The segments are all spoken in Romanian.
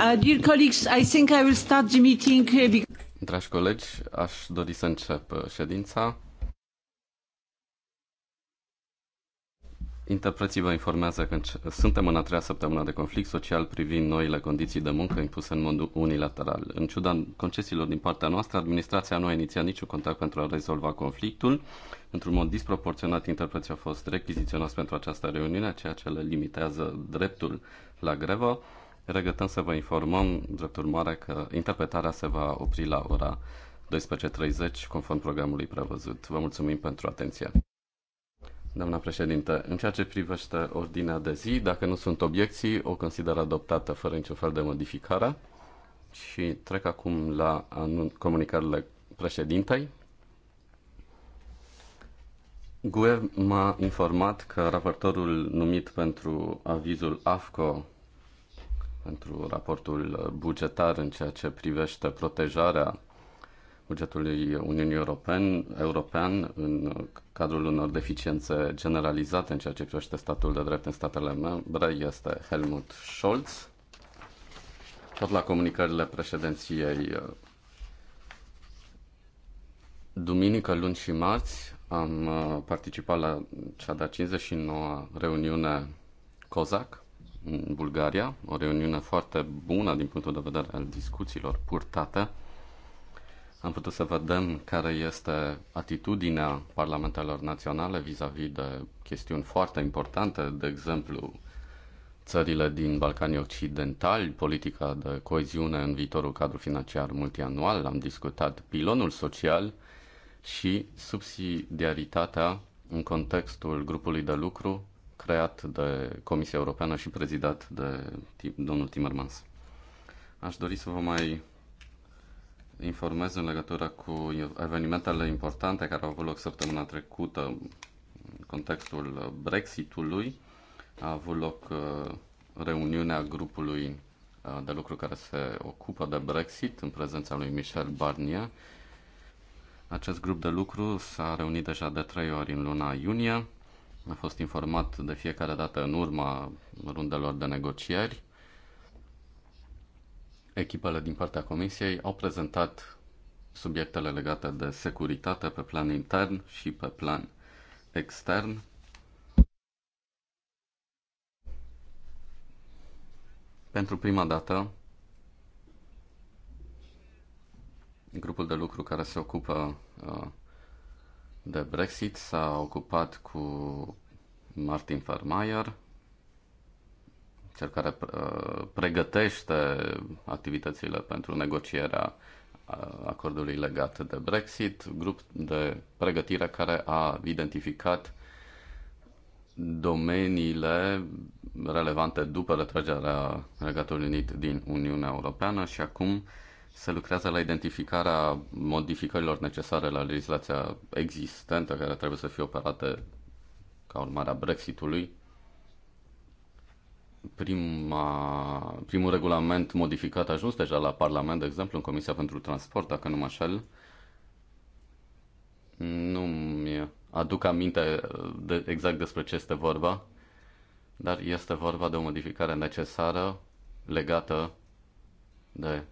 Uh, dear colleagues, I think I will start the meeting. Uh, Dragi colegi, aș dori să încep uh, ședința. Interpreții vă informează că suntem în a treia săptămână de conflict social privind noile condiții de muncă impuse în mod unilateral. În ciuda concesiilor din partea noastră, administrația nu a inițiat niciun contact pentru a rezolva conflictul. Într-un mod disproporționat, interpreții au fost rechiziționați pentru această reuniune, ceea ce le limitează dreptul la grevă. Regătăm să vă informăm, drept urmare, că interpretarea se va opri la ora 12.30, conform programului prevăzut. Vă mulțumim pentru atenție. Doamna președinte, în ceea ce privește ordinea de zi, dacă nu sunt obiecții, o consider adoptată fără niciun fel de modificare și trec acum la comunicările președintei. GUE m-a informat că raportorul numit pentru avizul AFCO pentru raportul bugetar în ceea ce privește protejarea bugetului Uniunii European, European în cadrul unor deficiențe generalizate în ceea ce privește statul de drept în statele membre este Helmut Scholz. Tot la comunicările președinției duminică, luni și marți am uh, participat la cea de-a 59-a reuniune COSAC, în Bulgaria, o reuniune foarte bună din punctul de vedere al discuțiilor purtate. Am putut să vedem care este atitudinea parlamentelor naționale vis-a-vis -vis de chestiuni foarte importante, de exemplu, țările din Balcanii Occidentali, politica de coeziune în viitorul cadru financiar multianual, am discutat pilonul social și subsidiaritatea în contextul grupului de lucru creat de Comisia Europeană și prezidat de domnul Timmermans. Aș dori să vă mai informez în legătură cu evenimentele importante care au avut loc săptămâna trecută în contextul Brexitului. A avut loc uh, reuniunea grupului uh, de lucru care se ocupă de Brexit în prezența lui Michel Barnier. Acest grup de lucru s-a reunit deja de trei ori în luna iunie a fost informat de fiecare dată în urma rundelor de negocieri. Echipele din partea Comisiei au prezentat subiectele legate de securitate pe plan intern și pe plan extern. Pentru prima dată, grupul de lucru care se ocupă uh, de Brexit s-a ocupat cu Martin Vermeyer, cel care uh, pregătește activitățile pentru negocierea uh, acordului legat de Brexit, grup de pregătire care a identificat domeniile relevante după retragerea Regatului Unit din Uniunea Europeană și acum uh, se lucrează la identificarea modificărilor necesare la legislația existentă care trebuie să fie operate ca urmare a Brexitului. Prima, primul regulament modificat a ajuns deja la Parlament, de exemplu, în Comisia pentru Transport, dacă nu mă șel. Nu-mi aduc aminte de, exact despre ce este vorba, dar este vorba de o modificare necesară legată de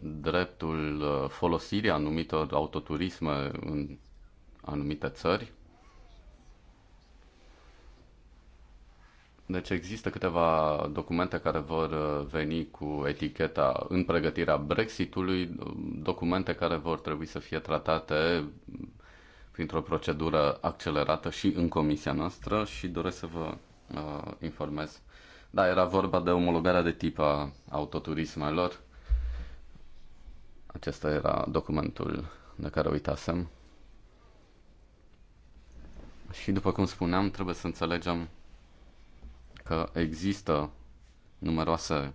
dreptul uh, folosirii anumitor autoturisme în anumite țări. Deci există câteva documente care vor uh, veni cu eticheta în pregătirea Brexitului, uh, documente care vor trebui să fie tratate mm, printr-o procedură accelerată și în comisia noastră și doresc să vă uh, informez. Da, era vorba de omologarea de tip a autoturismelor acesta era documentul de care uitasem. Și după cum spuneam, trebuie să înțelegem că există numeroase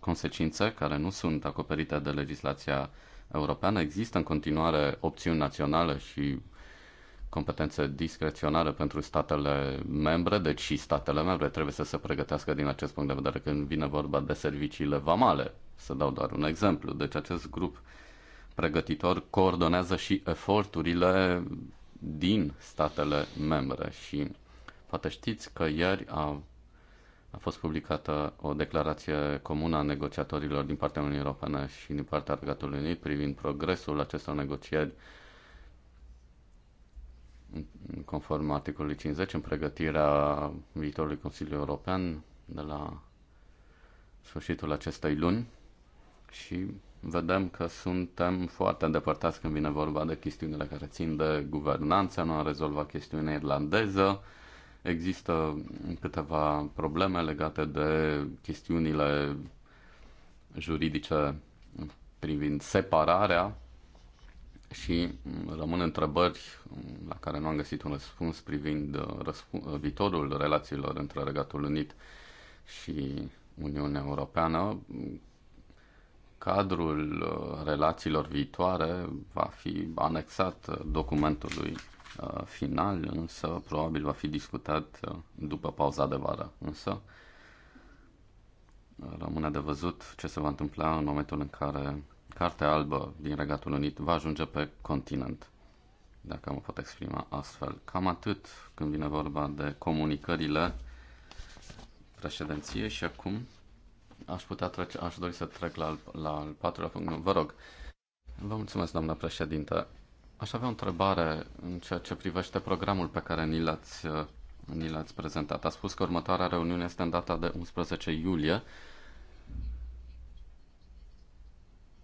consecințe care nu sunt acoperite de legislația europeană. Există în continuare opțiuni naționale și competențe discreționare pentru statele membre, deci și statele membre trebuie să se pregătească din acest punct de vedere când vine vorba de serviciile vamale, să dau doar un exemplu. Deci acest grup pregătitor coordonează și eforturile din statele membre și poate știți că ieri a, a fost publicată o declarație comună a negociatorilor din partea Uniunii Europene și din partea Regatului Unit privind progresul acestor negocieri conform articolului 50 în pregătirea viitorului Consiliu European de la sfârșitul acestei luni și vedem că suntem foarte îndepărtați când vine vorba de chestiunile care țin de guvernanță, nu am rezolvat chestiunea irlandeză, există câteva probleme legate de chestiunile juridice privind separarea și rămân întrebări la care nu am găsit un răspuns privind răsp- viitorul relațiilor între Regatul Unit și Uniunea Europeană, cadrul uh, relațiilor viitoare va fi anexat uh, documentului uh, final, însă probabil va fi discutat după pauza de vară. Însă rămâne de văzut ce se va întâmpla în momentul în care Cartea Albă din Regatul Unit va ajunge pe continent, dacă mă pot exprima astfel. Cam atât când vine vorba de comunicările președinției și acum Aș putea trece, aș dori să trec la, la al patrulea punct. Vă rog. Vă mulțumesc, doamna președintă. Aș avea o întrebare în ceea ce privește programul pe care ni l-ați, ni l-ați prezentat. A spus că următoarea reuniune este în data de 11 iulie.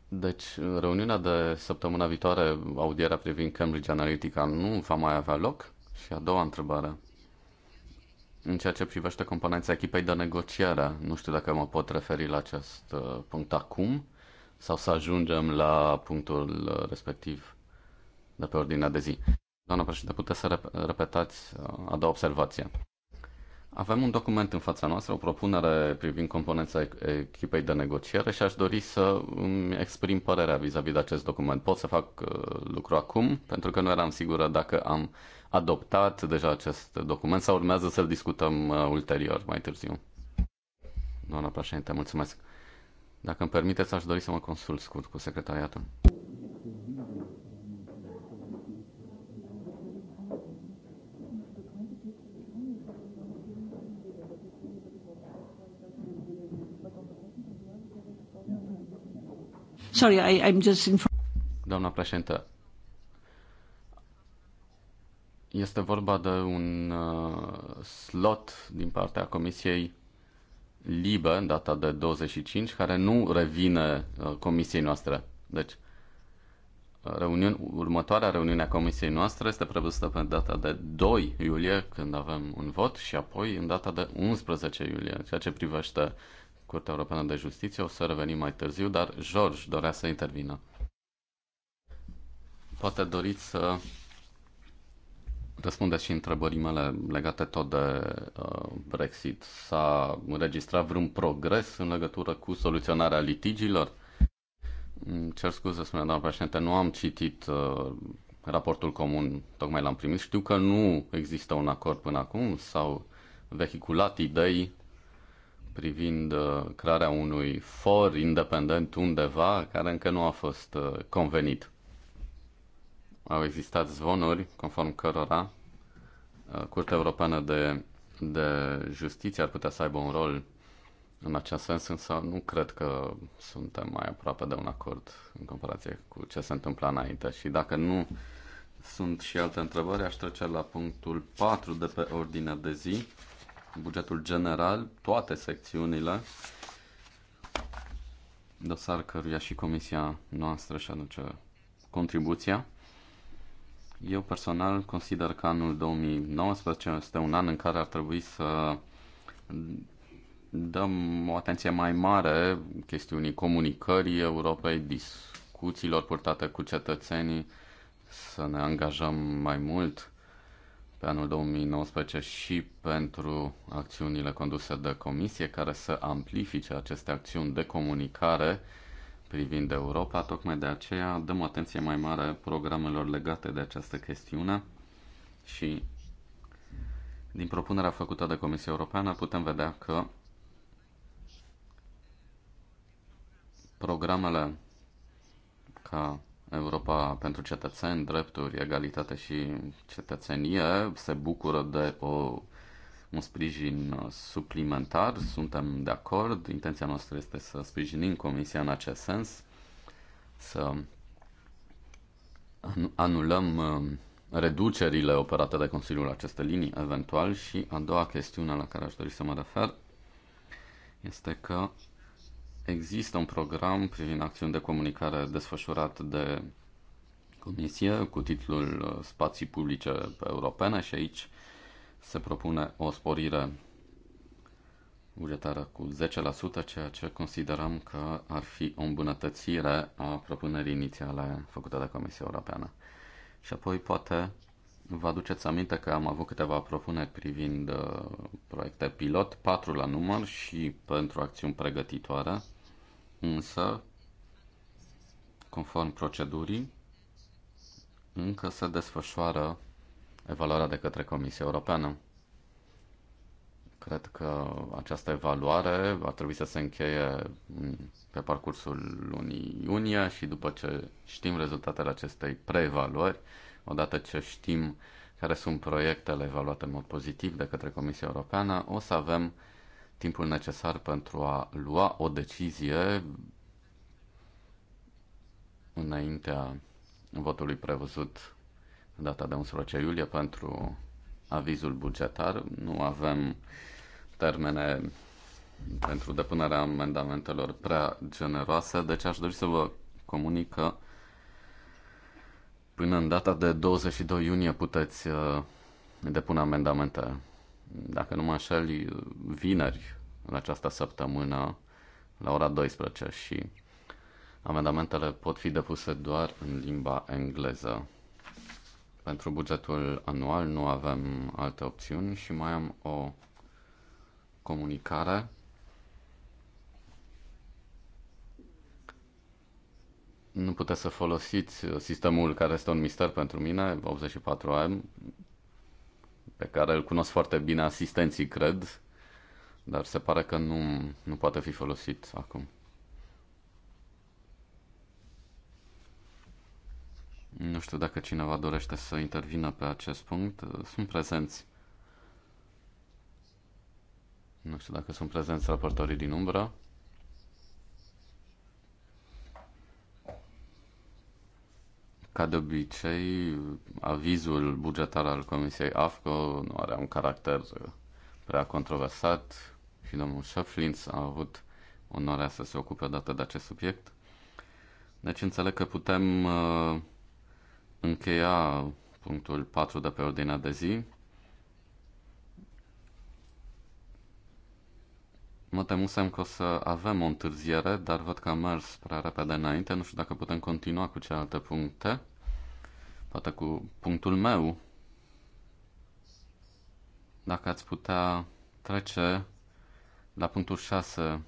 Deci, reuniunea de săptămâna viitoare, audierea privind Cambridge Analytica, nu va mai avea loc? Și a doua întrebare în ceea ce privește componența echipei de negociere. Nu știu dacă mă pot referi la acest uh, punct acum sau să ajungem la punctul uh, respectiv de pe ordinea de zi. Doamna președinte, puteți să repetați uh, a doua observație. Avem un document în fața noastră, o propunere privind componența echipei de negociere și aș dori să îmi exprim părerea vis-a-vis -vis de acest document. Pot să fac uh, lucru acum, pentru că nu eram sigură dacă am adoptat deja acest document sau urmează să-l discutăm uh, ulterior, mai târziu. Doamna președinte, mulțumesc. Dacă îmi permiteți, aș dori să mă consult scurt cu secretariatul. Sorry, I, I'm just in... Doamna președintă, este vorba de un uh, slot din partea Comisiei Libe, data de 25, care nu revine uh, Comisiei noastre. Deci, reuniun, următoarea reuniune a Comisiei noastre este prevăzută pe data de 2 iulie, când avem un vot, și apoi în data de 11 iulie, ceea ce privește uh, Curtea Europeană de Justiție. O să revenim mai târziu, dar George dorea să intervină. Poate doriți să răspundeți și întrebării mele legate tot de uh, Brexit. S-a înregistrat vreun progres în legătură cu soluționarea litigiilor? cer scuze, spune doamna președinte, nu am citit uh, raportul comun, tocmai l-am primit. Știu că nu există un acord până acum, sau vehiculat idei privind uh, crearea unui for independent undeva care încă nu a fost uh, convenit. Au existat zvonuri conform cărora uh, Curtea Europeană de, de Justiție ar putea să aibă un rol în acest sens, însă nu cred că suntem mai aproape de un acord în comparație cu ce se întâmpla înainte. Și dacă nu sunt și alte întrebări, aș trece la punctul 4 de pe ordinea de zi bugetul general, toate secțiunile, dosar căruia și comisia noastră și aduce contribuția. Eu personal consider că anul 2019 este un an în care ar trebui să dăm o atenție mai mare chestiunii comunicării Europei, discuțiilor purtate cu cetățenii, să ne angajăm mai mult pe anul 2019 și pentru acțiunile conduse de comisie care să amplifice aceste acțiuni de comunicare privind Europa. Tocmai de aceea dăm atenție mai mare programelor legate de această chestiune și din propunerea făcută de Comisia Europeană putem vedea că programele ca Europa pentru cetățeni, drepturi, egalitate și cetățenie se bucură de o, un sprijin suplimentar. Suntem de acord. Intenția noastră este să sprijinim Comisia în acest sens, să anulăm uh, reducerile operate de Consiliul aceste linii eventual și a doua chestiune la care aș dori să mă refer este că Există un program privind acțiuni de comunicare desfășurat de Comisie cu titlul uh, Spații publice europene și aici se propune o sporire bugetară cu 10%, ceea ce considerăm că ar fi o îmbunătățire a propunerii inițiale făcute de Comisia Europeană. Și apoi poate Vă aduceți aminte că am avut câteva propuneri privind uh, proiecte pilot, patru la număr și pentru acțiuni pregătitoare, însă, conform procedurii, încă se desfășoară evaluarea de către Comisia Europeană. Cred că această evaluare ar trebui să se încheie pe parcursul lunii iunie și după ce știm rezultatele acestei preevaluări, odată ce știm care sunt proiectele evaluate în mod pozitiv de către Comisia Europeană, o să avem timpul necesar pentru a lua o decizie înaintea votului prevăzut în data de 11 iulie pentru avizul bugetar. Nu avem termene pentru depunerea amendamentelor prea generoase, deci aș dori să vă comunic că Până în data de 22 iunie puteți uh, depune amendamente. Dacă nu mă înșel, vineri, în această săptămână, la ora 12 și amendamentele pot fi depuse doar în limba engleză. Pentru bugetul anual nu avem alte opțiuni și mai am o comunicare nu puteți să folosiți uh, sistemul care este un mister pentru mine, 84M, pe care îl cunosc foarte bine asistenții, cred, dar se pare că nu, nu poate fi folosit acum. Nu știu dacă cineva dorește să intervină pe acest punct. Uh, sunt prezenți. Nu știu dacă sunt prezenți raportorii din umbră. Ca de obicei, avizul bugetar al Comisiei AFCO nu are un caracter prea controversat și domnul Șeflins a avut onoarea să se ocupe odată de acest subiect. Deci înțeleg că putem uh, încheia punctul 4 de pe ordinea de zi Mă temusem că o să avem o întârziere, dar văd că am mers prea repede înainte. Nu știu dacă putem continua cu celelalte puncte. Poate cu punctul meu. Dacă ați putea trece la punctul 6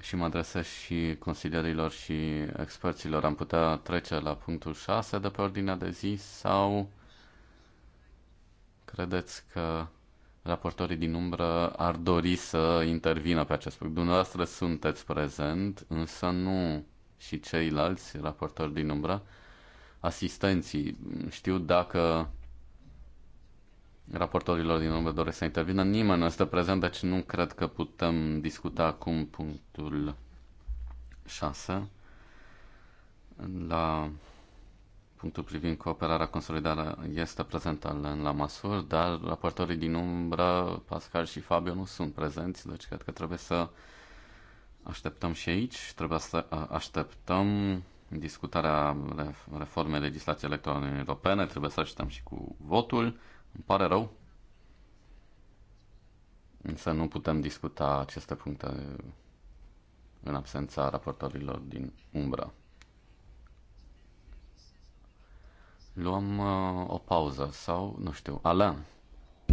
și mă adresez și consilierilor și experților, am putea trece la punctul 6 de pe ordinea de zi sau credeți că raportorii din umbră ar dori să intervină pe acest punct. Dumneavoastră sunteți prezent, însă nu și ceilalți raportori din umbră, asistenții. Știu dacă raportorilor din umbră doresc să intervină. Nimeni nu este prezent, deci nu cred că putem discuta acum punctul 6 la punctul privind cooperarea consolidată este prezent la masur. dar raportorii din umbră, Pascal și Fabio, nu sunt prezenți, deci cred că trebuie să așteptăm și aici, trebuie să așteptăm discutarea reformei legislației electorale europene, trebuie să așteptăm și cu votul, îmi pare rău, însă nu putem discuta aceste puncte în absența raportorilor din umbră. luăm uh, o pauză sau, nu știu, Alain.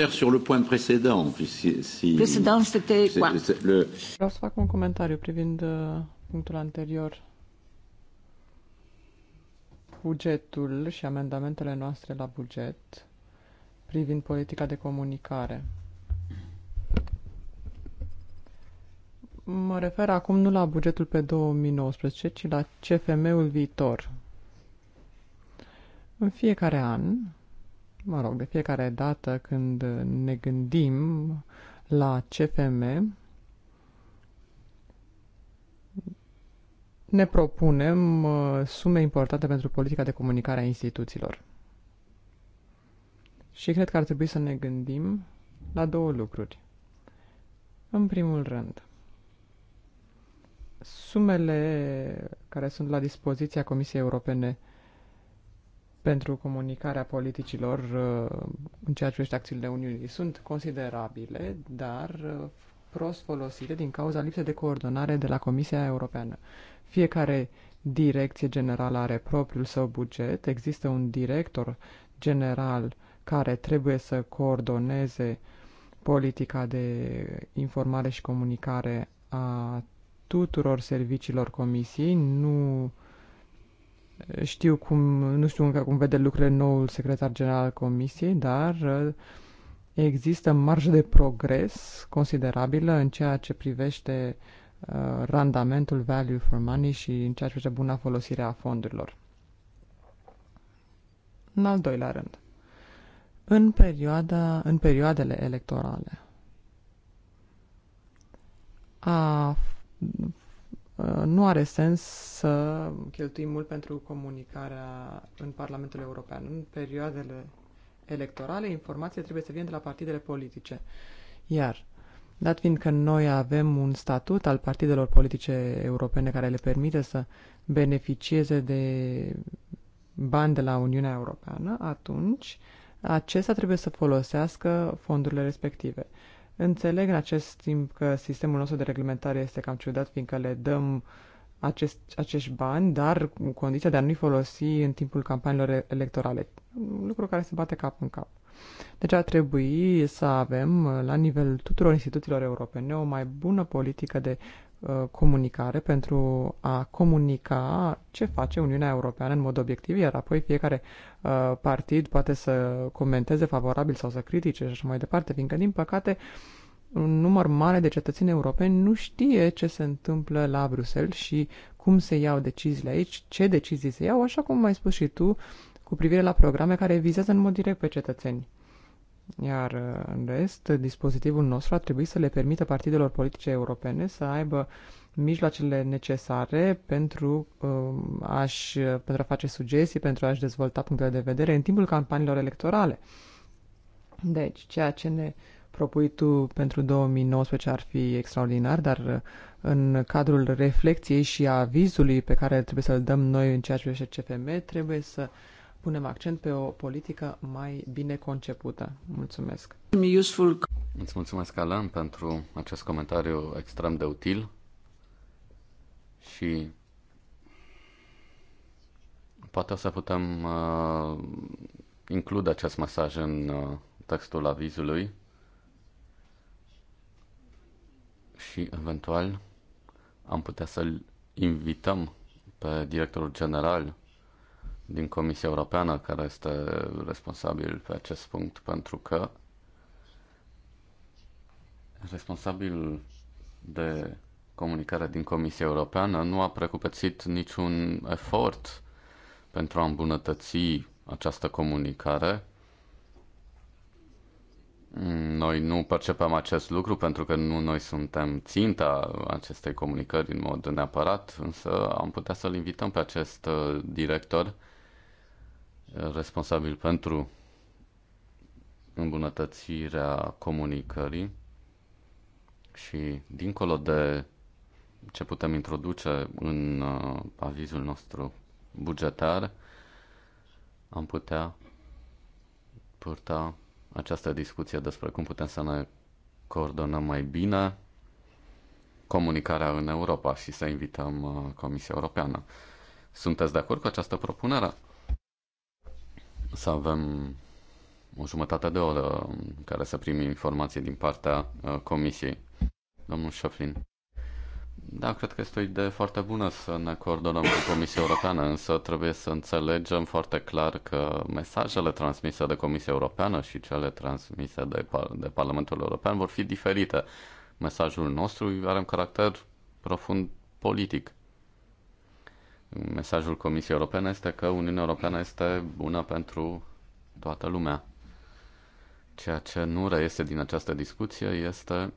Sur le point précédent, si, si, précédent, c'était quoi? Le... Vreau să fac un comentariu privind uh, punctul anterior. Bugetul și amendamentele noastre la buget privind politica de comunicare. Mă refer acum nu la bugetul pe 2019, ci la CFM-ul viitor, în fiecare an, mă rog, de fiecare dată când ne gândim la CFM, ne propunem uh, sume importante pentru politica de comunicare a instituțiilor. Și cred că ar trebui să ne gândim la două lucruri. În primul rând, sumele care sunt la dispoziția Comisiei Europene pentru comunicarea politicilor uh, în ceea ce privește acțiunile Uniunii sunt considerabile, dar uh, prost folosite din cauza lipsei de coordonare de la Comisia Europeană. Fiecare direcție generală are propriul său buget, există un director general care trebuie să coordoneze politica de informare și comunicare a tuturor serviciilor comisiei, nu știu cum, nu știu încă cum vede lucrurile noul secretar general al Comisiei, dar uh, există marjă de progres considerabilă în ceea ce privește uh, randamentul value for money și în ceea ce privește buna folosire a fondurilor. În al doilea rând, în, perioada, în perioadele electorale a Uh, nu are sens să cheltuim mult pentru comunicarea în Parlamentul European. În perioadele electorale, informația trebuie să vină de la partidele politice. Iar, dat fiind că noi avem un statut al partidelor politice europene care le permite să beneficieze de bani de la Uniunea Europeană, atunci acesta trebuie să folosească fondurile respective. Înțeleg în acest timp că sistemul nostru de reglementare este cam ciudat, fiindcă le dăm acest, acești bani, dar cu condiția de a nu-i folosi în timpul campaniilor electorale. Un lucru care se bate cap în cap. Deci ar trebui să avem, la nivel tuturor instituțiilor europene, o mai bună politică de Uh, comunicare pentru a comunica ce face Uniunea Europeană în mod obiectiv, iar apoi fiecare uh, partid poate să comenteze favorabil sau să critique și așa mai departe, fiindcă, din păcate, un număr mare de cetățeni europeni nu știe ce se întâmplă la Bruxelles și cum se iau deciziile aici, ce decizii se iau, așa cum ai spus și tu, cu privire la programe care vizează în mod direct pe cetățeni. Iar uh, în rest, dispozitivul nostru ar trebui să le permită partidelor politice europene să aibă mijloacele necesare pentru, uh, a-și, uh, pentru a face sugestii, pentru a-și dezvolta punctele de vedere în timpul campaniilor electorale. Deci, ceea ce ne propui tu pentru 2019 ar fi extraordinar, dar uh, în cadrul reflexiei și a avizului pe care trebuie să-l dăm noi în ceea ce privește CFM, trebuie să uh, punem accent pe o politică mai bine concepută. Mulțumesc! Useful. Îți mulțumesc, Alan, pentru acest comentariu extrem de util și poate o să putem uh, include acest mesaj în uh, textul avizului și eventual am putea să-l invităm pe directorul general din Comisia Europeană care este responsabil pe acest punct, pentru că responsabil de comunicare din Comisia Europeană nu a precupețit niciun efort pentru a îmbunătăți această comunicare. Noi nu percepem acest lucru pentru că nu noi suntem ținta acestei comunicări în mod neapărat, însă am putea să-l invităm pe acest uh, director responsabil pentru îmbunătățirea comunicării și dincolo de ce putem introduce în uh, avizul nostru bugetar, am putea purta această discuție despre cum putem să ne coordonăm mai bine comunicarea în Europa și să invităm uh, Comisia Europeană. Sunteți de acord cu această propunere? să avem o jumătate de oră în care să primim informații din partea uh, comisiei. Domnul Șoflin. Da, cred că este o idee foarte bună să ne coordonăm cu Comisia Europeană, însă trebuie să înțelegem foarte clar că mesajele transmise de Comisia Europeană și cele transmise de, par- de Parlamentul European vor fi diferite. Mesajul nostru are un caracter profund politic. Mesajul Comisiei Europene este că Uniunea Europeană este bună pentru toată lumea. Ceea ce nu reiese din această discuție este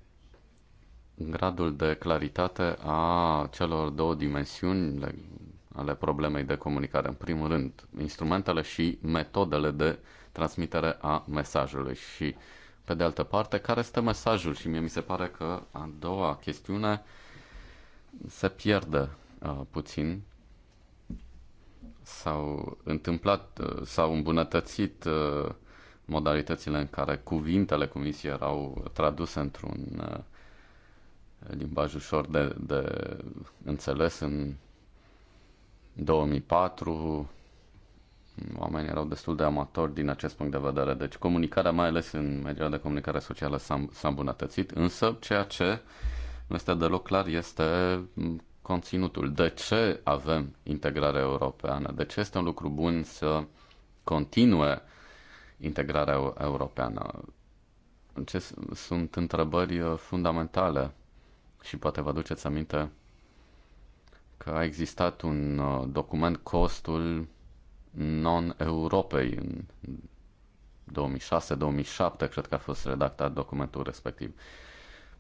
gradul de claritate a celor două dimensiuni ale problemei de comunicare. În primul rând, instrumentele și metodele de transmitere a mesajului și, pe de altă parte, care este mesajul. Și mie mi se pare că a doua chestiune se pierde uh, puțin s-au întâmplat, uh, s-au îmbunătățit uh, modalitățile în care cuvintele comisiei erau traduse într-un uh, limbaj ușor de, de înțeles în 2004. Oamenii erau destul de amatori din acest punct de vedere. Deci comunicarea, mai ales în mediul de comunicare socială, s-a, îmbunătățit, însă ceea ce nu este deloc clar este conținutul. De ce avem integrarea europeană? De ce este un lucru bun să continue integrarea europeană? Ce sunt întrebări uh, fundamentale și poate vă aduceți aminte că a existat un uh, document costul non-Europei în 2006-2007, cred că a fost redactat documentul respectiv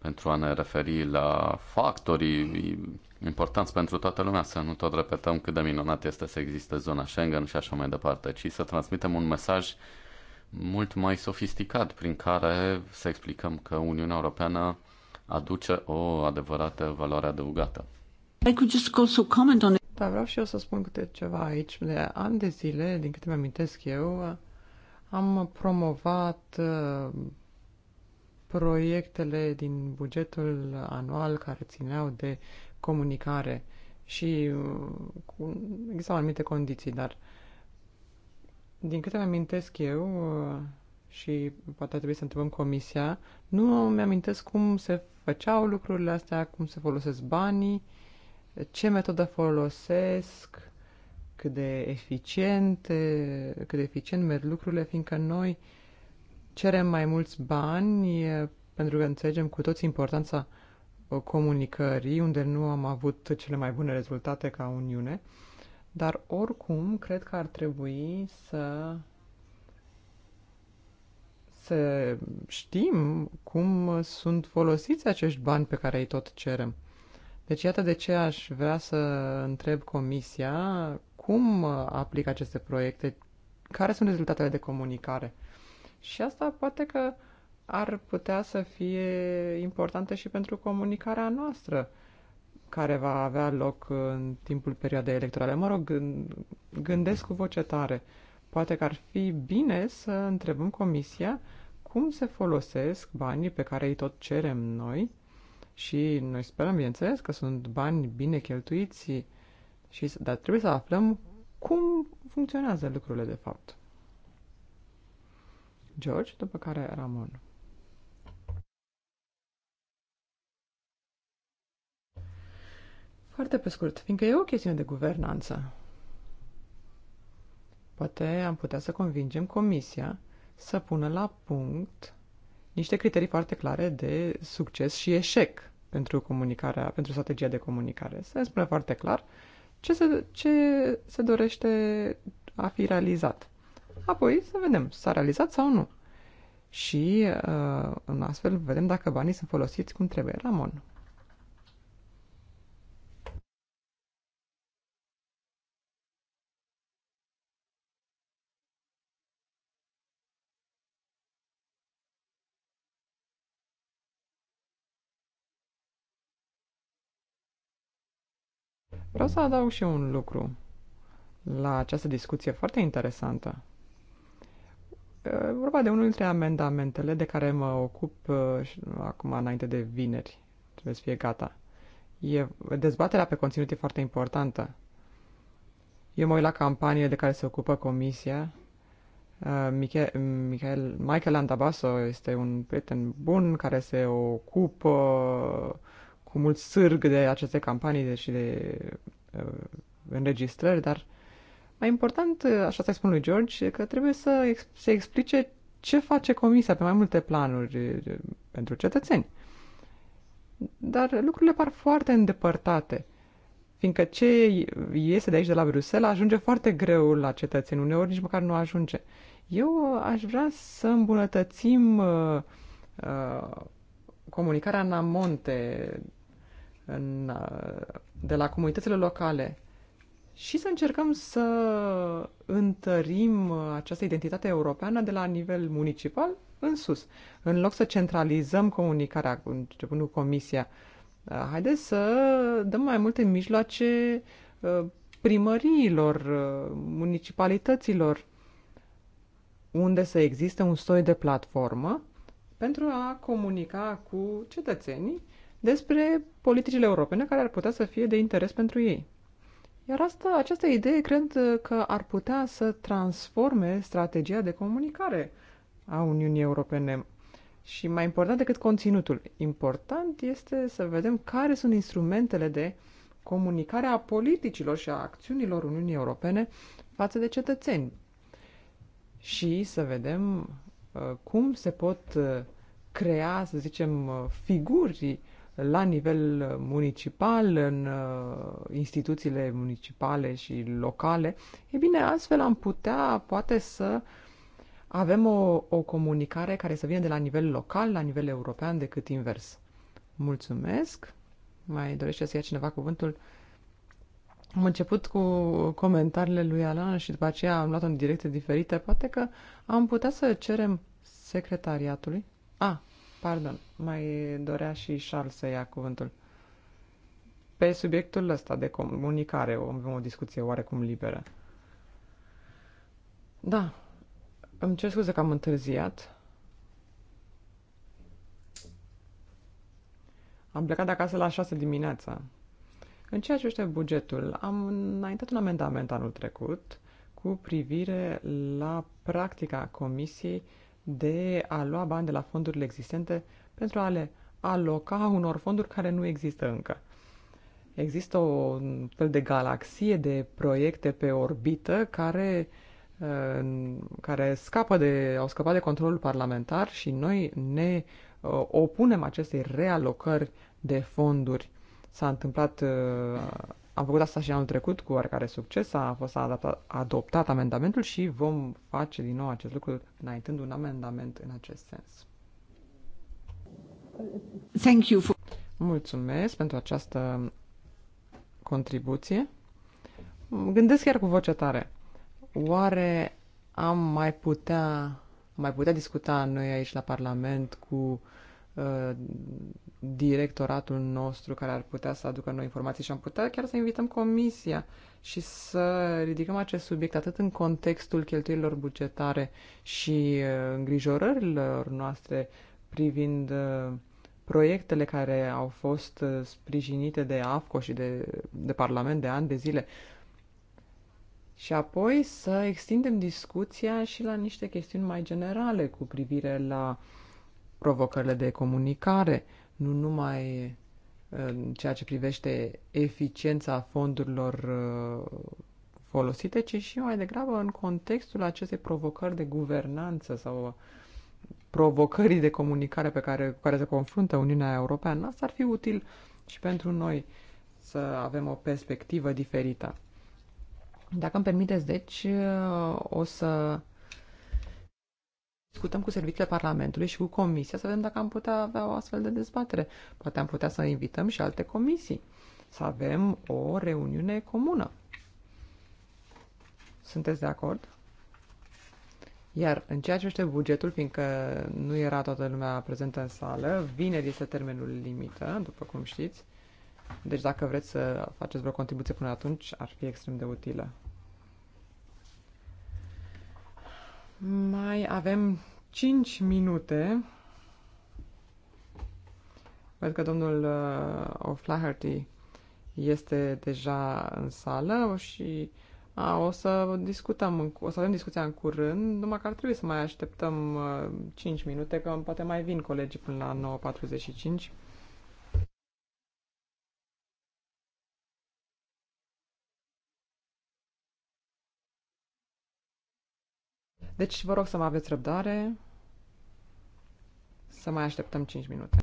pentru a ne referi la factorii importanți pentru toată lumea, să nu tot repetăm cât de minunat este să existe zona Schengen și așa mai departe, ci să transmitem un mesaj mult mai sofisticat prin care să explicăm că Uniunea Europeană aduce o adevărată valoare adăugată. I could just also comment on it. Da, vreau și eu să spun câte ceva aici. De ani de zile, din câte mi-amintesc eu, am promovat uh, proiectele din bugetul anual care țineau de comunicare și cu, existau anumite condiții, dar din câte mi-amintesc eu uh, și poate trebuie să întrebăm comisia, nu mi-amintesc cum se făceau lucrurile astea, cum se folosesc banii, ce metodă folosesc, cât de eficient, cât de eficient merg lucrurile, fiindcă noi uh, cerem mai mulți bani pentru că înțelegem cu toți importanța uh, comunicării, unde nu am avut cele mai bune rezultate ca Uniune, dar oricum cred că ar trebui să să știm cum sunt folosiți acești bani pe care îi tot cerem. Deci iată de ce aș vrea să întreb Comisia cum aplică aceste proiecte, care sunt rezultatele de comunicare și asta poate că ar putea să fie importantă și pentru comunicarea noastră care va avea loc în timpul perioadei electorale. Mă rog, gândesc cu voce tare. Poate că ar fi bine să întrebăm comisia cum se folosesc banii pe care îi tot cerem noi și noi sperăm, bineînțeles, că sunt bani bine cheltuiți, și, dar trebuie să aflăm cum funcționează lucrurile de fapt. George, după care Ramon. Foarte pe scurt, fiindcă e o chestiune de guvernanță. Poate am putea să convingem Comisia să pună la punct niște criterii foarte clare de succes și eșec pentru comunicarea, pentru strategia de comunicare. Să ne spună foarte clar ce se, ce se dorește a fi realizat apoi să vedem, s-a realizat sau nu. Și uh, în astfel vedem dacă banii sunt folosiți cum trebuie. Ramon. Vreau să adaug și un lucru la această discuție foarte interesantă vorba de unul dintre amendamentele de care mă ocup acum înainte de vineri. Trebuie să fie gata. E, dezbaterea pe conținut e foarte importantă. Eu mă uit la campanie de care se ocupă comisia. Michael, Michael, Michael Andabaso este un prieten bun care se ocupă cu mult sârg de aceste campanii și de uh, înregistrări, dar uh, mai important, așa să spun lui George, că trebuie să se explice ce face comisia pe mai multe planuri eh, pentru cetățeni. Dar lucrurile par foarte îndepărtate, fiindcă ce iese de aici de la Bruxelles ajunge foarte greu la cetățeni, uneori nici măcar nu ajunge. Eu eh, aș vrea să îmbunătățim uh, uh, comunicarea în amonte în, uh, de la comunitățile locale și să încercăm să întărim această identitate europeană de la nivel municipal în sus. În loc să centralizăm comunicarea, începând cu Comisia, uh, haideți să dăm mai multe mijloace uh, primăriilor, uh, municipalităților, unde să existe un soi de platformă pentru a comunica cu cetățenii despre politicile europene care ar putea să fie de interes pentru ei. Iar asta, această idee cred uh, că ar putea să transforme strategia de comunicare a Uniunii Europene. Și mai important decât conținutul, important este să vedem care sunt instrumentele de comunicare a politicilor și a acțiunilor Uniunii Europene față de cetățeni. Și să vedem uh, cum se pot uh, crea, să zicem, figuri la nivel uh, municipal, în uh, instituțiile municipale și locale, e bine, astfel am putea poate să avem o, o comunicare care să vină de la nivel local, la nivel european, decât invers. Mulțumesc! Mai dorește să ia cineva cuvântul? Am început cu comentariile lui Alan și după aceea am luat-o în direcție diferită. Poate că am putea să cerem secretariatului. A, ah, Pardon, mai dorea și Charles să ia cuvântul. Pe subiectul ăsta de comunicare avem o discuție oarecum liberă. Da, îmi cer scuze că am întârziat. Am plecat de acasă la 6 dimineața. În ceea ce este bugetul, am înaintat un amendament anul trecut cu privire la practica Comisiei de a lua bani de la fondurile existente pentru a le aloca unor fonduri care nu există încă. Există o fel de galaxie de proiecte pe orbită care, uh, care scapă de, au scăpat de controlul parlamentar și noi ne uh, opunem acestei realocări de fonduri. S-a întâmplat uh, am făcut asta și anul trecut cu oarecare succes, a fost adaptat, adoptat amendamentul și vom face din nou acest lucru înaintând un amendament în acest sens. Thank you for... Mulțumesc pentru această contribuție. Gândesc chiar cu voce tare. Oare am mai putea, mai putea discuta noi aici la Parlament cu uh, Uh, directoratul nostru care ar putea să aducă noi informații și am putea chiar să invităm comisia și să ridicăm acest subiect atât în contextul cheltuielilor bugetare și uh, îngrijorărilor noastre privind uh, proiectele care au fost sprijinite de AFCO și de, de Parlament de ani de zile. Și apoi să extindem discuția și la niște chestiuni mai generale cu privire la uh, provocările de comunicare, nu numai în ceea ce privește eficiența fondurilor uh, folosite, ci și mai degrabă în contextul acestei provocări de guvernanță sau provocării de comunicare pe care, cu care se confruntă Uniunea Europeană. Asta ar fi util și pentru noi să avem o perspectivă diferită. Dacă îmi permiteți, deci, uh, o să discutăm cu serviciile Parlamentului și cu Comisia să vedem dacă am putea avea o astfel de dezbatere. Poate am putea să invităm și alte comisii, să avem o reuniune comună. Sunteți de acord? Iar în ceea ce este bugetul, fiindcă nu era toată lumea prezentă în sală, vineri este termenul limită, după cum știți. Deci dacă vreți să faceți vreo contribuție până atunci, ar fi extrem de utilă. Mai avem 5 minute. Văd că domnul uh, O'Flaherty este deja în sală și a, o să discutăm, o să avem discuția în curând, numai că ar trebui să mai așteptăm uh, 5 minute, că poate mai vin colegii până la 9.45 Deci vă rog să mă aveți răbdare, să mai așteptăm 5 minute.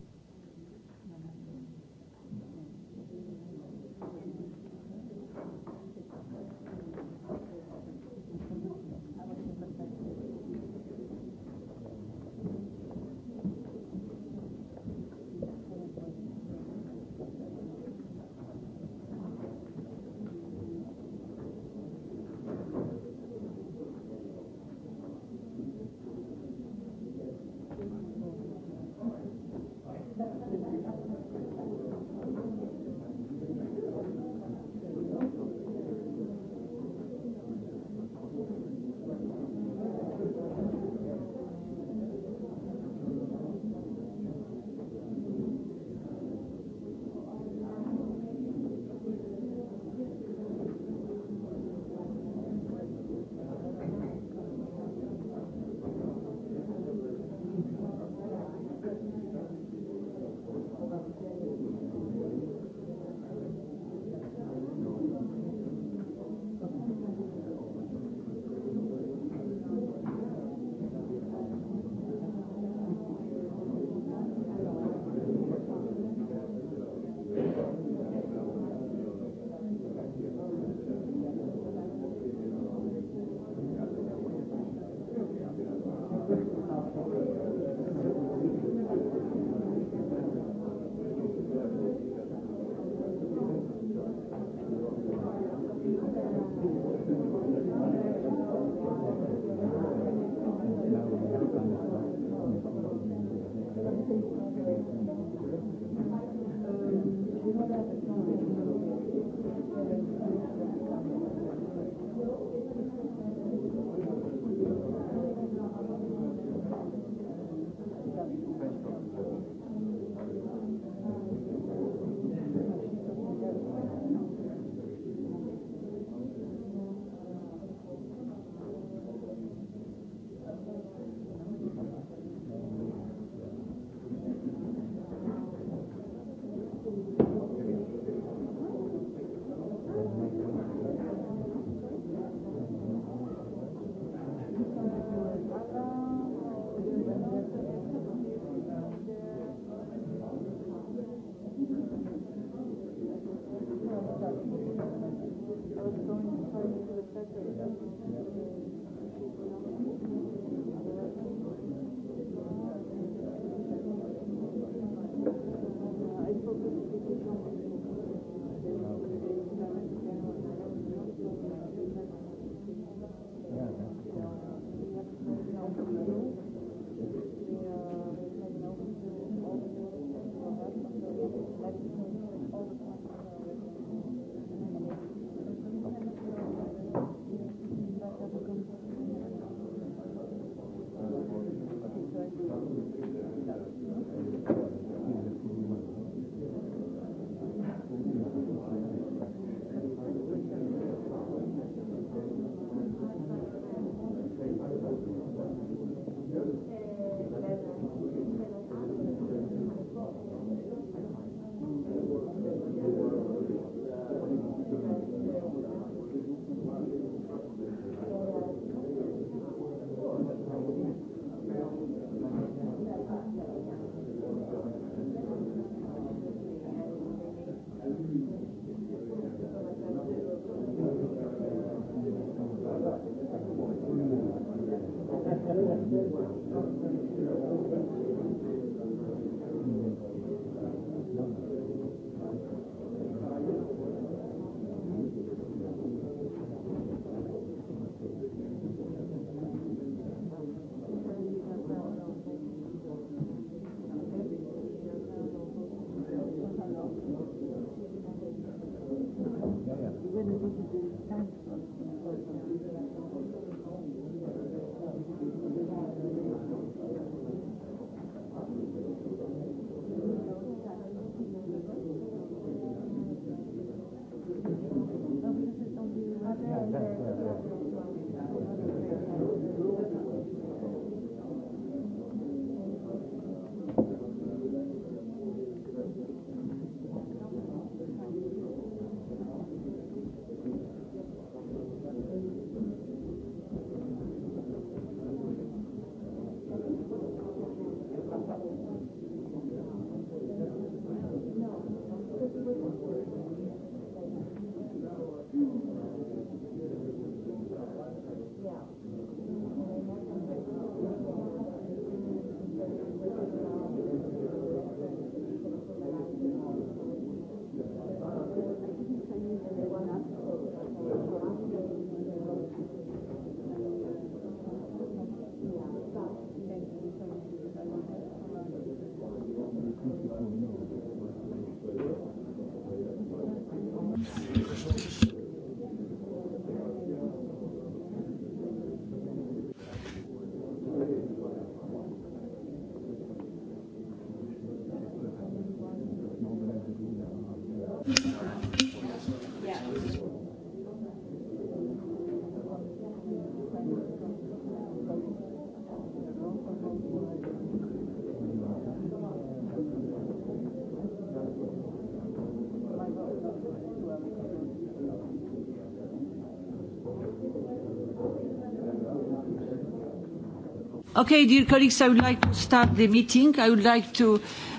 Okay, dear colleagues, I would like to start the meeting. I would like to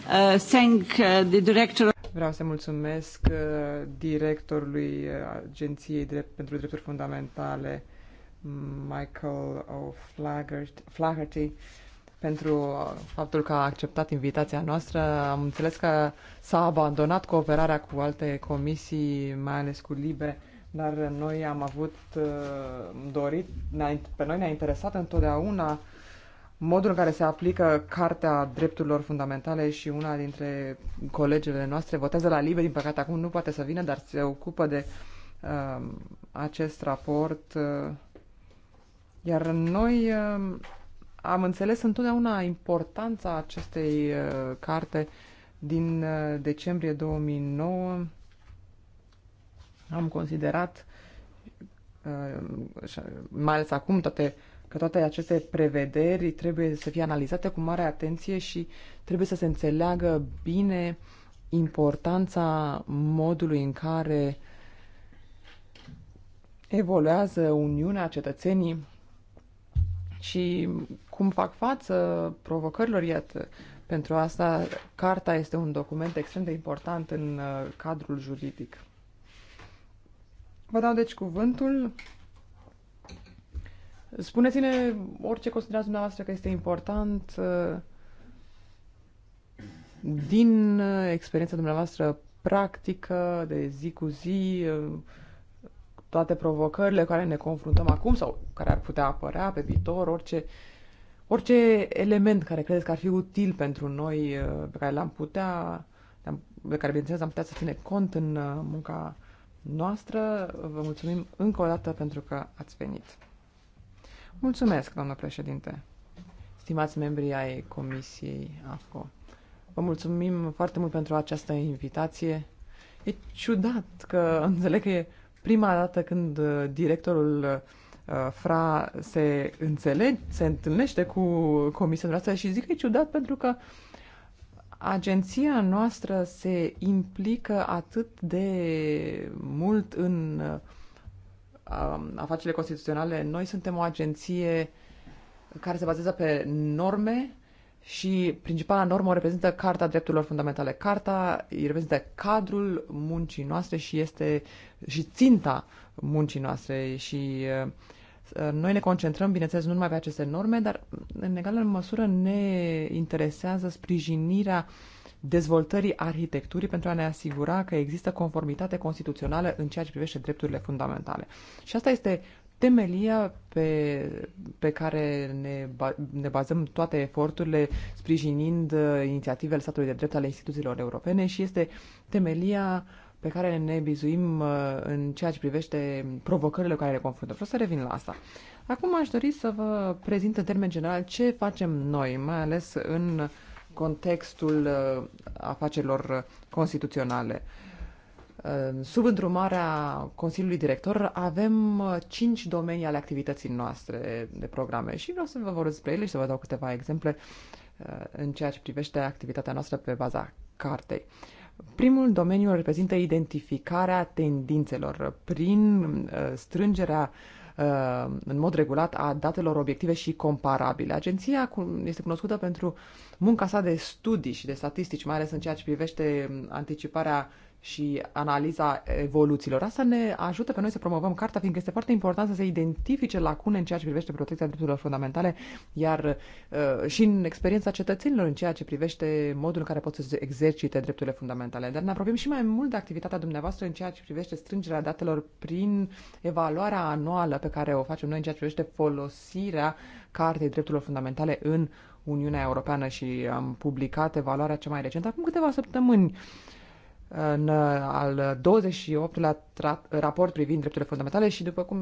uh, thank uh, the director. Vreau să mulțumesc uh, directorului uh, Agenției Drept, pentru Drepturi Fundamentale, Michael O'Flaherty, pentru uh, faptul că a acceptat invitația noastră. Am înțeles că s-a abandonat cooperarea cu alte comisii, mai ales cu LIBE, dar noi am avut uh, dorit, pe noi ne-a interesat întotdeauna modul în care se aplică Cartea Drepturilor Fundamentale și una dintre colegele noastre votează la Libe, din păcate acum nu poate să vină, dar se ocupă de uh, acest raport. Uh, iar noi uh, am înțeles întotdeauna importanța acestei uh, carte din uh, decembrie 2009. Am considerat, uh, mai ales acum, toate uh, că toate aceste prevederi trebuie să fie analizate cu mare atenție și trebuie să se înțeleagă bine importanța modului în care evoluează Uniunea cetățenii și cum fac față provocărilor, iată, pentru asta carta este un document extrem de important în uh, cadrul juridic. Vă dau deci cuvântul Spuneți-ne orice considerați dumneavoastră că este important uh, din uh, experiența dumneavoastră practică, de zi cu zi, uh, toate provocările cu care ne confruntăm acum sau care ar putea apărea pe viitor, orice, orice element care credeți că ar fi util pentru noi, pe care l-am putea, pe care, bineînțeles, am putea să ține cont în munca noastră, vă mulțumim încă o dată pentru că ați venit. Mulțumesc, doamnă președinte. Stimați membrii ai Comisiei AFCO, vă mulțumim foarte mult pentru această invitație. E ciudat că înțeleg că e prima dată când uh, directorul uh, Fra se, înțelege, se întâlnește cu comisia noastră și zic că e ciudat pentru că agenția noastră se implică atât de mult în uh, Um, afacerile constituționale, noi suntem o agenție care se bazează pe norme și principala normă reprezintă Carta Drepturilor Fundamentale. Carta reprezintă cadrul muncii noastre și este și ținta muncii noastre și uh, noi ne concentrăm, bineînțeles, nu numai pe aceste norme, dar în egală măsură ne interesează sprijinirea uh, dezvoltării arhitecturii pentru a ne asigura că există conformitate constituțională în ceea ce privește drepturile fundamentale. Și asta este temelia pe, pe care ne, ba, ne bazăm toate eforturile sprijinind uh, inițiativele statului de drept ale instituțiilor europene și este temelia pe care ne bizuim uh, în ceea ce privește provocările cu care le confruntăm. Vreau să revin la asta. Acum aș dori să vă prezint în termen general ce facem noi, mai ales în uh, contextul uh, afacerilor uh, constituționale. Uh, sub îndrumarea Consiliului Director avem cinci domenii ale activității noastre de programe și vreau să vă vorbesc despre ele și să vă dau câteva exemple în ceea ce privește activitatea noastră pe baza cartei. Primul domeniu reprezintă identificarea tendințelor prin strângerea uh, Uh, în mod regulat a datelor obiective și comparabile. Agenția este cunoscută pentru munca sa de studii și de statistici, mai ales în ceea ce privește anticiparea și analiza evoluțiilor. Asta ne ajută pe noi să promovăm cartea, fiindcă este foarte important să se identifice lacune în ceea ce privește protecția drepturilor fundamentale, iar uh, și în experiența cetățenilor în ceea ce privește modul în care pot să exercite drepturile fundamentale. Dar ne apropiem și mai mult de activitatea dumneavoastră în ceea ce privește strângerea datelor prin evaluarea anuală pe care o facem noi în ceea ce privește folosirea cartei drepturilor fundamentale în Uniunea Europeană și am publicat evaluarea cea mai recentă acum câteva săptămâni în al 28-lea raport privind drepturile fundamentale și, după cum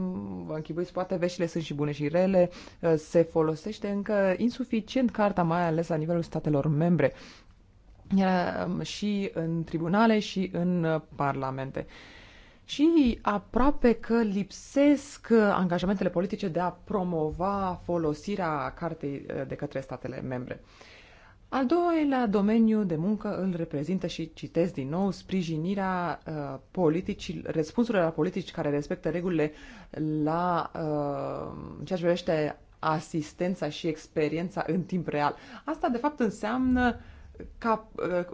vă închipuiți, poate veștile sunt și bune și rele, uh, se folosește încă insuficient carta, mai ales la nivelul statelor membre, uh, și în tribunale și în uh, parlamente. Și aproape că lipsesc angajamentele politice de a promova folosirea cartei de către statele membre. Uh, al doilea domeniu de muncă îl reprezintă și citesc din nou sprijinirea uh, politicii, răspunsurile la politici care respectă regulile la uh, ceea ce privește asistența și experiența în timp real. Asta, de fapt, înseamnă uh, cap, eh,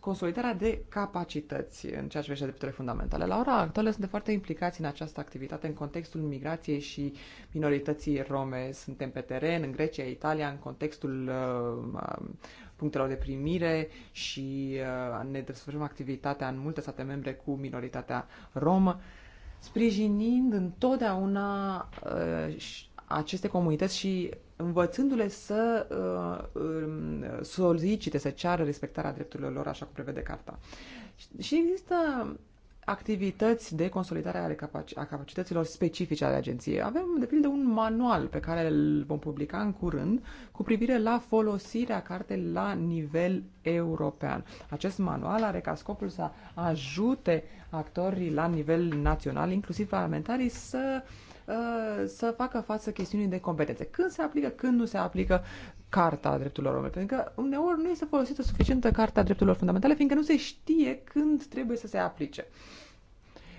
consolidarea de capacități în ceea ce privește drepturile fundamentale. La ora actuală suntem foarte implicați în această activitate în contextul migrației și minorității rome. Suntem pe teren în Grecia, Italia, în contextul uh, punctelor de primire și uh, ne desfășurăm activitatea în multe state membre cu minoritatea romă, sprijinind întotdeauna uh, aceste comunități și învățându-le să uh, um, solicite, să ceară respectarea drepturilor lor, așa cum prevede carta. Și există activități de consolidare ale capaci- a capacităților specifice ale agenției. Avem, de pildă, un manual pe care îl vom publica în curând cu privire la folosirea cartei la nivel european. Acest manual are ca scopul să ajute actorii la nivel național, inclusiv parlamentarii, să uh, Uh, să facă față chestiunii de competențe. Când se aplică, când nu se aplică Carta Drepturilor Omului, pentru că uneori nu este folosită suficientă Carta Drepturilor Fundamentale, fiindcă nu se știe când trebuie să se aplice.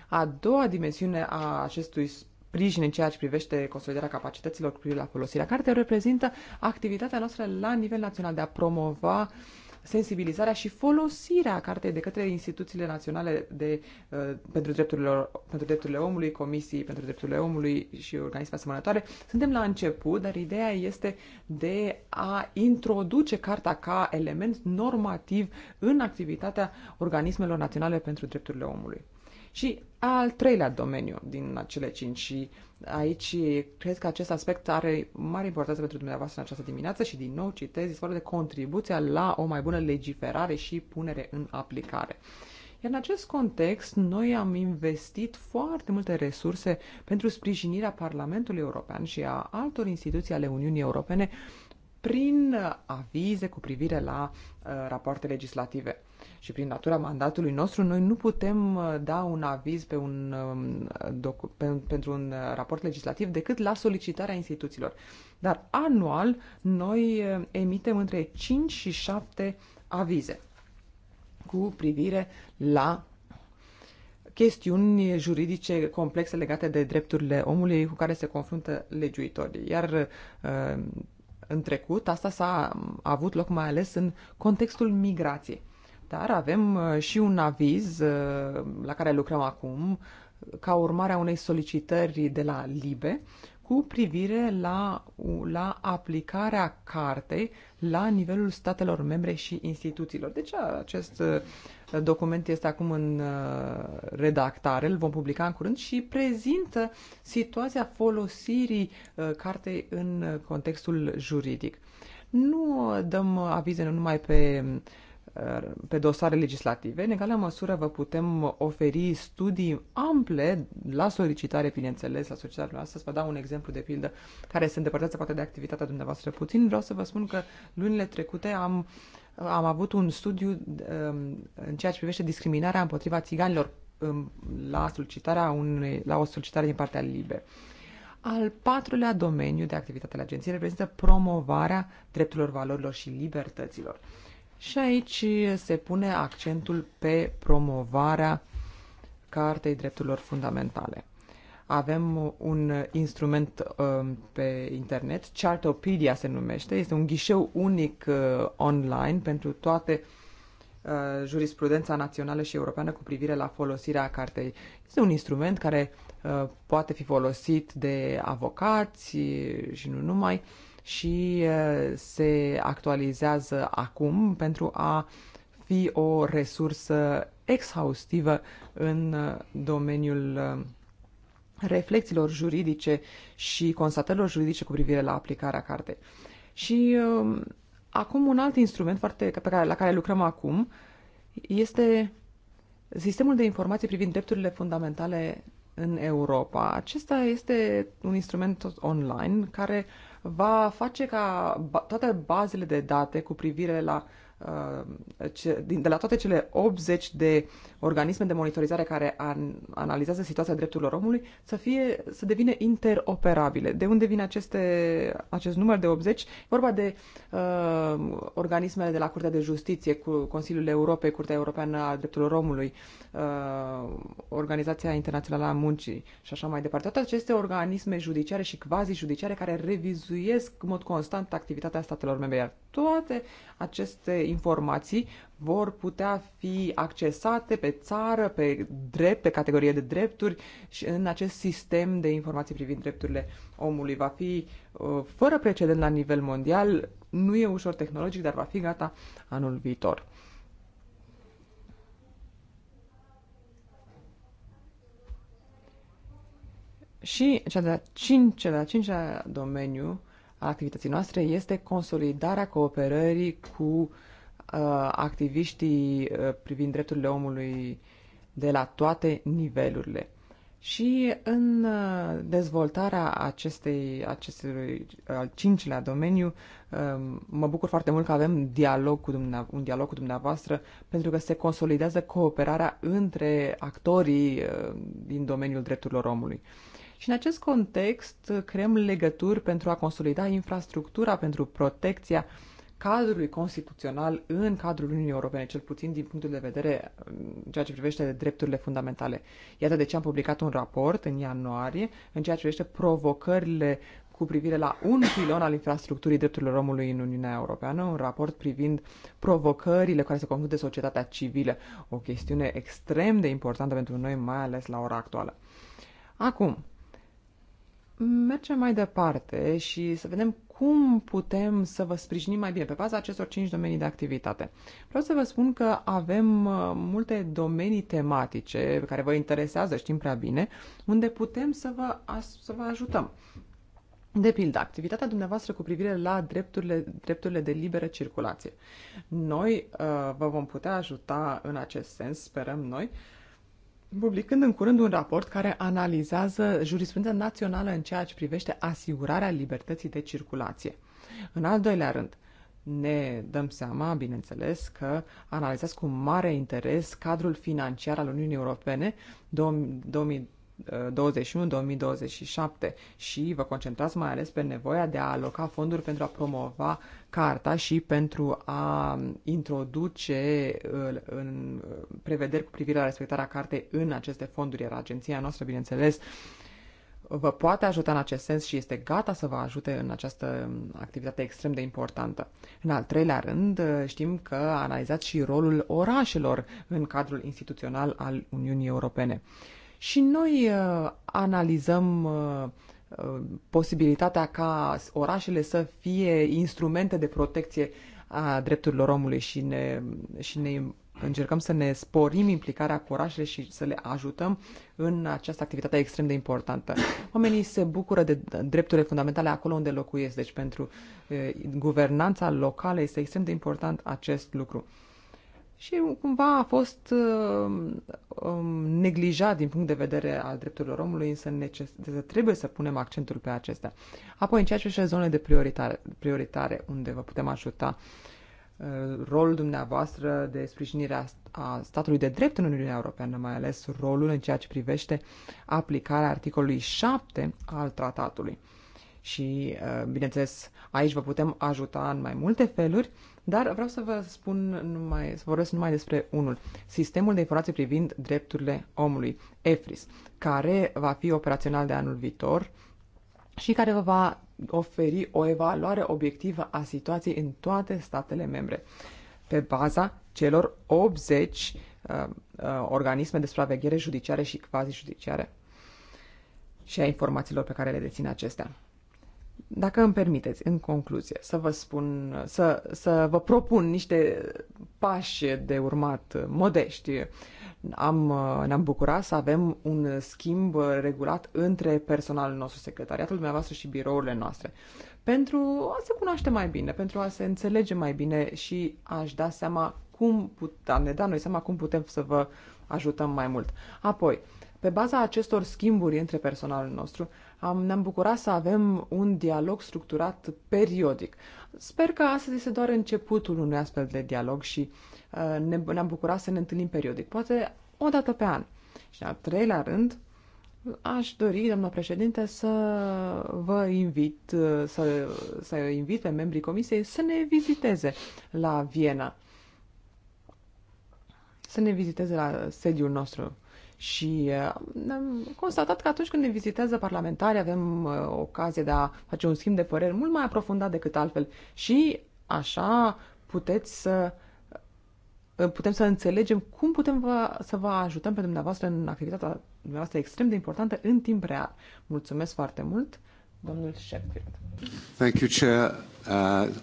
A doua dimensiune a acestui sprijin în ceea ce privește consolidarea capacităților cu privire la folosirea cartei reprezintă activitatea noastră la nivel național de a promova uh, sensibilizarea și folosirea cartei de către instituțiile naționale de, uh, pentru, drepturile, pentru drepturile omului, comisii pentru drepturile omului și organisme asemănătoare. Suntem la început, dar ideea este de a introduce carta ca element normativ în activitatea organismelor naționale pentru drepturile omului. Și al treilea domeniu din acele cinci și aici cred că acest aspect are mare importanță pentru dumneavoastră în această dimineață și din nou citez, este vorba de contribuția la o mai bună legiferare și punere în aplicare. Iar în acest context, noi am investit foarte multe resurse pentru sprijinirea Parlamentului European și a altor instituții ale Uniunii Europene prin avize cu privire la uh, rapoarte legislative și prin natura mandatului nostru, noi nu putem uh, da un aviz pe un, um, docu- pe, pentru un uh, raport legislativ decât la solicitarea instituțiilor. Dar anual noi uh, emitem între 5 și 7 avize cu privire la chestiuni juridice complexe legate de drepturile omului cu care se confruntă legiuitorii. Iar în trecut asta s-a um, avut loc mai ales în contextul migrației. Dar avem uh, și un aviz uh, la care lucrăm acum, ca urmare a unei solicitări de la LIBE, cu privire la, la aplicarea cartei la nivelul statelor membre și instituțiilor. Deci acest uh, document este acum în redactare, îl vom publica în curând și prezintă situația folosirii cartei în contextul juridic. Nu dăm avize numai pe uh, pe dosare legislative, în egală măsură vă putem oferi studii ample la solicitare, bineînțeles, la solicitarea noastră. Să vă dau un exemplu de pildă care se îndepărtează poate de activitatea dumneavoastră puțin. Vreau să vă spun că lunile trecute am, am avut un studiu um, în ceea ce privește discriminarea împotriva țiganilor um, la, solicitarea unei, la o solicitare din partea LIBE. Al patrulea domeniu de activitate al agenției reprezintă promovarea drepturilor, valorilor și libertăților. Și aici se pune accentul pe promovarea Cartei Drepturilor Fundamentale. Avem un instrument um, pe internet, Chartopedia se numește, este un ghișeu unic uh, online pentru toate uh, jurisprudența națională și europeană cu privire la folosirea cartei. Este un instrument care uh, poate fi folosit de avocați și nu numai, și uh, se actualizează acum pentru a fi o resursă exhaustivă în uh, domeniul uh, reflexiilor juridice și constatărilor juridice cu privire la aplicarea cartei. Și um, acum un alt instrument foarte, pe care, la care lucrăm acum este sistemul de informații privind drepturile fundamentale în Europa. Acesta este un instrument online care uh, va face ca toate bazele de date cu privire la Uh, de la toate cele 80 de organisme de monitorizare care analizează situația drepturilor omului să, fie, să devină interoperabile. De unde vine aceste, acest număr de 80? Vorba de uh, organismele de la Curtea de Justiție, cu Consiliul Europei, Curtea Europeană a Drepturilor Omului, uh, Organizația Internațională a Muncii și așa mai departe. Toate aceste organisme judiciare și quasi-judiciare care revizuiesc în mod constant activitatea statelor membre. Iar toate aceste informații vor putea fi accesate pe țară, pe drept, pe categorie de drepturi și în acest sistem de informații privind drepturile omului. Va fi uh, fără precedent la nivel mondial, nu e ușor tehnologic, dar va fi gata anul viitor. Și cea de-a cincea, de cincea domeniu a activității noastre este consolidarea cooperării cu uh, Uh, activiștii uh, privind drepturile omului de la toate nivelurile. Și în uh, dezvoltarea acestei, acestui al cincilea domeniu, um, mă bucur foarte mult că avem dialog cu un dialog cu dumneavoastră, pentru că se consolidează cooperarea între actorii din domeniul drepturilor omului. Și în acest context creăm legături pentru a consolida infrastructura pentru protecția uh, cadrului constituțional în cadrul Uniunii Europene, cel puțin din punctul de vedere mm, în ceea ce privește drepturile fundamentale. Iată de ce am publicat un raport în ianuarie în ceea ce privește provocările cu privire la un pilon al infrastructurii drepturilor omului în Uniunea Europeană, un raport privind provocările care se confruntă societatea civilă, o chestiune extrem de importantă pentru noi, mai ales la ora actuală. Acum, mergem mai departe și să vedem cum putem să vă sprijinim mai bine pe baza acestor cinci domenii de activitate. Vreau să vă spun că avem uh, multe domenii tematice care vă interesează, știm prea bine, unde putem să vă, să vă ajutăm. De pildă, activitatea dumneavoastră cu privire la drepturile, drepturile de liberă circulație. Noi uh, vă vom putea ajuta în acest sens, sperăm noi, uh, publicând în curând un raport care analizează jurisprudența națională în ceea ce privește asigurarea libertății de circulație. În al doilea rând, ne dăm seama, bineînțeles, că analizați cu mare interes cadrul financiar al Uniunii Europene 2000 2021-2027 și vă concentrați mai ales pe nevoia de a aloca fonduri pentru a promova carta și pentru a introduce în prevederi cu privire la respectarea cartei în aceste fonduri. Iar agenția noastră, bineînțeles, vă poate ajuta în acest sens și este gata să vă ajute în această activitate extrem de importantă. În al treilea rând, știm că analizați și rolul orașelor în cadrul instituțional al Uniunii Europene și noi uh, analizăm uh, uh, posibilitatea ca orașele să fie instrumente de protecție a drepturilor omului și ne, și ne încercăm să ne sporim implicarea cu orașele și să le ajutăm în această activitate extrem de importantă. Oamenii se bucură de drepturile fundamentale acolo unde locuiesc, deci pentru guvernanța locală este extrem de important acest lucru și cumva a fost um, um, neglijat din punct de vedere al drepturilor omului, însă neces- trebuie să punem accentul pe acestea. Apoi, în ceea ce este zonele de prioritare, prioritare, unde vă putem ajuta, uh, rolul dumneavoastră de sprijinire a, a statului de drept în Uniunea Europeană, mai ales rolul în ceea ce privește aplicarea articolului 7 al tratatului. Și, uh, bineînțeles, aici vă putem ajuta în mai multe feluri, dar vreau să vă spun numai, să vorbesc numai despre unul, Sistemul de Informații privind drepturile omului, EFRIS, care va fi operațional de anul viitor și care vă va oferi o evaluare obiectivă a situației în toate statele membre, pe baza celor 80 uh, uh, organisme de supraveghere judiciare și quasi-judiciare și a informațiilor pe care le dețin acestea. Dacă îmi permiteți, în concluzie, să vă spun, să, să vă propun niște pași de urmat modești. Am, ne-am bucurat să avem un schimb regulat între personalul nostru, secretariatul dumneavoastră și birourile noastre, pentru a se cunoaște mai bine, pentru a se înțelege mai bine și aș da seama cum putem, ne da noi seama cum putem să vă ajutăm mai mult. Apoi, pe baza acestor schimburi între personalul nostru, am, ne-am bucurat să avem un dialog structurat periodic. Sper că astăzi este doar începutul unui astfel de dialog și uh, ne, ne-am bucurat să ne întâlnim periodic, poate o dată pe an. Și al treilea rând, Aș dori, doamna președinte, să vă invit, uh, să, să invit pe membrii comisiei să ne viziteze la Viena. Să ne viziteze la sediul nostru și uh, am constatat că atunci când ne vizitează parlamentari avem uh, ocazie de a face un schimb de păreri mult mai aprofundat decât altfel și așa puteți să uh, putem să înțelegem cum putem vă, să vă ajutăm pe dumneavoastră în activitatea dumneavoastră extrem de importantă în timp real. Mulțumesc foarte mult, domnul Sheffield. Thank you, Chair. Uh,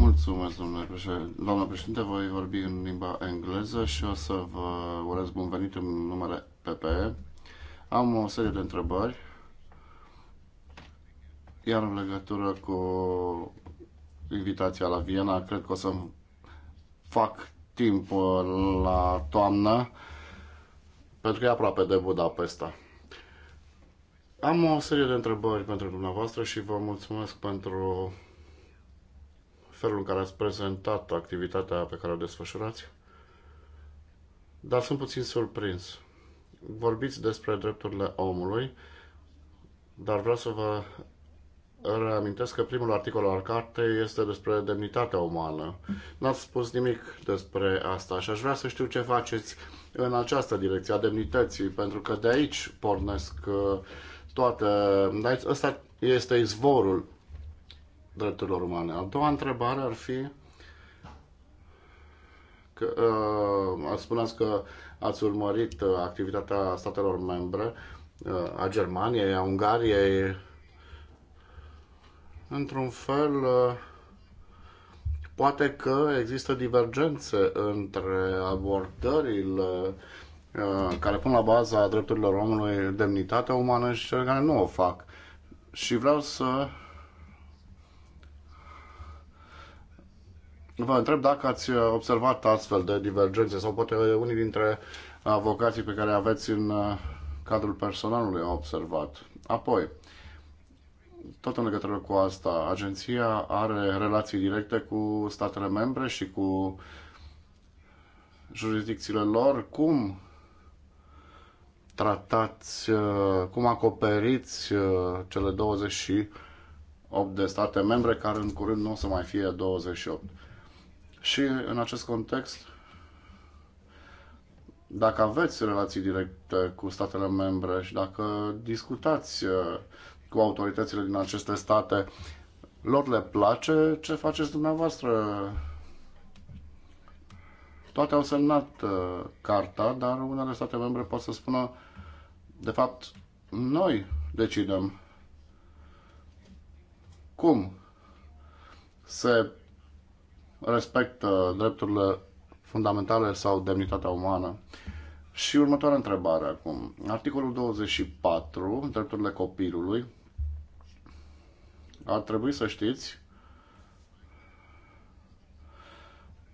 Mulțumesc, domnule președinte. Doamna președinte, voi vorbi în limba engleză și o să vă urez bun venit în numele PPE. Am o serie de întrebări, iar în legătură cu invitația la Viena, cred că o să fac timp uh, la toamnă, pentru că e aproape de Budapesta. Am o serie de întrebări pentru dumneavoastră și vă mulțumesc pentru felul în care ați prezentat activitatea pe care o desfășurați, dar sunt puțin surprins. Vorbiți despre drepturile omului, dar vreau să vă reamintesc că primul articol al cartei este despre demnitatea umană. N-ați spus nimic despre asta și aș vrea să știu ce faceți în această direcție a demnității, pentru că de aici pornesc uh, toate... asta este izvorul drepturilor umane. A doua întrebare ar fi că, uh, spuneați că ați urmărit uh, activitatea statelor membre uh, a Germaniei, a Ungariei într-un fel uh, poate că există divergențe între abordările uh, care pun la baza drepturilor omului demnitatea umană și cele care nu o fac. Și vreau să Vă întreb dacă ați observat astfel de divergențe sau poate unii dintre avocații pe care aveți în uh, cadrul personalului au observat. Apoi, tot în legătură cu asta, agenția are relații directe cu statele membre și cu jurisdicțiile lor. Cum tratați, uh, cum acoperiți uh, cele 28 de state membre care în curând nu o să mai fie 28? Și în acest context, dacă aveți relații directe cu statele membre și dacă discutați uh, cu autoritățile din aceste state, lor le place ce faceți dumneavoastră. Toate au semnat uh, carta, dar unele state membre pot să spună, de fapt, noi decidem cum se respectă drepturile fundamentale sau demnitatea umană. Și următoarea întrebare acum. Articolul 24, drepturile copilului, ar trebui să știți,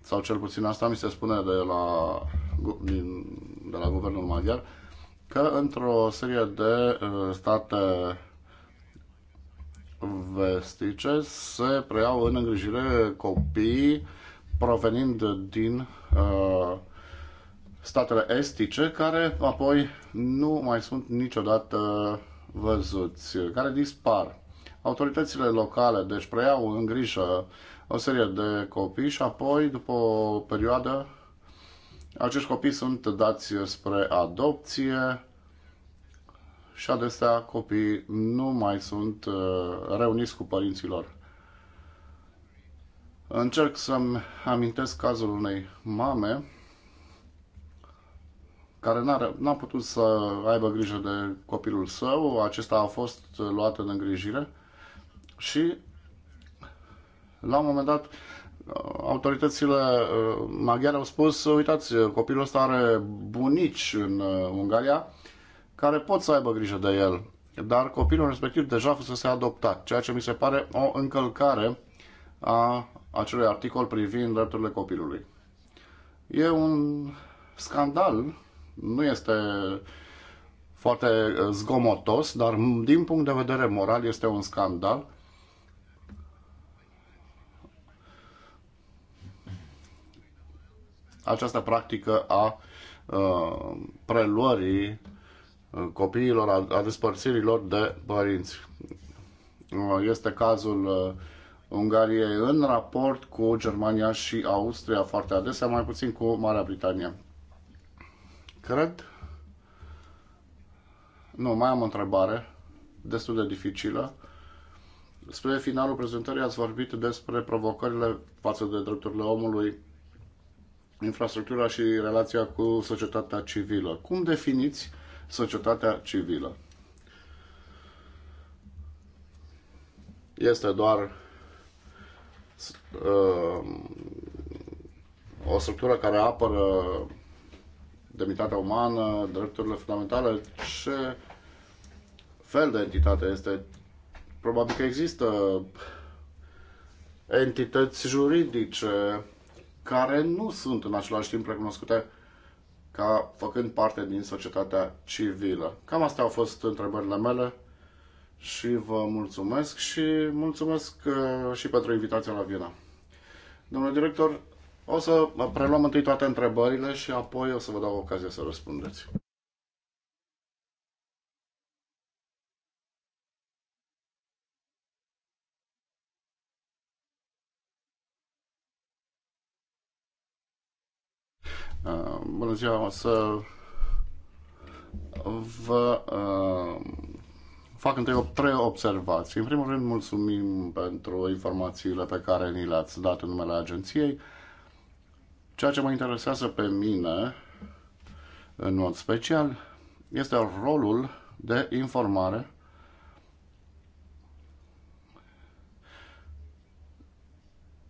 sau cel puțin asta mi se spune de la, din, de la guvernul maghiar, că într-o serie de uh, state vestice se preiau în îngrijire copii provenind din uh, statele estice, care apoi nu mai sunt niciodată văzuți, care dispar. Autoritățile locale deci preiau în grijă o serie de copii și apoi, după o perioadă, acești copii sunt dați spre adopție, și adesea copiii nu mai sunt uh, reuniți cu părinților. Încerc să-mi amintesc cazul unei mame care n-a putut să aibă grijă de copilul său, acesta a fost luat în îngrijire și la un moment dat autoritățile uh, maghiare au spus uitați, copilul ăsta are bunici în uh, Ungaria care pot să aibă grijă de el, dar copilul respectiv deja fusese adoptat, ceea ce mi se pare o încălcare a acelui articol privind drepturile copilului. E un scandal, nu este foarte uh, zgomotos, dar din punct de vedere moral este un scandal. Această practică a uh, preluării copiilor, a, a despărțirilor de părinți. Este cazul uh, Ungariei în raport cu Germania și Austria foarte adesea, mai puțin cu Marea Britanie. Cred. Nu, mai am o întrebare destul de dificilă. Spre finalul prezentării ați vorbit despre provocările față de drepturile omului, infrastructura și relația cu societatea civilă. Cum definiți uh, societatea civilă. Este doar uh, o structură care apără demnitatea umană, drepturile fundamentale, ce fel de entitate este? Probabil că există entități juridice care nu sunt în același timp recunoscute ca făcând parte din societatea civilă. Cam astea au fost întrebările mele și vă mulțumesc și mulțumesc uh, și pentru invitația la Viena. Domnule director, o să uh, preluăm întâi toate întrebările și apoi o să vă dau ocazia să răspundeți. Ehm, bună ziua, o să vă uh, fac întâi trei observații. În primul rând, mulțumim pentru informațiile pe care ni le-ați dat în numele agenției. Ceea ce mă interesează pe mine, în mod special, este rolul de informare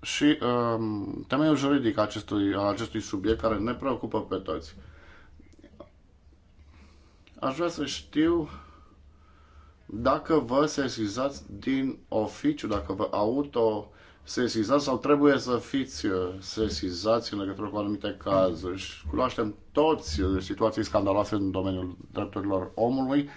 și um, temeiul juridic al acestui subiect care ne preocupă pe toți. Aș vrea să știu dacă vă sesizați din oficiu, dacă vă auto sesizați sau trebuie să fiți uh, sesizați în legătură cu anumite cazuri. Și cunoaștem toți uh, situații scandaloase în domeniul drepturilor omului. Uh,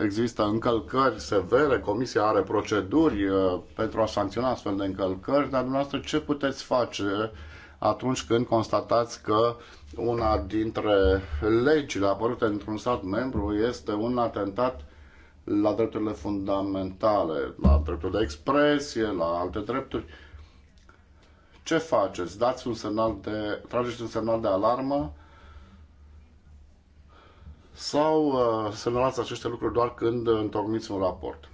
există încălcări severe, Comisia are proceduri uh, pentru a sancționa astfel de încălcări, dar dumneavoastră ce puteți face atunci când constatați că una dintre legile apărute într-un stat membru este un atentat la drepturile fundamentale, la dreptul de expresie, la alte drepturi. Ce faceți? Dați un semnal de, trageți un semnal de alarmă sau uh, semnalați aceste lucruri doar când întocmiți un raport.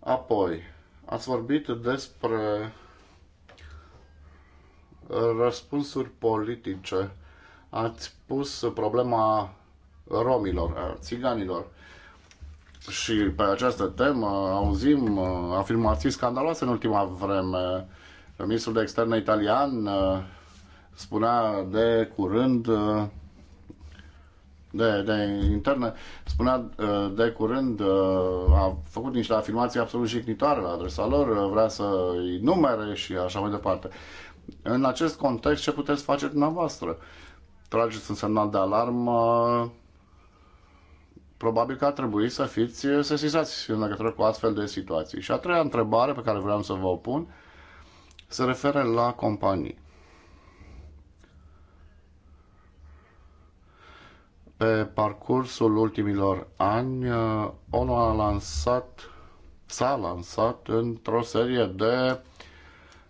Apoi, ați vorbit despre răspunsuri politice. Ați pus problema romilor, țiganilor. Și pe această temă auzim uh, afirmații scandaloase în ultima vreme. Ministrul de Externe italian uh, spunea de curând de, de interne, spunea uh, de curând, uh, a făcut niște afirmații absolut jignitoare la adresa lor, uh, vrea să îi numere și așa mai departe. În acest context, ce puteți face dumneavoastră? Trageți un semnal de alarmă, probabil că ar trebui să fiți sesizați în legătură cu astfel de situații. Și a treia întrebare pe care vreau să vă o pun se referă la companii. Pe parcursul ultimilor ani, uh, ONU a lansat, s-a lansat într-o serie de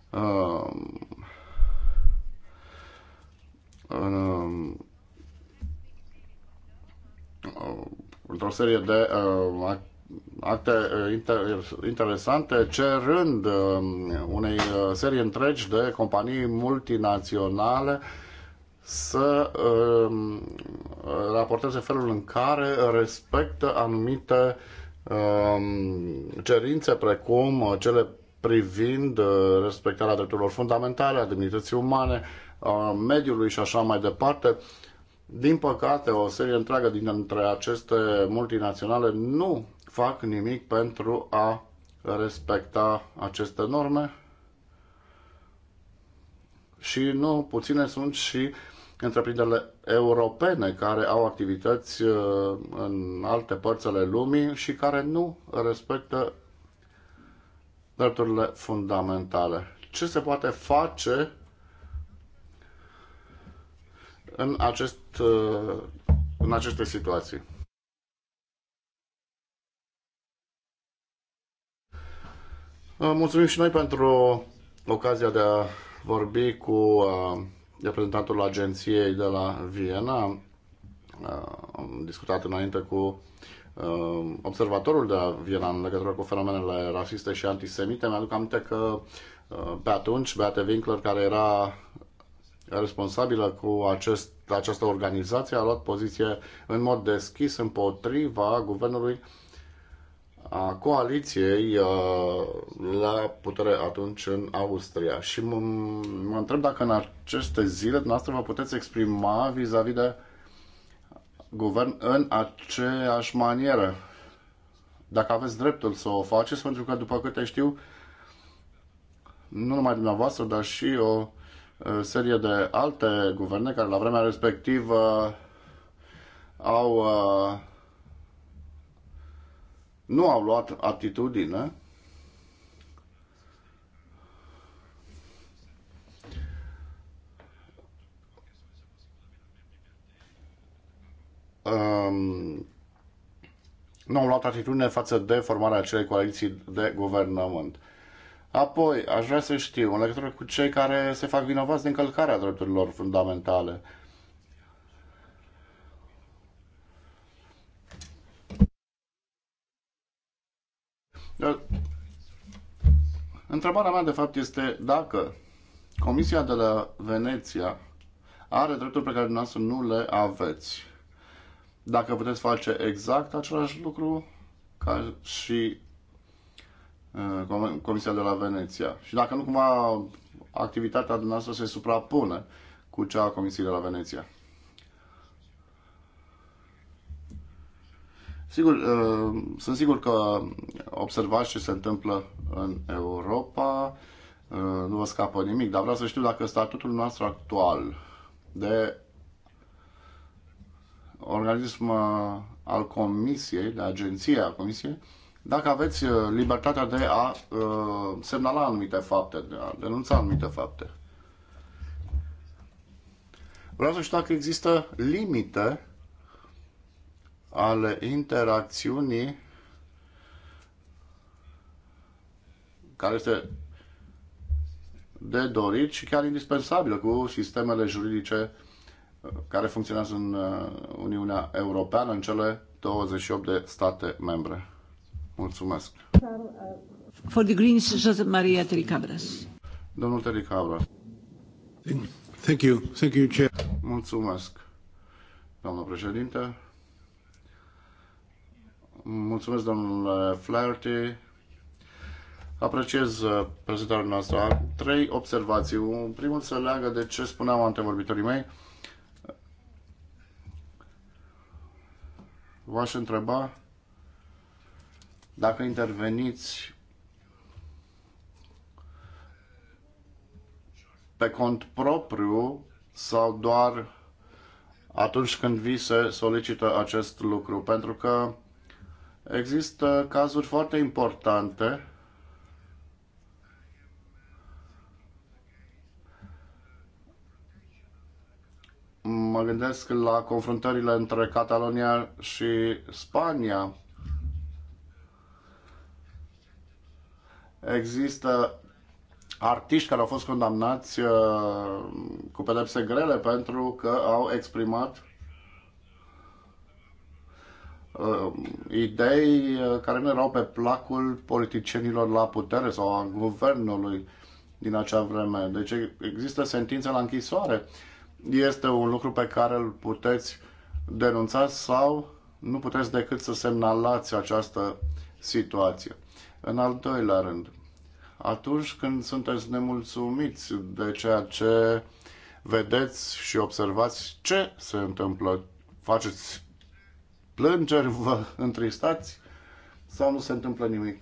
uh, uh, într-o serie de uh, acte uh, inter interesante, cerând um, uh, unei serii întregi de companii multinaționale uh, să um, raporteze felul în care respectă anumite um, cerințe precum cele privind uh, respectarea drepturilor fundamentale, a demnității umane, a mediului și așa mai departe. Din păcate, o serie întreagă dintre aceste multinaționale nu fac nimic pentru a respecta aceste norme și nu puține sunt și uh, întreprinderile europene care au activități uh, în alte părți ale lumii și care nu respectă drepturile fundamentale. Ce se poate face în, acest, uh, în aceste situații? Uh, mulțumim și noi pentru ocazia de a vorbi cu reprezentantul agenției de la Viena. Uh, am discutat înainte cu uh, observatorul de la Viena în legătură cu fenomenele rasiste și antisemite. Mi-aduc aminte că uh, pe atunci Beate Winkler, care era responsabilă cu acest, această organizație, a luat poziție în mod deschis împotriva guvernului uh, a coaliției uh, la putere atunci în Austria. Și mă, mă întreb dacă în aceste zile dumneavoastră vă puteți exprima vis-a-vis -vis de guvern în aceeași manieră. Dacă aveți dreptul să o faceți, pentru că, după câte știu, nu numai dumneavoastră, dar și o uh, serie de alte guverne care la vremea respectivă au uh, nu au luat atitudine um, nu au luat atitudine față de formarea acelei coaliții de guvernământ. Apoi, aș vrea să știu, în legătură cu cei care se fac vinovați de încălcarea drepturilor fundamentale, uh, Da. Întrebarea mea, de fapt, este dacă Comisia de la Veneția are drepturi pe care dumneavoastră nu le aveți. Dacă puteți face exact același lucru ca și uh, Comisia de la Veneția. Și dacă nu, cumva activitatea dumneavoastră se suprapune cu cea a Comisiei de la Veneția. Sigur, uh, sunt sigur că observați ce se întâmplă în Europa, uh, nu vă scapă nimic, dar vreau să știu dacă statutul nostru actual de organism uh, al Comisiei, de agenție a Comisiei, dacă aveți libertatea de a semnala anumite fapte, de a denunța anumite fapte. Vreau să știu dacă există limite ale interacțiunii care este de dorit și chiar indispensabilă cu sistemele juridice uh, care funcționează în uh, Uniunea Europeană, în cele 28 de state membre. Mulțumesc. For the Greens, José María Tricabras. Domnul Tricabras. Thank you. Thank you, Chair. Mulțumesc, doamnă președinte. Mulțumesc, domnule Flaherty. Apreciez uh, prezentarea noastră. trei observații. Un primul se leagă de ce spuneau antevorbitorii mei. V-aș întreba dacă interveniți pe cont propriu sau doar atunci când vi se solicită acest lucru. Pentru că Există cazuri foarte importante mă gândesc la confruntările între Catalonia și Spania. Există artiști care au fost condamnați uh, cu pedepse grele pentru că au exprimat Uh, idei uh, care nu erau pe placul politicienilor la putere sau a guvernului din acea vreme. Deci există sentințe la închisoare. Este un lucru pe care îl puteți denunța sau nu puteți decât să semnalați această situație. În al doilea rând, atunci când sunteți nemulțumiți de ceea ce vedeți și observați ce se întâmplă, faceți plângeri, vă întristați sau nu se întâmplă nimic.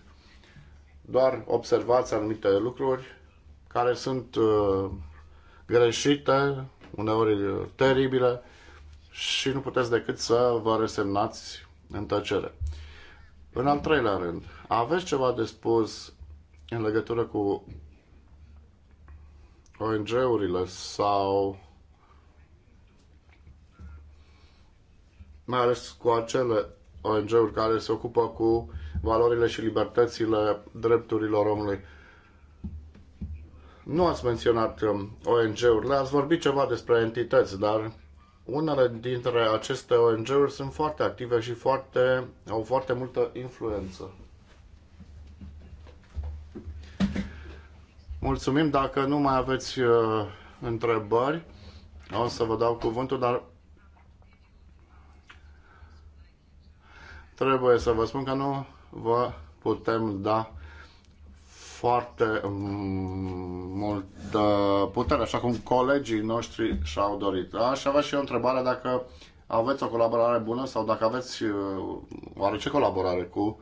Doar observați anumite lucruri care sunt uh, greșite, uneori uh, teribile și nu puteți decât să vă resemnați în tăcere. În al treilea rând, aveți ceva de spus în legătură cu ONG-urile sau mai ales cu acele ONG-uri care se ocupă cu valorile și libertățile drepturilor omului. Nu ați menționat um, ONG-urile, ați vorbit ceva despre entități, dar unele dintre aceste ONG-uri sunt foarte active și foarte, au foarte multă influență. Mulțumim, dacă nu mai aveți uh, întrebări, o să vă dau cuvântul, dar trebuie să vă spun că nu vă putem da foarte multă putere, așa cum colegii noștri și-au dorit. Aș avea și eu întrebarea dacă aveți o colaborare bună sau dacă aveți uh, oarece colaborare cu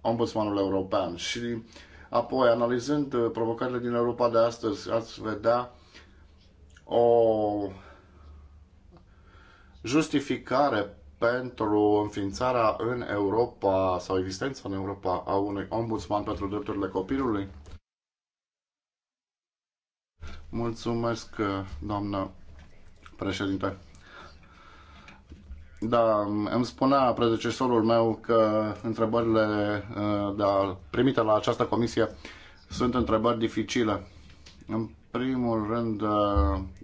Ombudsmanul European. Și apoi, analizând uh, provocările din Europa de astăzi, ați vedea o justificare pentru înființarea în Europa sau existența în Europa a unui ombudsman pentru drepturile copilului? Mulțumesc, doamnă președinte. Da, îmi spunea predecesorul meu că întrebările uh, a primite la această comisie sunt întrebări dificile. În primul rând, uh,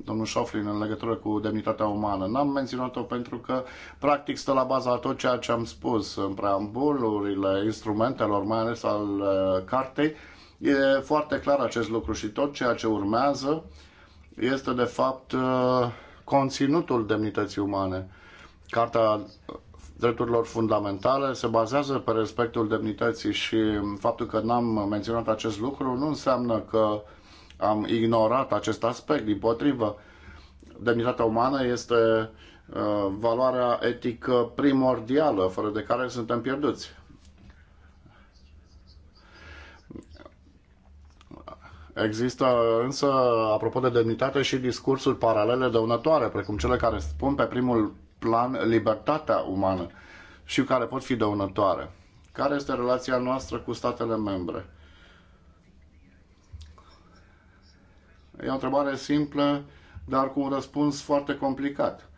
domnul Șoflin, în legătură cu demnitatea umană. N-am menționat-o pentru că, practic, stă la baza tot ceea ce am spus în preambulurile instrumentelor, mai ales al uh, cartei. E foarte clar acest lucru și tot ceea ce urmează este, de fapt, uh, conținutul demnității umane. Carta drepturilor fundamentale se bazează pe respectul demnității și faptul că n-am menționat acest lucru nu înseamnă că am ignorat acest aspect. Din potrivă, demnitatea umană este uh, valoarea etică primordială, fără de care suntem pierduți. Există însă, apropo de demnitate, și discursuri paralele dăunătoare, precum cele care spun pe primul plan libertatea umană și care pot fi dăunătoare. Care este relația noastră cu statele membre? E o întrebare simplă, dar cu un răspuns foarte complicat.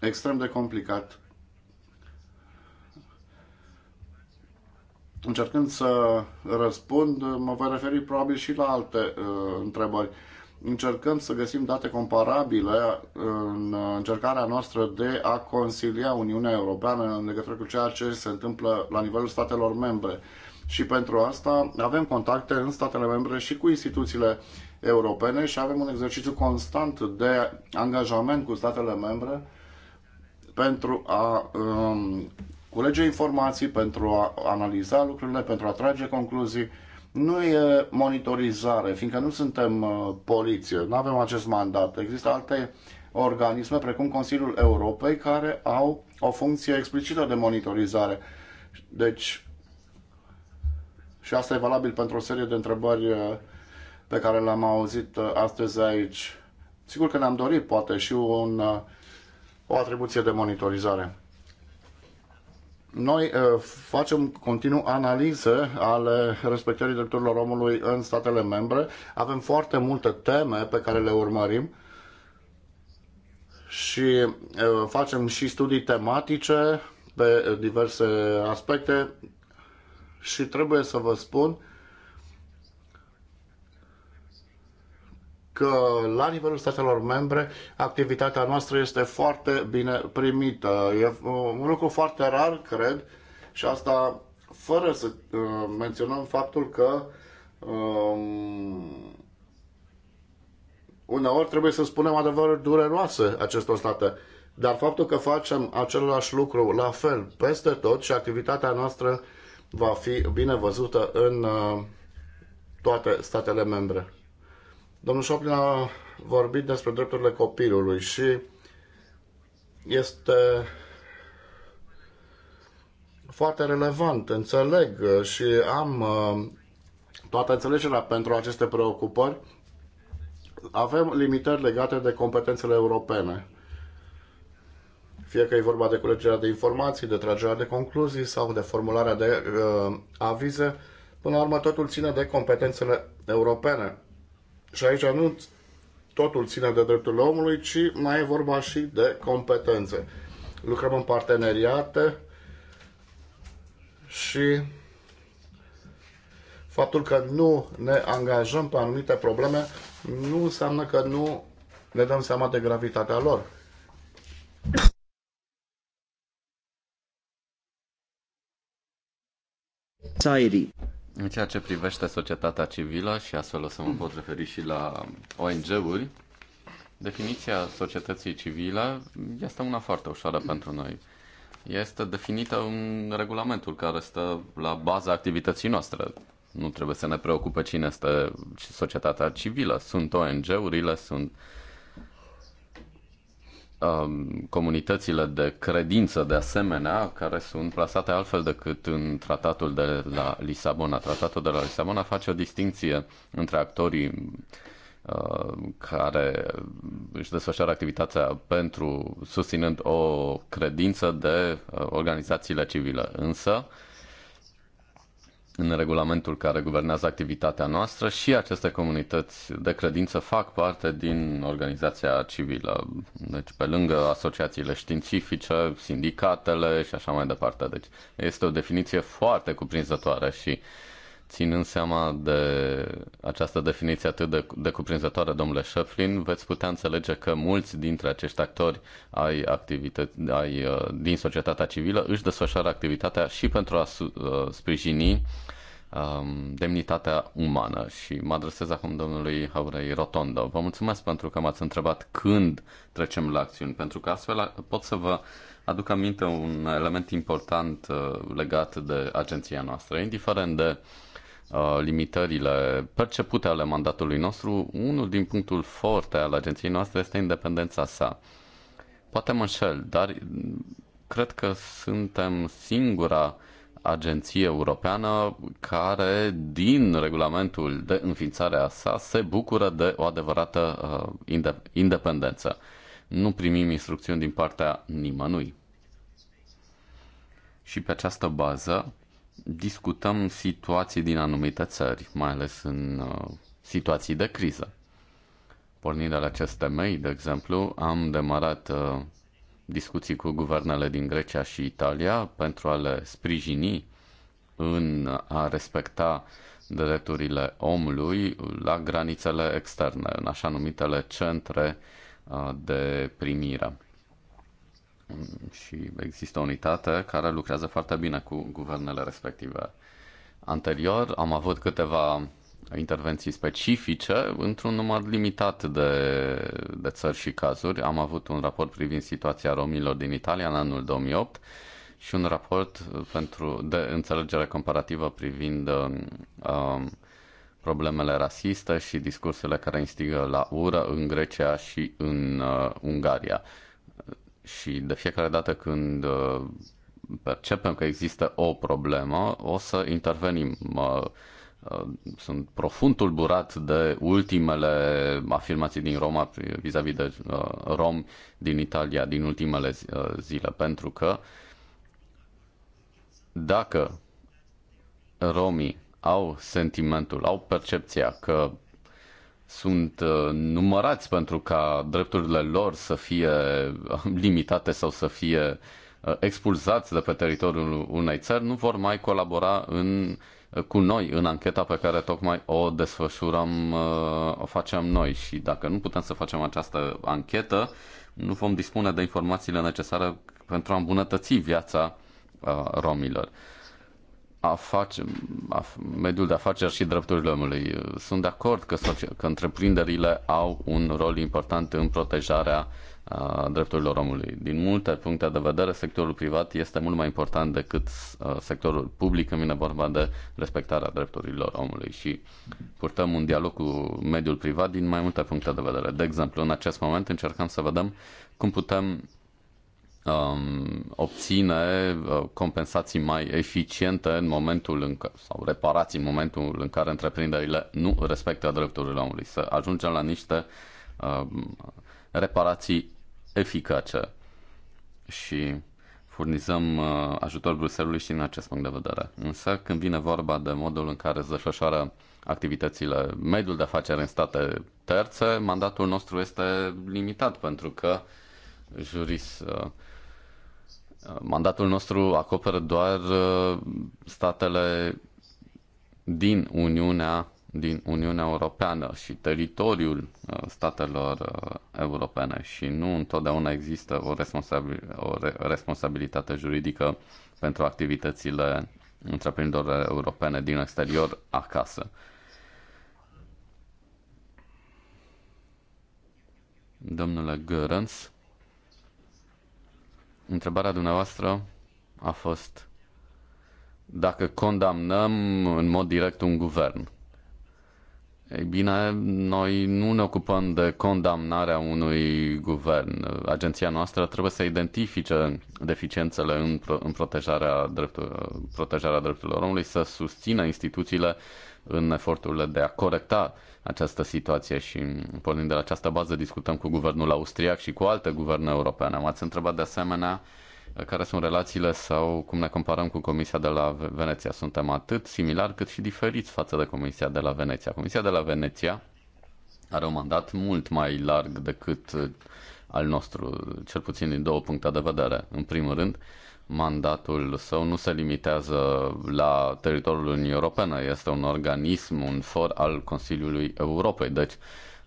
Extrem de complicat. Încercând să răspund, mă voi referi probabil și la alte uh, întrebări. Încercăm să găsim date comparabile uh, în încercarea noastră de a consilia Uniunea Europeană în legătură cu ceea ce se întâmplă la nivelul statelor membre. Și pentru asta avem contacte în statele membre și cu instituțiile uh, europene și avem un exercițiu constant de angajament cu statele membre pentru a um, culege informații, pentru a analiza lucrurile, pentru a trage concluzii. Nu e monitorizare, fiindcă nu suntem uh, poliție, nu avem acest mandat. Există alte organisme, precum Consiliul Europei, care au o funcție explicită de monitorizare. Deci, și asta e valabil pentru o serie de întrebări uh, pe care l-am auzit uh, astăzi aici. Sigur că ne-am dorit poate și un, uh, o atribuție de monitorizare. Noi uh, facem continuu analize ale respectării drepturilor omului în statele membre. Avem foarte multe teme pe care le urmărim și uh, facem și studii tematice pe diverse aspecte și trebuie să vă spun că la nivelul statelor membre activitatea noastră este foarte bine primită. E uh, un lucru foarte rar, cred, și asta fără să uh, menționăm faptul că um, uneori trebuie să spunem adevăruri dureroase acestor state. Dar faptul că facem același lucru la fel peste tot și activitatea noastră va fi bine văzută în uh, toate statele membre. Domnul Șoplin a vorbit despre drepturile copilului și este foarte relevant. Înțeleg și am uh, toată înțelegerea pentru aceste preocupări. Avem limitări legate de competențele europene. Fie că e vorba de culegerea de informații, de tragerea de concluzii sau de formularea de uh, avize, până la urmă totul ține de competențele europene. Și aici nu totul ține de dreptul omului, ci mai e vorba și de competențe. Lucrăm în parteneriate și faptul că nu ne angajăm pe anumite probleme nu înseamnă că nu ne dăm seama de gravitatea lor. Sairi. În ceea ce privește societatea civilă, și astfel o să mă pot referi și la ONG-uri, definiția societății civile este una foarte ușoară pentru noi. Este definită în regulamentul care stă la baza activității noastre. Nu trebuie să ne preocupe cine este societatea civilă. Sunt ONG-urile, sunt uh, Um, comunitățile de credință de asemenea, care sunt plasate altfel decât în tratatul de la Lisabona. Tratatul de la Lisabona face o distinție între actorii uh, care își desfășoară activitatea pentru susținând o credință de uh, organizațiile civile. Însă, în regulamentul care guvernează activitatea noastră și aceste comunități de credință fac parte din organizația civilă. Deci pe lângă asociațiile științifice, sindicatele și așa mai departe. Deci este o definiție foarte cuprinzătoare și uh, ținând seama de această definiție atât de, de cuprinzătoare, domnule Șeflin, veți putea înțelege că mulți dintre acești actori ai activități, ai, uh, din societatea civilă își desfășoară activitatea și pentru a uh, sprijini um, demnitatea umană. Și mă adresez acum domnului Haurei Rotondo. Vă mulțumesc pentru că m-ați întrebat când trecem la acțiuni, pentru că astfel pot să vă aduc aminte un element important uh, legat de agenția noastră, indiferent de uh, Uh, limitările percepute ale mandatului nostru, unul din punctul forte al agenției noastre este independența sa. Poate mă înșel, dar cred că suntem singura agenție europeană care, din regulamentul de înființare a sa, se bucură de o adevărată uh, independență. Nu primim instrucțiuni din partea nimănui. Și pe această bază, discutăm situații din anumite țări, mai ales în uh, situații de criză. Pornind de la acest temei, de exemplu, am demarat uh, discuții cu guvernele din Grecia și Italia pentru a le sprijini în a respecta drepturile omului la granițele externe, în așa numitele centre uh, de primire și există o unitate care lucrează foarte bine cu guvernele respective. Anterior am avut câteva intervenții specifice într-un număr limitat de, de țări și cazuri. Am avut un raport privind situația romilor din Italia în anul 2008 și un raport pentru, de înțelegere comparativă privind um, um, problemele rasiste și discursurile care instigă la ură în Grecia și în uh, Ungaria și de fiecare dată când uh, percepem că există o problemă, o să intervenim. Uh, sunt profund tulburat de ultimele afirmații din Roma vis-a-vis -vis de uh, rom din Italia din ultimele zile, pentru că dacă romii au sentimentul, au percepția că sunt uh, numărați pentru ca drepturile lor să fie uh, limitate sau să fie uh, expulzați de pe teritoriul unei țări, nu vor mai colabora în, cu noi în ancheta pe care tocmai o desfășurăm, o facem noi. Și dacă nu putem să facem această anchetă, nu vom dispune de informațiile necesare pentru a îmbunătăți viața romilor afaceri, mediul de afaceri și drepturile omului. Sunt de acord că, că întreprinderile au un rol important în protejarea a drepturilor omului. Din multe puncte de vedere, sectorul privat este mult mai important decât sectorul public când vine vorba de respectarea drepturilor omului și purtăm un dialog cu mediul privat din mai multe puncte de vedere. De exemplu, în acest moment încercăm să vedem cum putem Um, obține uh, compensații mai eficiente în momentul în care, sau reparații în momentul în care întreprinderile nu respectă drepturile omului, să ajungem la niște um, reparații eficace și furnizăm uh, ajutor Bruselului și în acest punct de vedere. Însă când vine vorba de modul în care zășoșoară activitățile mediul de afaceri în state terțe, mandatul nostru este limitat pentru că juris, uh, Uh, mandatul nostru acoperă doar uh, statele din Uniunea, din Uniunea Europeană și teritoriul uh, statelor europene și nu întotdeauna există o, responsabil, o responsabilitate juridică pentru activitățile întreprinderilor europene din exterior acasă. Domnule Görens, Întrebarea dumneavoastră a fost dacă condamnăm în mod direct un guvern. Ei bine, noi nu ne ocupăm de condamnarea unui guvern. Agenția noastră trebuie să identifice deficiențele în, pro- în protejarea, dreptul- protejarea drepturilor omului, să susțină instituțiile în eforturile de a corecta această situație și pornind de la această bază discutăm cu guvernul austriac și cu alte guverne europene. M-ați întrebat de asemenea uh, care sunt relațiile sau cum ne comparăm cu Comisia de la Veneția. Suntem atât similar, cât și diferiți față de Comisia de la Veneția. Comisia de la Veneția are un mandat mult mai larg decât uh, al nostru, cel puțin din două puncte de vedere. În primul rând, mandatul său nu se limitează la teritoriul Uniunii Europene, este un organism, un for al Consiliului Europei, deci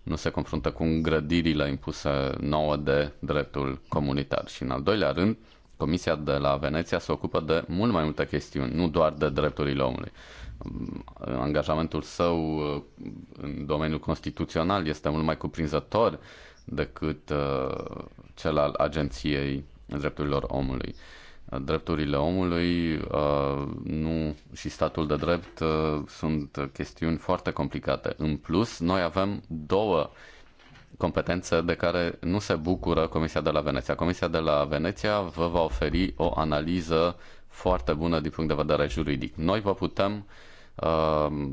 nu se confruntă cu îngrădirile impuse nouă de dreptul comunitar. Și în al doilea rând, Comisia de la Veneția se ocupă de mult mai multe chestiuni, nu doar de drepturile omului. Angajamentul său uh, în domeniul constituțional este mult mai cuprinzător decât uh, cel al Agenției Drepturilor Omului drepturile omului uh, nu, și statul de drept uh, sunt chestiuni foarte complicate. În plus, noi avem două competențe de care nu se bucură Comisia de la Veneția. Comisia de la Veneția vă va oferi o analiză foarte bună din punct de vedere juridic. Noi vă putem uh,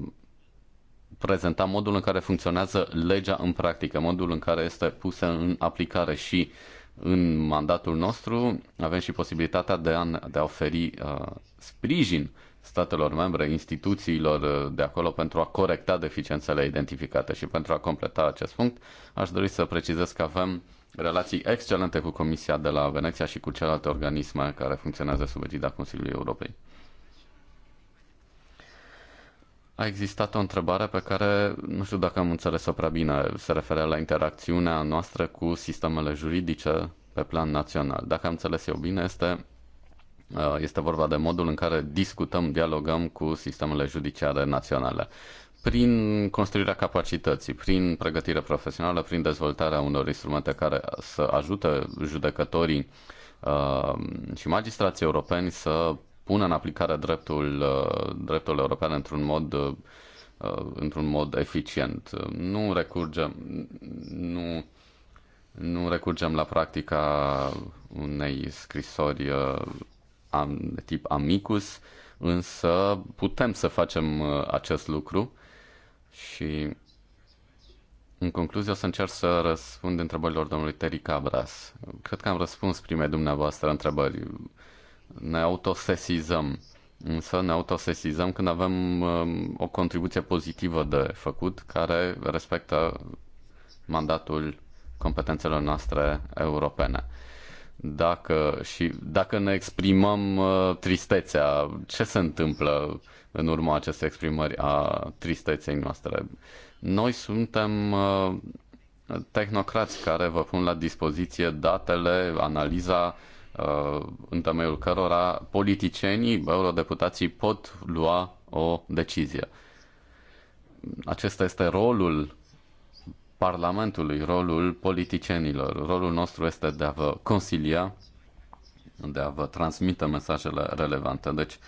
prezenta modul în care funcționează legea în practică, modul în care este pusă în aplicare și uh, în mandatul nostru avem și posibilitatea de a, de a oferi uh, sprijin statelor membre, instituțiilor uh, de acolo pentru a corecta deficiențele identificate și pentru a completa acest punct, aș dori să precizez că avem relații excelente cu Comisia de la Veneția și cu celelalte organisme care funcționează sub egida Consiliului Europei. A existat o întrebare pe care nu știu dacă am înțeles-o prea bine. Se referă la interacțiunea noastră cu sistemele juridice pe plan național. Dacă am înțeles eu bine, este, uh, este vorba de modul în care discutăm, dialogăm cu sistemele judiciare naționale prin construirea capacității, prin pregătire profesională, prin dezvoltarea unor instrumente care să ajute judecătorii uh, și magistrații europeni să pună în aplicare dreptul, uh, dreptul european într-un mod uh, uh, într-un mod eficient. Nu recurgem, nu, nu recurgem la practica unei scrisori de tip amicus, însă putem să facem acest lucru și în concluzie o să încerc să răspund întrebărilor domnului Terry Cabras. Cred că am răspuns primei dumneavoastră întrebări ne autosesizăm. Însă ne autosesizăm când avem um, o contribuție pozitivă de făcut care respectă mandatul competențelor noastre europene. Dacă, și dacă ne exprimăm uh, tristețea, ce se întâmplă în urma acestei exprimări a tristeței noastre? Noi suntem uh, tehnocrați care vă pun la dispoziție datele, analiza, Uh, în temeiul cărora politicienii, eurodeputații pot lua o decizie. Acesta este rolul Parlamentului, rolul politicienilor. Rolul nostru este de a vă consilia, de a vă transmite mesajele relevante. Deci,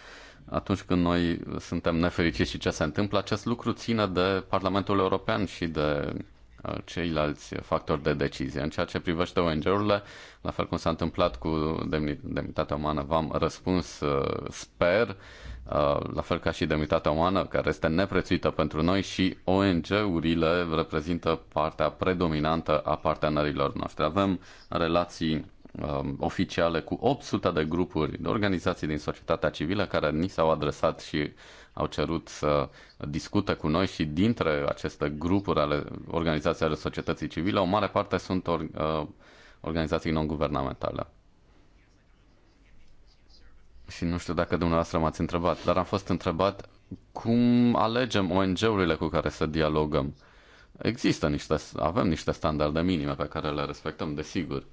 atunci când noi suntem nefericiți și ce se întâmplă, acest lucru ține de Parlamentul European și de Uh, ceilalți factori de decizie. În ceea ce privește ONG-urile, la fel cum s-a întâmplat cu demnitatea umană, v-am răspuns, uh, sper, uh, la fel ca și demnitatea umană, care este neprețuită pentru noi și ONG-urile reprezintă partea predominantă a partenerilor noastre. Avem relații um, oficiale cu 800 de grupuri, de organizații din societatea civilă care ni s-au adresat și au cerut să discute cu noi și dintre aceste grupuri ale organizației ale societății civile, o mare parte sunt or, uh, organizații non-guvernamentale. Și nu știu dacă dumneavoastră m-ați întrebat, dar am fost întrebat cum alegem ONG-urile cu care să dialogăm. Există niște, avem niște standarde minime pe care le respectăm, desigur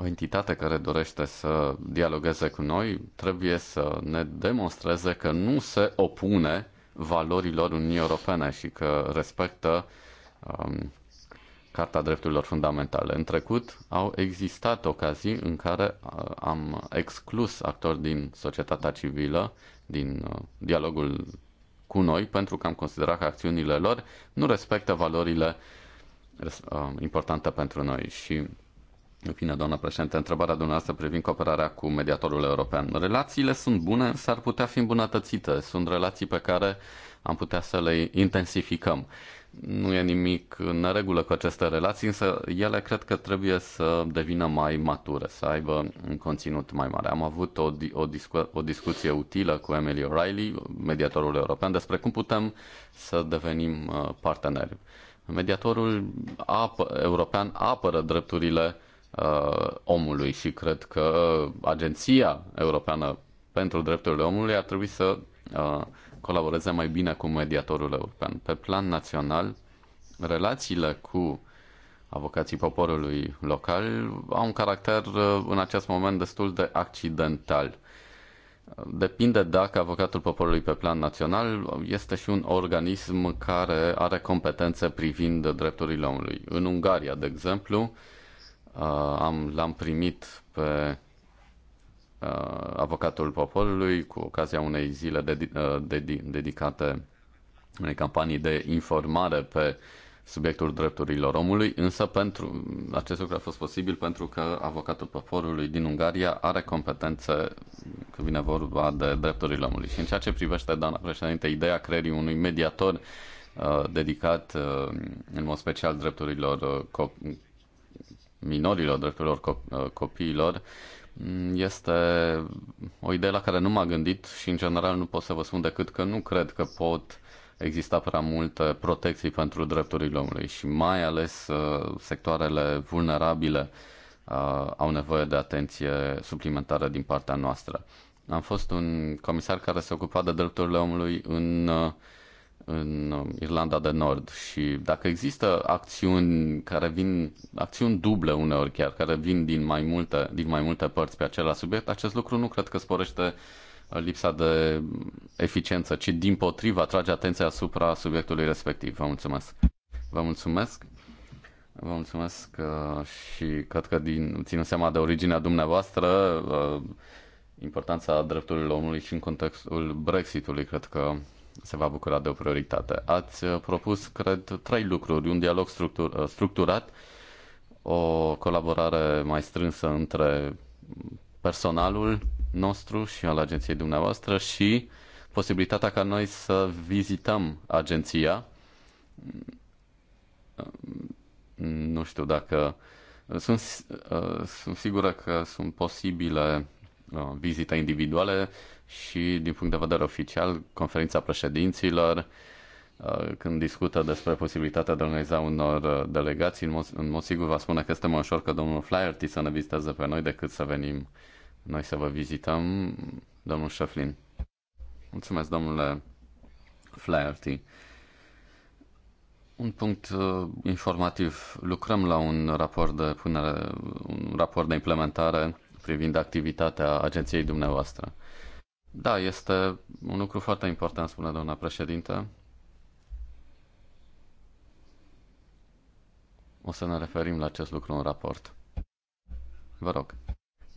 o entitate care dorește să dialogueze cu noi trebuie să ne demonstreze că nu se opune valorilor Uniunii Europene și că respectă um, Carta Drepturilor Fundamentale. În trecut au existat ocazii în care uh, am exclus actori din societatea civilă, din uh, dialogul cu noi, pentru că am considerat că acțiunile lor nu respectă valorile uh, importante pentru noi și în fine, doamnă președinte, întrebarea dumneavoastră privind cooperarea cu mediatorul european. Relațiile sunt bune, s-ar putea fi îmbunătățite. Sunt relații pe care am putea să le intensificăm. Nu e nimic în regulă cu aceste relații, însă ele cred că trebuie să devină mai mature, să aibă un conținut mai mare. Am avut o, o, discu- o discuție utilă cu Emily O'Reilly, mediatorul european, despre cum putem să devenim uh, parteneri. Mediatorul ap- european apără drepturile uh, omului și cred că Agenția Europeană pentru Drepturile Omului ar trebui să uh, colaboreze mai bine cu mediatorul european. Pe plan național, relațiile cu avocații poporului local au un caracter uh, în acest moment destul de accidental. Depinde dacă avocatul poporului pe plan național este și un organism care are competențe privind drepturile omului. În Ungaria, de exemplu, Uh, am, l-am primit pe uh, avocatul poporului cu ocazia unei zile de, uh, de, de, dedicate unei campanii de informare pe subiectul drepturilor omului, însă pentru acest lucru a fost posibil pentru că avocatul poporului din Ungaria are competențe când vine vorba de drepturile omului. Și în ceea ce privește, doamna președinte, ideea creierii unui mediator uh, dedicat uh, în mod special drepturilor uh, minorilor, drepturilor uh, copiilor, mm, este o idee la care nu m-am gândit și, în general, nu pot să vă spun decât că nu cred că pot exista prea multe protecții pentru drepturile omului și mai ales uh, sectoarele vulnerabile uh, au nevoie de atenție suplimentară din partea noastră. Am fost un comisar care se ocupa de drepturile omului în în um, Irlanda de Nord și dacă există acțiuni care vin, acțiuni duble uneori chiar, care vin din mai multe, din mai multe părți pe același subiect, acest lucru nu cred că sporește uh, lipsa de um, eficiență, ci din potrivă atrage atenția asupra subiectului respectiv. Vă mulțumesc! Vă mulțumesc! Vă mulțumesc uh, și cred că din, ținând seama de originea dumneavoastră, uh, importanța drepturilor omului și în contextul Brexitului, cred că se va bucura de o prioritate. Ați uh, propus, cred, trei lucruri. Un dialog structur, uh, structurat, o colaborare mai strânsă între personalul nostru și al agenției dumneavoastră și posibilitatea ca noi să vizităm agenția. Nu știu dacă uh, sunt, sunt sigură că sunt posibile vizite individuale și din punct de vedere oficial conferința președinților uh, când discută despre posibilitatea de a organiza unor uh, delegații, în mod, în mod sigur va spune că este mai ușor că domnul Flaherty să ne viziteze pe noi decât să venim noi să vă vizităm, domnul Șeflin. Mulțumesc, domnule Flaherty. Un punct uh, informativ. Lucrăm la un raport de punere, un raport de implementare privind activitatea agenției dumneavoastră. Da, este un lucru foarte important, spune doamna președintă. O să ne referim la acest lucru în raport. Vă rog.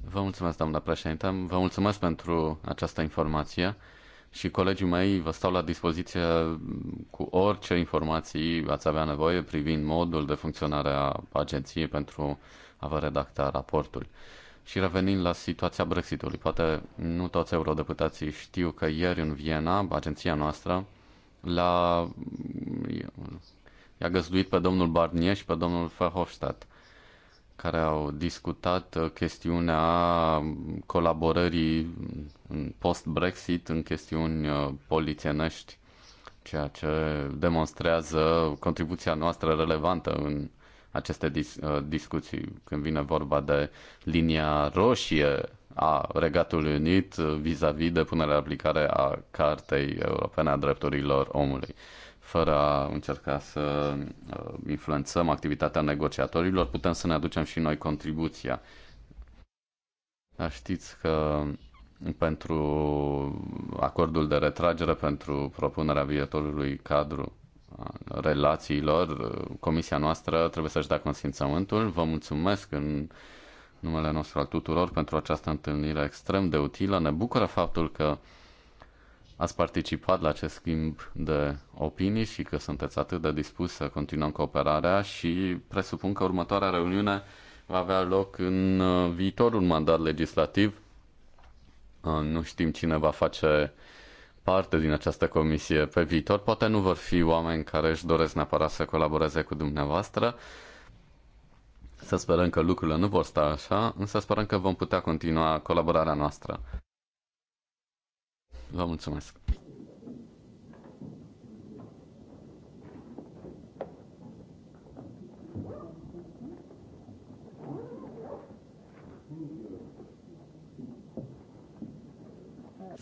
Vă mulțumesc, doamna președintă. Vă mulțumesc pentru această informație și colegii mei vă stau la dispoziție cu orice informații ați avea nevoie privind modul de funcționare a agenției pentru a vă redacta raportul. Și revenind la situația Brexitului, poate nu toți eurodeputații știu că ieri în Viena, agenția noastră, la... i-a găzduit pe domnul Barnier și pe domnul Verhofstadt care au discutat chestiunea colaborării post-Brexit în chestiuni uh, polițienești, ceea ce demonstrează contribuția noastră relevantă în aceste dis- uh, discuții când vine vorba de linia roșie a Regatului Unit vis-a-vis de punerea aplicare a Cartei Europene a Drepturilor Omului. Fără a încerca să uh, influențăm activitatea negociatorilor, putem să ne aducem și noi contribuția. Dar știți că pentru acordul de retragere, pentru propunerea viitorului cadru relațiilor, comisia noastră trebuie să-și dea consimțământul. Vă mulțumesc în numele nostru al tuturor pentru această întâlnire extrem de utilă. Ne bucură faptul că ați participat la acest schimb de opinii și că sunteți atât de dispus să continuăm cooperarea și presupun că următoarea reuniune va avea loc în uh, viitorul mandat legislativ. Uh, nu știm cine va face parte din această comisie pe viitor. Poate nu vor fi oameni care își doresc neapărat să colaboreze cu dumneavoastră. Să sperăm că lucrurile nu vor sta așa, însă sperăm că vom putea continua colaborarea noastră. Vă mulțumesc!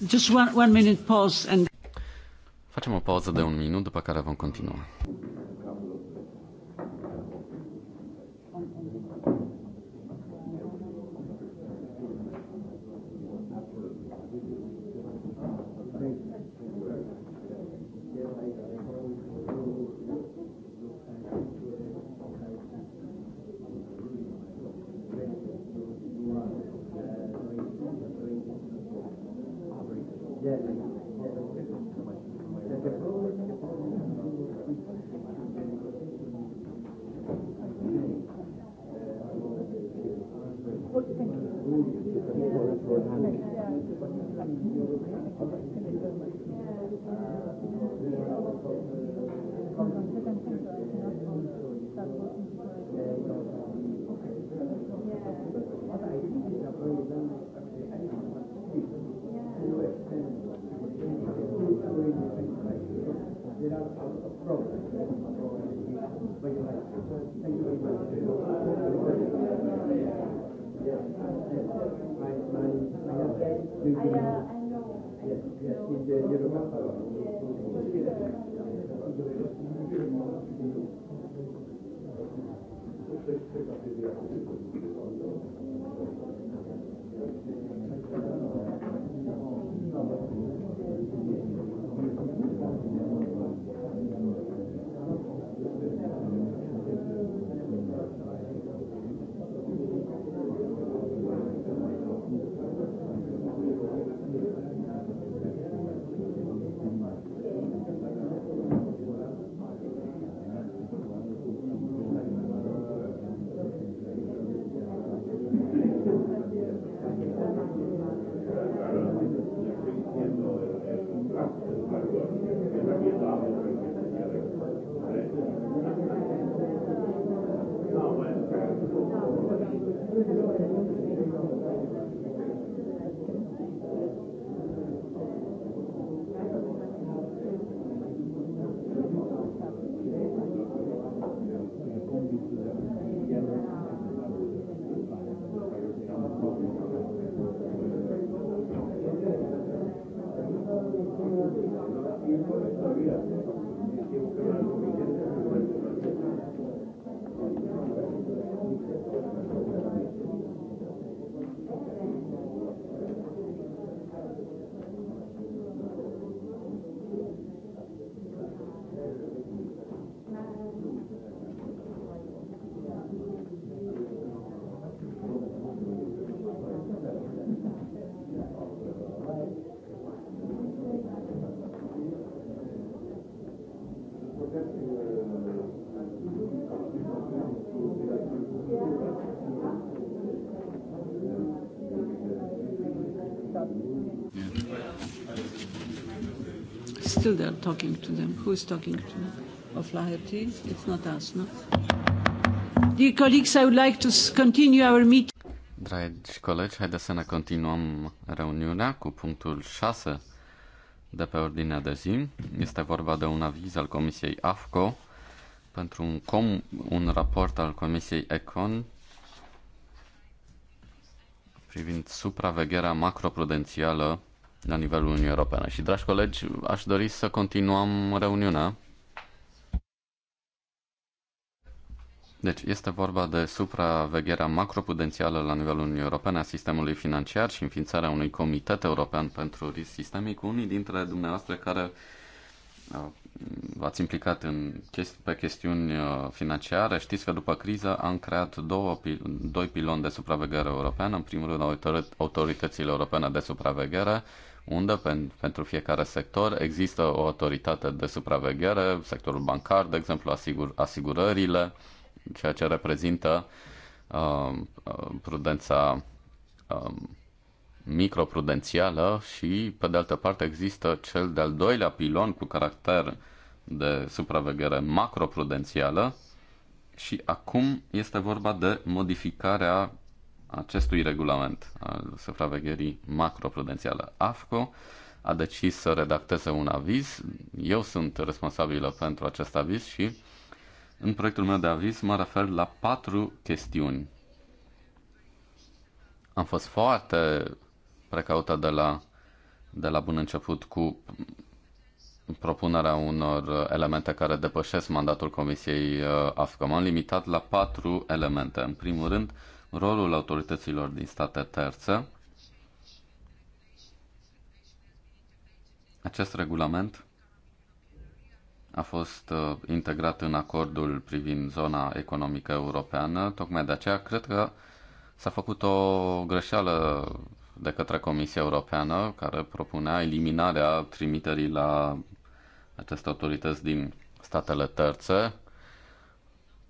Just one, one minute pause and... Facem o pauză de un minut, după care vom continua. Ai, uh, still they are talking to them. Who is talking to them? Of Laherty? It's not us, no? Dear colleagues, I would like to continue our meeting. Dragi colegi, haideți să ne continuăm reuniunea cu punctul 6 de pe ordinea de zi. Este vorba de un aviz al Comisiei AFCO pentru un, com, un raport al Comisiei ECON privind supravegherea macroprudențială la nivelul Uniunii Europene. Și, dragi colegi, aș dori să continuăm reuniunea. Deci, este vorba de supravegherea macroprudențială la nivelul Uniunii Europene a sistemului financiar și înființarea unui comitet european pentru risc sistemic. Unii dintre dumneavoastră care uh, v-ați implicat în chesti- pe chestiuni uh, financiare. Știți că după criză am creat două, doi piloni de supraveghere europeană. În primul rând, autoritățile europene de supraveghere unde pen, pentru fiecare sector există o autoritate de supraveghere, sectorul bancar, de exemplu, asigur, asigurările, ceea ce reprezintă um, uh, prudența uh, microprudențială și, pe de altă parte, există cel de-al doilea pilon cu caracter de supraveghere macroprudențială și acum este vorba de modificarea acestui regulament al supravegherii macroprudențială AFCO a decis să redacteze un aviz. Eu sunt responsabilă pentru acest aviz și în proiectul meu de aviz mă refer la patru chestiuni. Am fost foarte precaută de la, de la bun început cu propunerea unor elemente care depășesc mandatul Comisiei uh, m am limitat la patru elemente. În primul rând, rolul autorităților din state terțe. Acest regulament a fost uh, integrat în acordul privind zona economică europeană. Tocmai de aceea cred că s-a făcut o greșeală de către Comisia Europeană care propunea eliminarea trimiterii la aceste autorități din statele terțe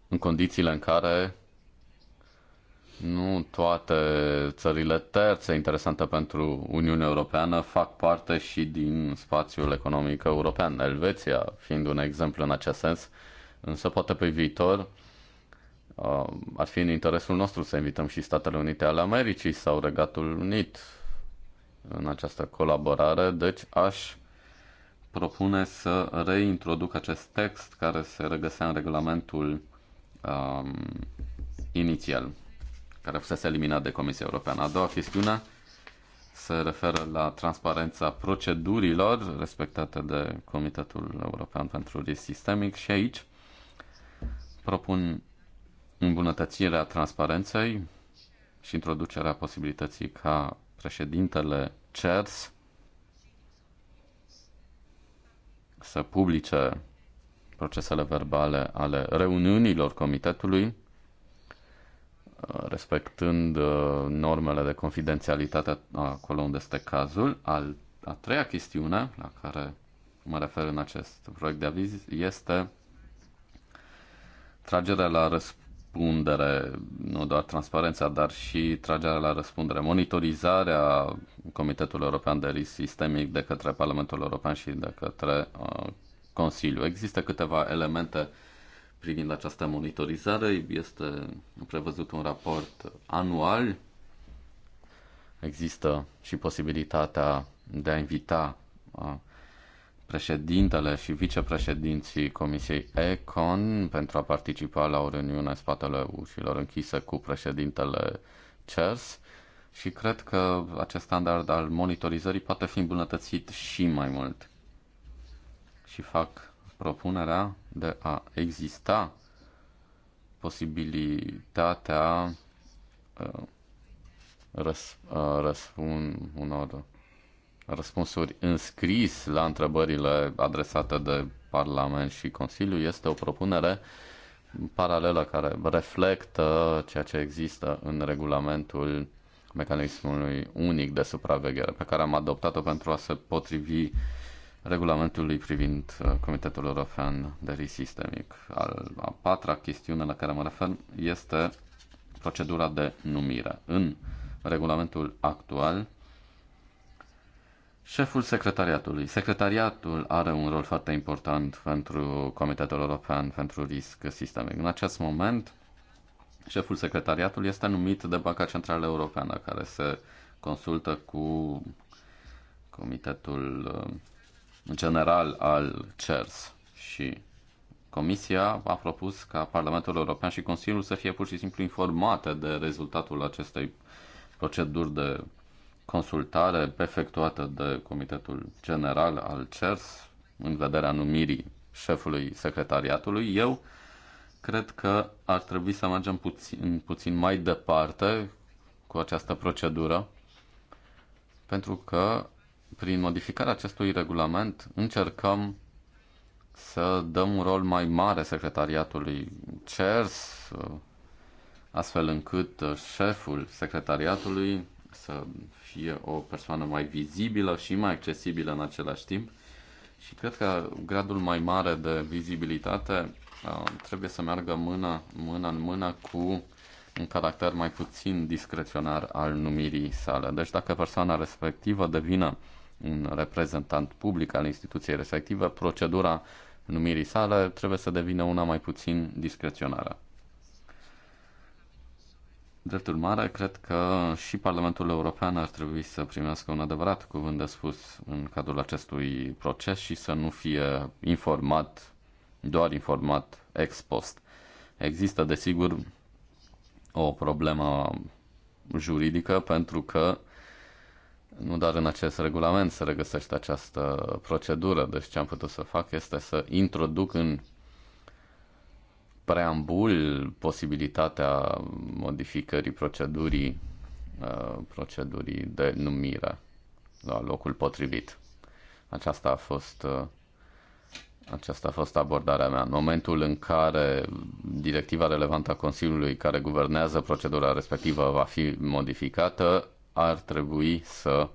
în condițiile în care nu toate țările terțe interesante pentru Uniunea Europeană fac parte și din spațiul economic european, Elveția fiind un exemplu în acest sens, însă poate pe viitor uh, ar fi în interesul nostru să invităm și Statele Unite ale Americii sau Regatul Unit în această colaborare, deci aș propune să reintroduc acest text care se regăsea în regulamentul um, inițial care fusese eliminat de Comisia Europeană. A doua chestiune se referă la transparența procedurilor respectate de Comitetul European pentru Risc Sistemic și aici propun îmbunătățirea transparenței și introducerea posibilității ca președintele CERS să publice procesele verbale ale reuniunilor comitetului Uh, respectând uh, normele de confidențialitate acolo unde este cazul. Al, a treia chestiune la care mă refer în acest proiect de aviz este tragerea la răspundere, nu doar transparența, dar și tragerea la răspundere, monitorizarea Comitetului European de Risc Sistemic de către Parlamentul European și de către uh, Consiliu. Există câteva elemente uh, privind această monitorizare. Este prevăzut un raport anual. Există și posibilitatea de a invita președintele și vicepreședinții Comisiei ECON pentru a participa la o reuniune în spatele ușilor închise cu președintele CERS și cred că acest standard al monitorizării poate fi îmbunătățit și mai mult. Și fac propunerea de a exista posibilitatea uh, răs, uh, răspun unor răspunsuri înscris la întrebările adresate de Parlament și Consiliu este o propunere paralelă care reflectă ceea ce există în regulamentul mecanismului unic de supraveghere pe care am adoptat-o pentru a se potrivi regulamentului privind uh, Comitetul European de Risc Sistemic. Al, a patra chestiune la care mă refer este procedura de numire. În regulamentul actual, șeful secretariatului. Secretariatul are un rol foarte important pentru Comitetul European pentru Risc Sistemic. În acest moment, șeful secretariatului este numit de Banca Centrală Europeană, care se consultă cu Comitetul uh, general al CERS și Comisia a propus ca Parlamentul European și Consiliul să fie pur și simplu informate de rezultatul acestei proceduri de consultare efectuată de Comitetul General al CERS în vederea numirii șefului secretariatului. Eu cred că ar trebui să mergem puțin, puțin mai departe cu această procedură pentru că prin modificarea acestui regulament încercăm să dăm un rol mai mare secretariatului CERS, astfel încât șeful secretariatului să fie o persoană mai vizibilă și mai accesibilă în același timp. Și cred că gradul mai mare de vizibilitate trebuie să meargă mână, mână în mână cu un caracter mai puțin discreționar al numirii sale. Deci dacă persoana respectivă devine un reprezentant public al instituției respective, procedura numirii sale trebuie să devină una mai puțin discreționară. Drept urmare, cred că și Parlamentul European ar trebui să primească un adevărat cuvânt de spus în cadrul acestui proces și să nu fie informat, doar informat ex post. Există, desigur, o problemă juridică pentru că nu doar în acest regulament se regăsește această procedură, deci ce am putut să fac este să introduc în preambul posibilitatea modificării procedurii, uh, procedurii de numire la locul potrivit. Aceasta a fost uh, aceasta a fost abordarea mea. În momentul în care directiva relevantă a Consiliului care guvernează procedura respectivă va fi modificată, ar trebui să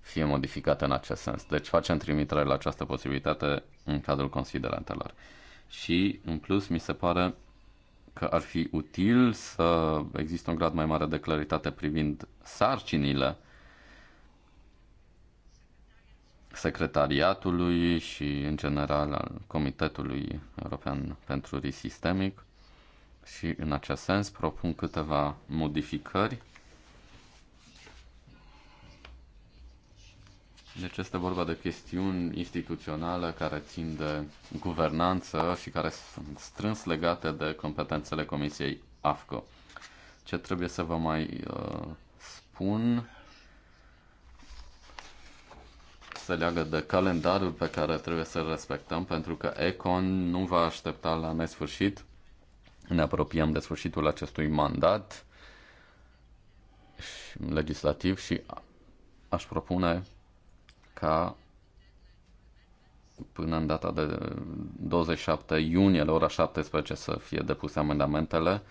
fie modificate în acest sens. Deci facem trimitere la această posibilitate în cadrul considerentelor. Și, în plus, mi se pare că ar fi util să există un grad mai mare de claritate privind sarcinile secretariatului și, în general, al Comitetului European pentru Risc Sistemic. Și, în acest sens, propun câteva modificări Deci este vorba de chestiuni instituționale care țin de guvernanță și care sunt strâns legate de competențele Comisiei AFCO. Ce trebuie să vă mai uh, spun se leagă de calendarul pe care trebuie să-l respectăm, pentru că Econ nu va aștepta la nesfârșit. Ne apropiem de sfârșitul acestui mandat legislativ și aș propune ca până în data de 27 iunie la ora 17 să fie depuse amendamentele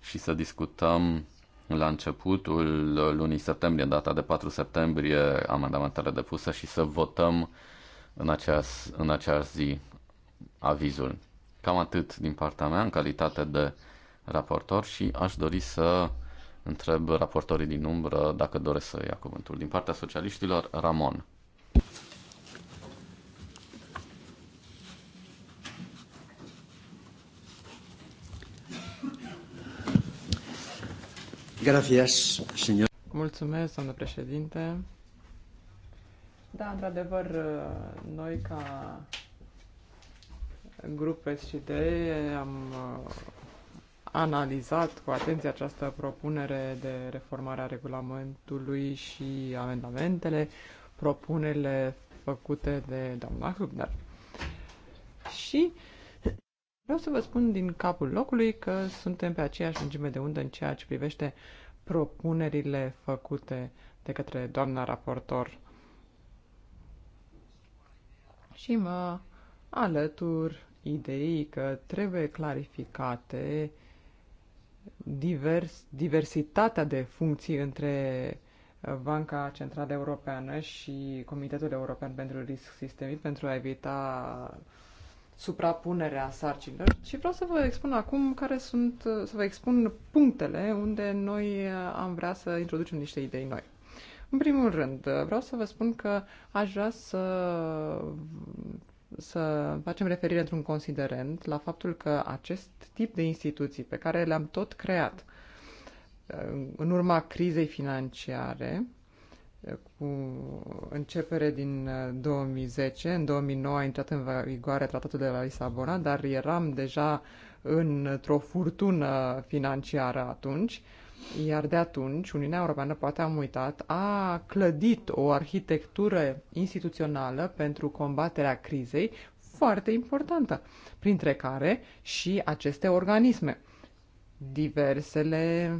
și să discutăm la începutul lunii septembrie, data de 4 septembrie, amendamentele depuse și să votăm în acea, în acea zi avizul. Cam atât din partea mea în calitate de raportor și aș dori să întreb raportorii din umbră dacă doresc să ia cuvântul. Din partea socialiștilor, Ramon. Gracias, señor. Mulțumesc, doamnă președinte. Da, într-adevăr, noi ca grup SCD am uh, analizat cu atenție această propunere de reformare a regulamentului și amendamentele, propunerile făcute de doamna Hübner. Și uh, Vreau să vă spun din capul locului că suntem pe aceeași lungime de undă în ceea ce privește propunerile făcute de către doamna raportor. Și mă alătur ideii că trebuie clarificate divers, diversitatea de funcții între uh, Banca Centrală Europeană și Comitetul European pentru Risc Sistemic pentru a evita suprapunerea sarcinilor și vreau să vă expun acum care sunt, să vă expun punctele unde noi am vrea să introducem niște idei noi. În primul rând, vreau să vă spun că aș vrea să, să facem referire într-un considerent la faptul că acest tip de instituții pe care le-am tot creat în urma crizei financiare, cu începere din 2010. Uh, în 2009 a intrat în vigoare tratatul de la Lisabona, dar eram deja într-o furtună financiară atunci. Iar de atunci, Uniunea Europeană, poate am uitat, a clădit o arhitectură instituțională pentru combaterea crizei foarte importantă, printre care și aceste organisme. Diversele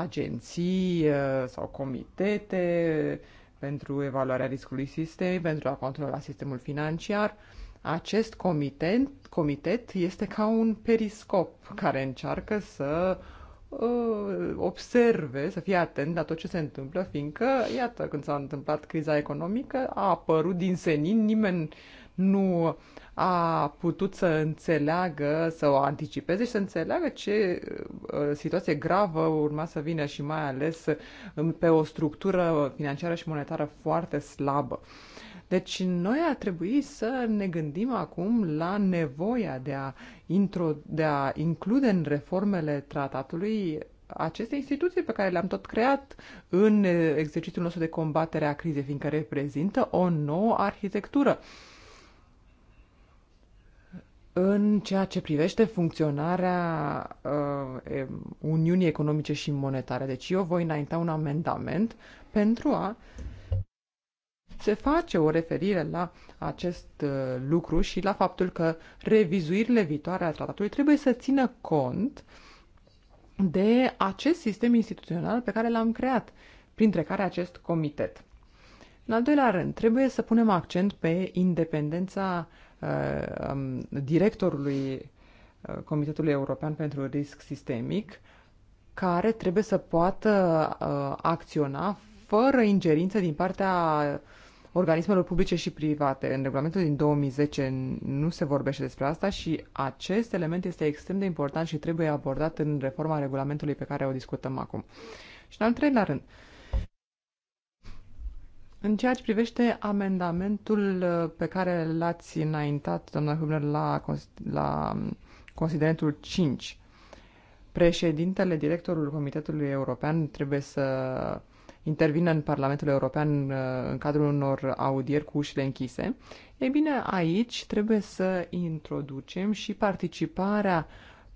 agenții uh, sau comitete uh, pentru evaluarea riscului sistem, pentru a controla sistemul financiar. Acest comitet, comitet este ca un periscop care încearcă să uh, observe, să fie atent la tot ce se întâmplă, fiindcă, iată, când s-a întâmplat criza economică, a apărut din senin, nimeni nu a putut să înțeleagă, să o anticipeze și să înțeleagă ce uh, situație gravă urma să vină și mai ales uh, pe o structură financiară și monetară foarte slabă. Deci noi ar trebui să ne gândim acum la nevoia de a, intro, de a include în reformele tratatului aceste instituții pe care le-am tot creat în exercițiul nostru de combatere a crizei, fiindcă reprezintă o nouă arhitectură. Uh, în ceea ce privește funcționarea uh, Uniunii Economice și Monetare. Deci eu voi înainta un amendament pentru a se face o referire la acest uh, lucru și la faptul că revizuirile viitoare a tratatului trebuie să țină cont de acest sistem instituțional pe care l-am creat, printre care acest comitet. În al doilea rând, trebuie să punem accent pe independența uh, Uh, um, directorului uh, Comitetului European pentru Risc Sistemic, care trebuie să poată uh, acționa fără ingerință din partea organismelor publice și private. În regulamentul din 2010 nu se vorbește despre asta și acest element este extrem de important și trebuie abordat în reforma regulamentului pe care o discutăm acum. Și în al treilea rând, uh, în ceea ce privește amendamentul uh, pe care l-ați înaintat, doamna Hübner, la, la um, considerentul 5, președintele, directorul Comitetului European trebuie să intervină în Parlamentul European uh, în cadrul unor audieri cu ușile închise. Ei bine, aici trebuie să introducem și participarea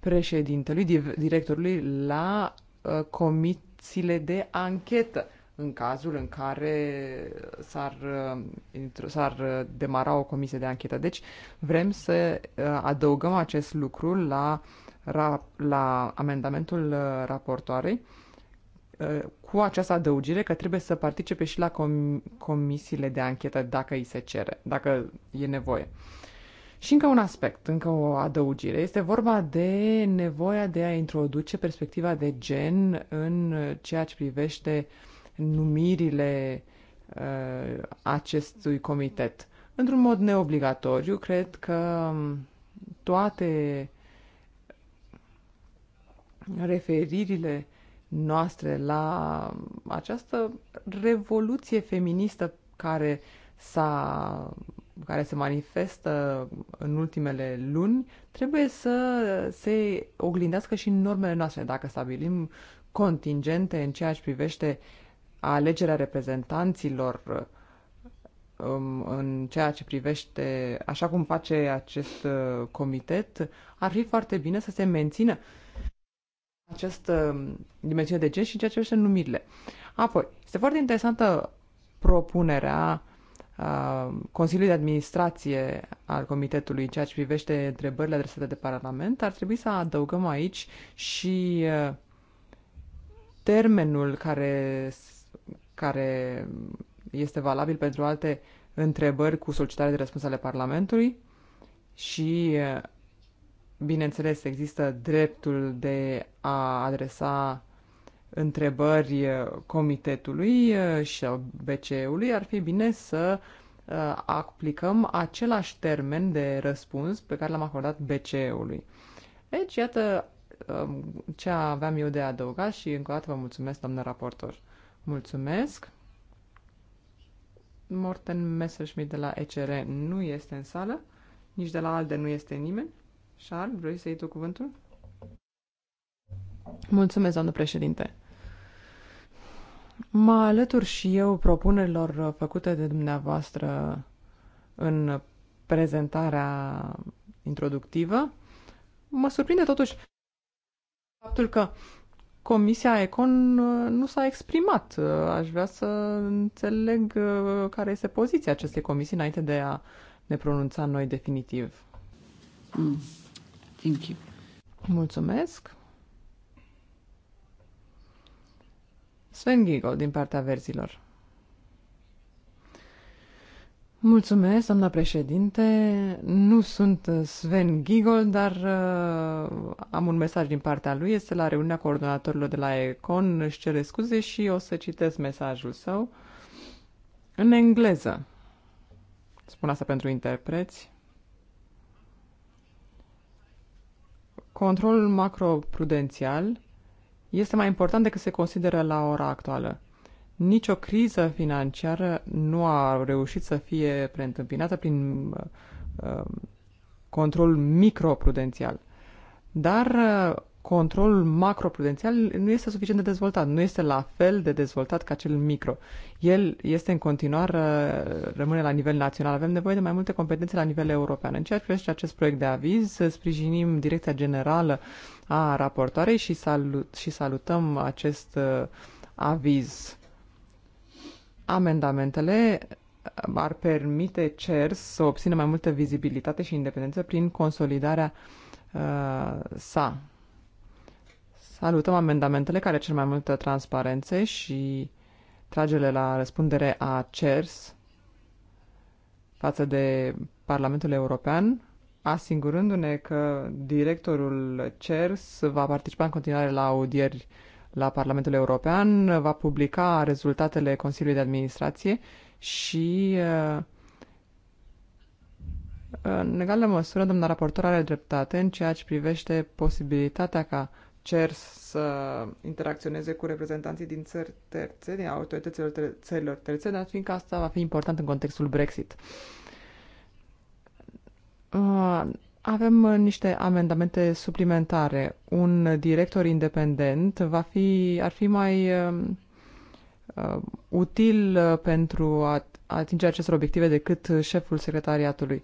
președintelui, directorului la uh, comisiile de anchetă în cazul în care s-ar, uh, s-ar uh, demara o comisie de anchetă. Deci vrem să uh, adăugăm acest lucru la, la amendamentul raportoarei cu această adăugire că trebuie să participe și la com- comisiile de anchetă dacă îi se cere, dacă e nevoie. Și încă un aspect, încă o adăugire, este vorba de nevoia de a introduce perspectiva de gen în ceea ce privește uh, numirile uh, acestui comitet. Într-un mod neobligatoriu, cred că um, toate referirile noastre la um, această revoluție feministă care s-a care se manifestă în ultimele luni, trebuie să se oglindească și în normele noastre. Dacă stabilim contingente în ceea ce privește uh, alegerea reprezentanților um, în ceea ce privește, așa cum face acest uh, comitet, ar fi foarte bine să se mențină această um, dimensiune de gen și în ceea ce privește numirile. Apoi, este foarte interesantă propunerea uh, Consiliului de Administrație al Comitetului în ceea ce privește întrebările adresate de Parlament, ar trebui să adăugăm aici și uh, termenul care care este valabil pentru alte întrebări cu solicitare de răspuns ale Parlamentului și, bineînțeles, există dreptul de a adresa întrebări comitetului eh, și BCE-ului, ar fi bine să eh, aplicăm același termen de răspuns pe care l-am acordat BCE-ului. Deci, iată eh, ce aveam eu de adăugat și încă o dată vă mulțumesc, doamnă raportor. Mulțumesc. Morten Messerschmidt de la ECR nu este în sală, nici de la ALDE nu este nimeni. Charles, vrei să iei tu cuvântul? Mulțumesc, doamnă președinte. Mă alătur și eu propunerilor făcute de dumneavoastră în prezentarea introductivă. Mă surprinde totuși faptul că Comisia Econ uh, nu s-a exprimat. Uh, aș vrea să înțeleg uh, care este poziția acestei comisii înainte de a ne pronunța noi definitiv. Mm. Thank you. Mulțumesc. Sven Giegel din partea verzilor. Mulțumesc, doamna președinte. Nu sunt Sven Gigol, dar uh, am un mesaj din partea lui. Este la reuniunea coordonatorilor de la Econ, își cere scuze și o să citesc mesajul său în engleză. Spun asta pentru interpreți. Controlul macroprudențial este mai important decât se consideră la ora actuală. Nicio criză financiară nu a reușit să fie preîntâmpinată prin uh, uh, control microprudențial. Dar uh, controlul macroprudențial nu este suficient de dezvoltat, nu este la fel de dezvoltat ca cel micro. El este în continuare, rămâne la nivel național. Avem nevoie de mai multe competențe la nivel european. În ceea ce privește acest proiect de aviz, sprijinim Direcția Generală a Raportoarei și, salut, și salutăm acest aviz. Amendamentele ar permite CERS să obțină mai multă vizibilitate și independență prin consolidarea uh, sa. Salutăm amendamentele care cer mai multă transparență și tragele la răspundere a CERS față de Parlamentul European, asigurându-ne că directorul CERS va participa în continuare la audieri uh, la Parlamentul European, va publica rezultatele Consiliului de Administrație și uh, uh, în egală măsură, doamna raportor are dreptate în ceea ce privește posibilitatea ca CER să interacționeze cu reprezentanții din țări terțe, din autorităților ter- țărilor terțe, dar fiindcă asta va fi important în contextul Brexit. Uh, avem uh, niște amendamente suplimentare. Un director independent va fi, ar fi mai uh, uh util uh, pentru a atinge acestor obiective decât șeful secretariatului.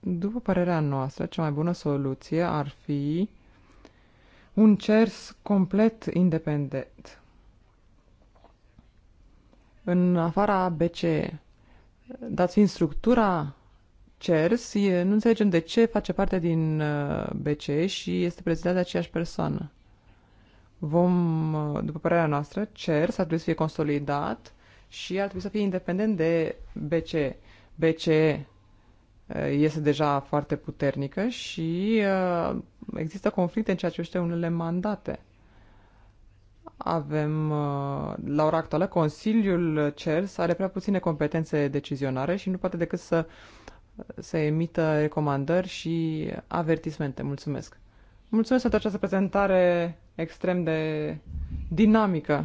După părerea noastră, cea mai bună soluție ar fi un CERS complet independent. În afara BCE, dat fiind structura CERS, e, nu înțelegem de ce face parte din uh, BCE și este prezidat de aceeași persoană. Vom, uh, după părerea noastră, CERS ar trebui să fie consolidat și ar trebui să fie independent de BCE. BCE uh, este deja foarte puternică și există conflicte în ceea ce este unele mandate. Avem, la ora actuală, Consiliul CERS are prea puține competențe decizionare și nu poate decât să uh, să emită recomandări și avertismente. Mulțumesc! Mulțumesc pentru această prezentare extrem de dinamică.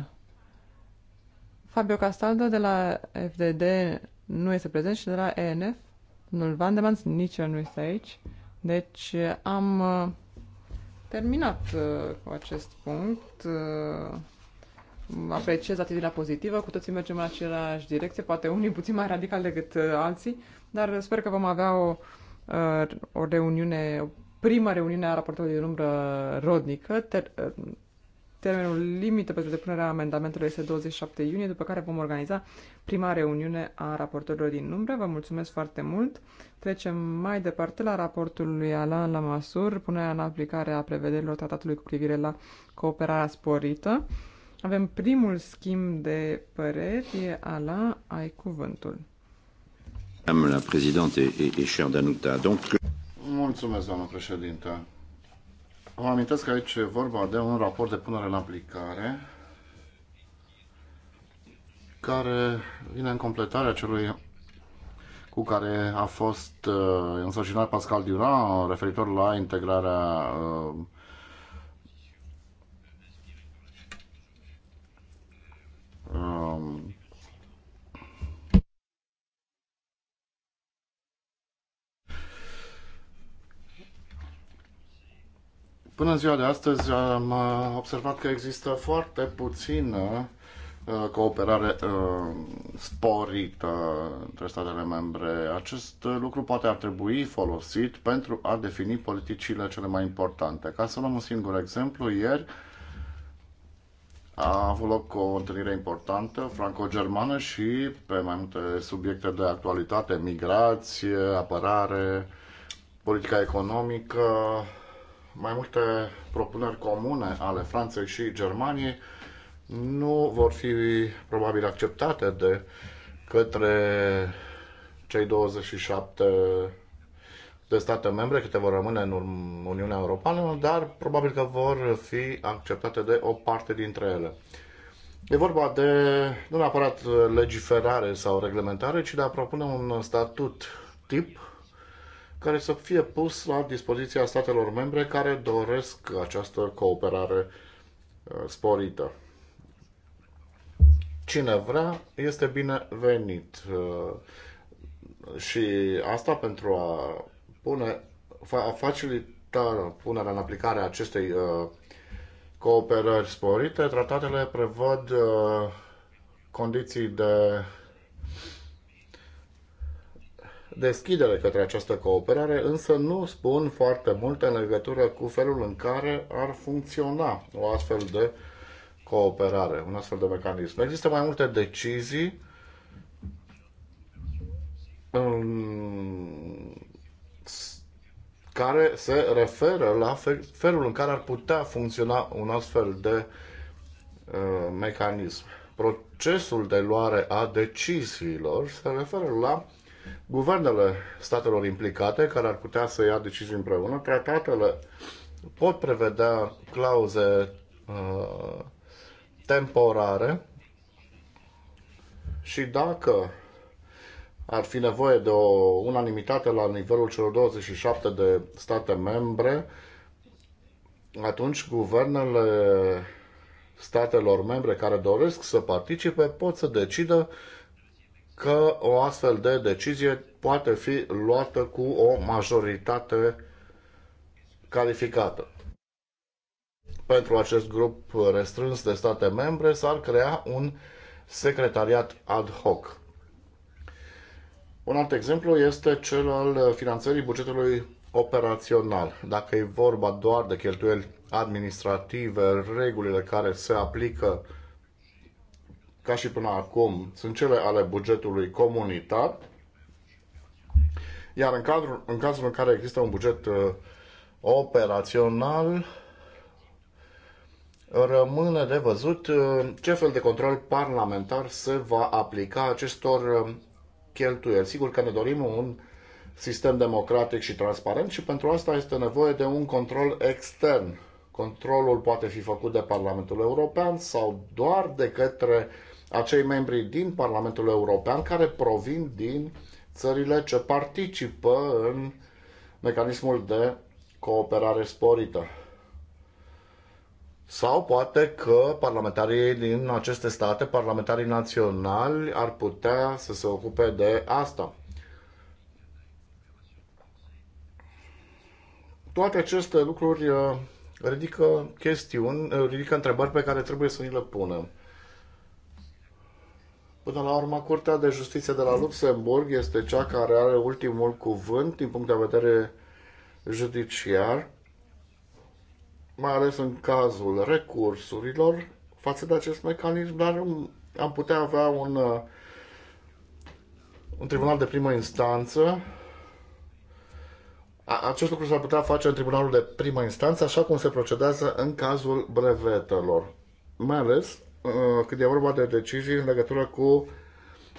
Fabio Castaldo de la FDD nu este prezent și de la ENF, domnul Mans nici el nu este aici. Deci am uh, terminat uh, cu acest punct. Uh, apreciez atitudinea pozitivă, cu toții mergem în aceeași direcție, poate unii puțin mai radical decât alții dar sper că vom avea o, uh, o reuniune, o prima reuniune a raportului din umbră rodnică. Ter, uh, termenul limită pentru depunerea amendamentului este 27 iunie, după care vom organiza prima reuniune a raportorilor din umbră. Vă mulțumesc foarte mult. Trecem mai departe la raportul lui Alain Lamassur, punerea în aplicare a prevederilor tratatului cu privire la cooperarea sporită. Avem primul schimb de păreri. Alain, ai cuvântul președinte și, Danuta. Mulțumesc, doamnă președinte. Vă amintesc că aici e vorba de un raport de punere în aplicare care vine în completarea celui cu care a fost uh, Pascal Dura referitor la integrarea uh, Până în ziua de astăzi am uh, observat că există foarte puțină uh, cooperare uh, sporită între statele membre. Acest lucru poate ar trebui folosit pentru a defini politicile cele mai importante. Ca să luăm un singur exemplu, ieri a avut loc o întâlnire importantă franco-germană și pe mai multe subiecte de actualitate, migrație, apărare, politica economică, mai multe propuneri comune ale Franței și Germaniei nu vor fi probabil acceptate de către cei 27 de state membre, câte vor rămâne în Uniunea Europeană, dar probabil că vor fi acceptate de o parte dintre ele. E vorba de nu neapărat legiferare sau reglementare, ci de a propune un statut tip care să fie pus la dispoziția statelor membre care doresc această cooperare uh, sporită. Cine vrea este binevenit uh, și asta pentru a pune, a facilita punerea în aplicare a acestei uh, cooperări sporite, tratatele prevăd condiții de deschidere către această cooperare, însă nu spun foarte multe în legătură cu felul în care ar funcționa o astfel de cooperare, un astfel de mecanism. Există mai multe decizii care se referă la felul în care ar putea funcționa un astfel de uh, mecanism. Procesul de luare a deciziilor se referă la Guvernele statelor implicate, care ar putea să ia decizii împreună, tratatele pot prevedea clauze uh, temporare și dacă ar fi nevoie de o unanimitate la nivelul celor 27 de state membre, atunci guvernele statelor membre care doresc să participe pot să decidă că o astfel de decizie poate fi luată cu o majoritate calificată. Pentru acest grup restrâns de state membre s-ar crea un secretariat ad hoc. Un alt exemplu este cel al finanțării bugetului operațional. Dacă e vorba doar de cheltuieli administrative, regulile care se aplică ca și până acum, sunt cele ale bugetului comunitar, iar în, cadrul, în cazul în care există un buget uh, operațional, rămâne de văzut uh, ce fel de control parlamentar se va aplica acestor uh, cheltuieli. Sigur că ne dorim un sistem democratic și transparent și pentru asta este nevoie de un control extern. Controlul poate fi făcut de Parlamentul European sau doar de către uh, acei membri din Parlamentul European care provin din țările ce participă în mecanismul de cooperare sporită. Sau poate că parlamentarii din aceste state, parlamentarii naționali, ar putea să se ocupe de asta. Toate aceste lucruri uh, ridică chestiuni, uh, ridică întrebări pe care trebuie să ni le punem. Până la urmă, Curtea de Justiție de la Luxemburg este cea care are ultimul cuvânt din punct de vedere judiciar, mai ales în cazul recursurilor față de acest mecanism, dar um, am putea avea un, uh, un tribunal de primă instanță. Acest lucru s-ar putea face în tribunalul de primă instanță, așa cum se procedează în cazul brevetelor. Mai ales Uh, când e vorba de decizii în legătură cu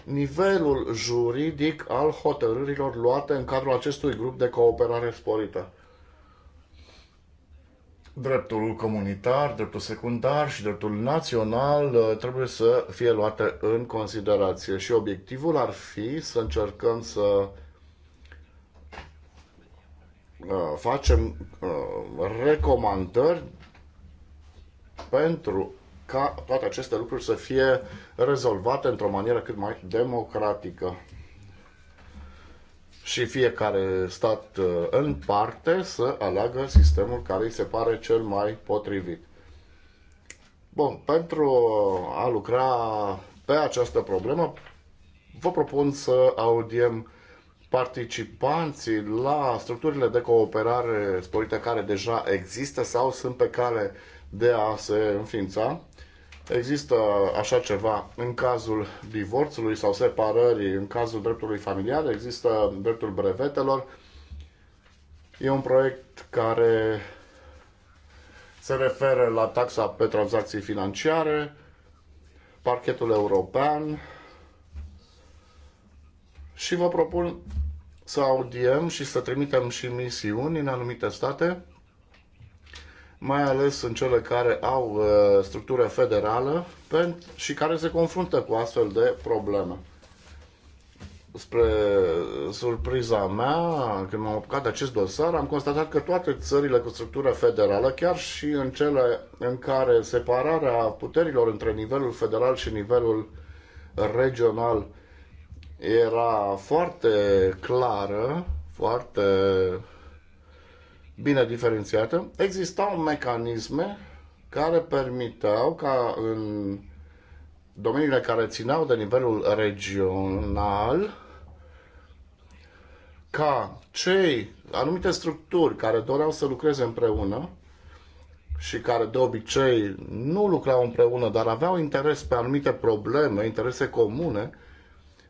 nivelul juridic al hotărârilor luate în cadrul acestui grup de cooperare sporită. Dreptul comunitar, dreptul secundar și dreptul național uh, trebuie să fie luate în considerație și obiectivul ar fi să încercăm să uh, facem recomandări pentru ca toate aceste lucruri să fie rezolvate într-o manieră cât mai democratică și fiecare stat uh, în parte să aleagă sistemul care îi se pare cel mai potrivit. Bun, pentru a lucra pe această problemă, vă propun să audiem participanții la structurile de cooperare sporită care deja există sau sunt pe cale de a se înființa. Există așa ceva în cazul divorțului sau separării, în cazul dreptului familiar, există dreptul brevetelor. E un proiect care se referă la taxa pe tranzacții financiare, parchetul european și vă propun să audiem și să trimitem și misiuni în anumite state mai ales în cele care au uh, structură federală și care se confruntă cu astfel de probleme. Spre surpriza mea, când m-am apucat de acest dosar, am constatat că toate țările cu structură federală, chiar și în cele în care separarea puterilor între nivelul federal și nivelul regional era foarte clară, foarte bine diferențiată, existau mecanisme care permiteau ca în domeniile care țineau de nivelul regional ca cei, anumite structuri care doreau să lucreze împreună și care de obicei nu lucrau împreună, dar aveau interes pe anumite probleme, interese comune,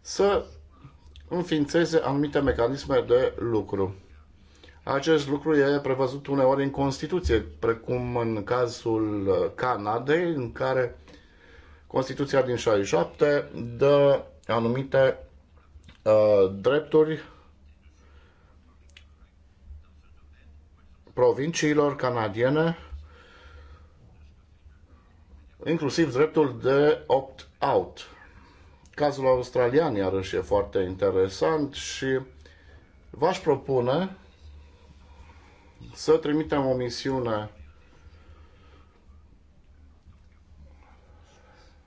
să înființeze anumite mecanisme de lucru. Acest lucru e prevăzut uneori în Constituție, precum în cazul Canadei, în care Constituția din 67 dă anumite uh, drepturi provinciilor canadiene, inclusiv dreptul de opt-out. Cazul australian, iarăși, e foarte interesant și v-aș propune să trimitem o misiune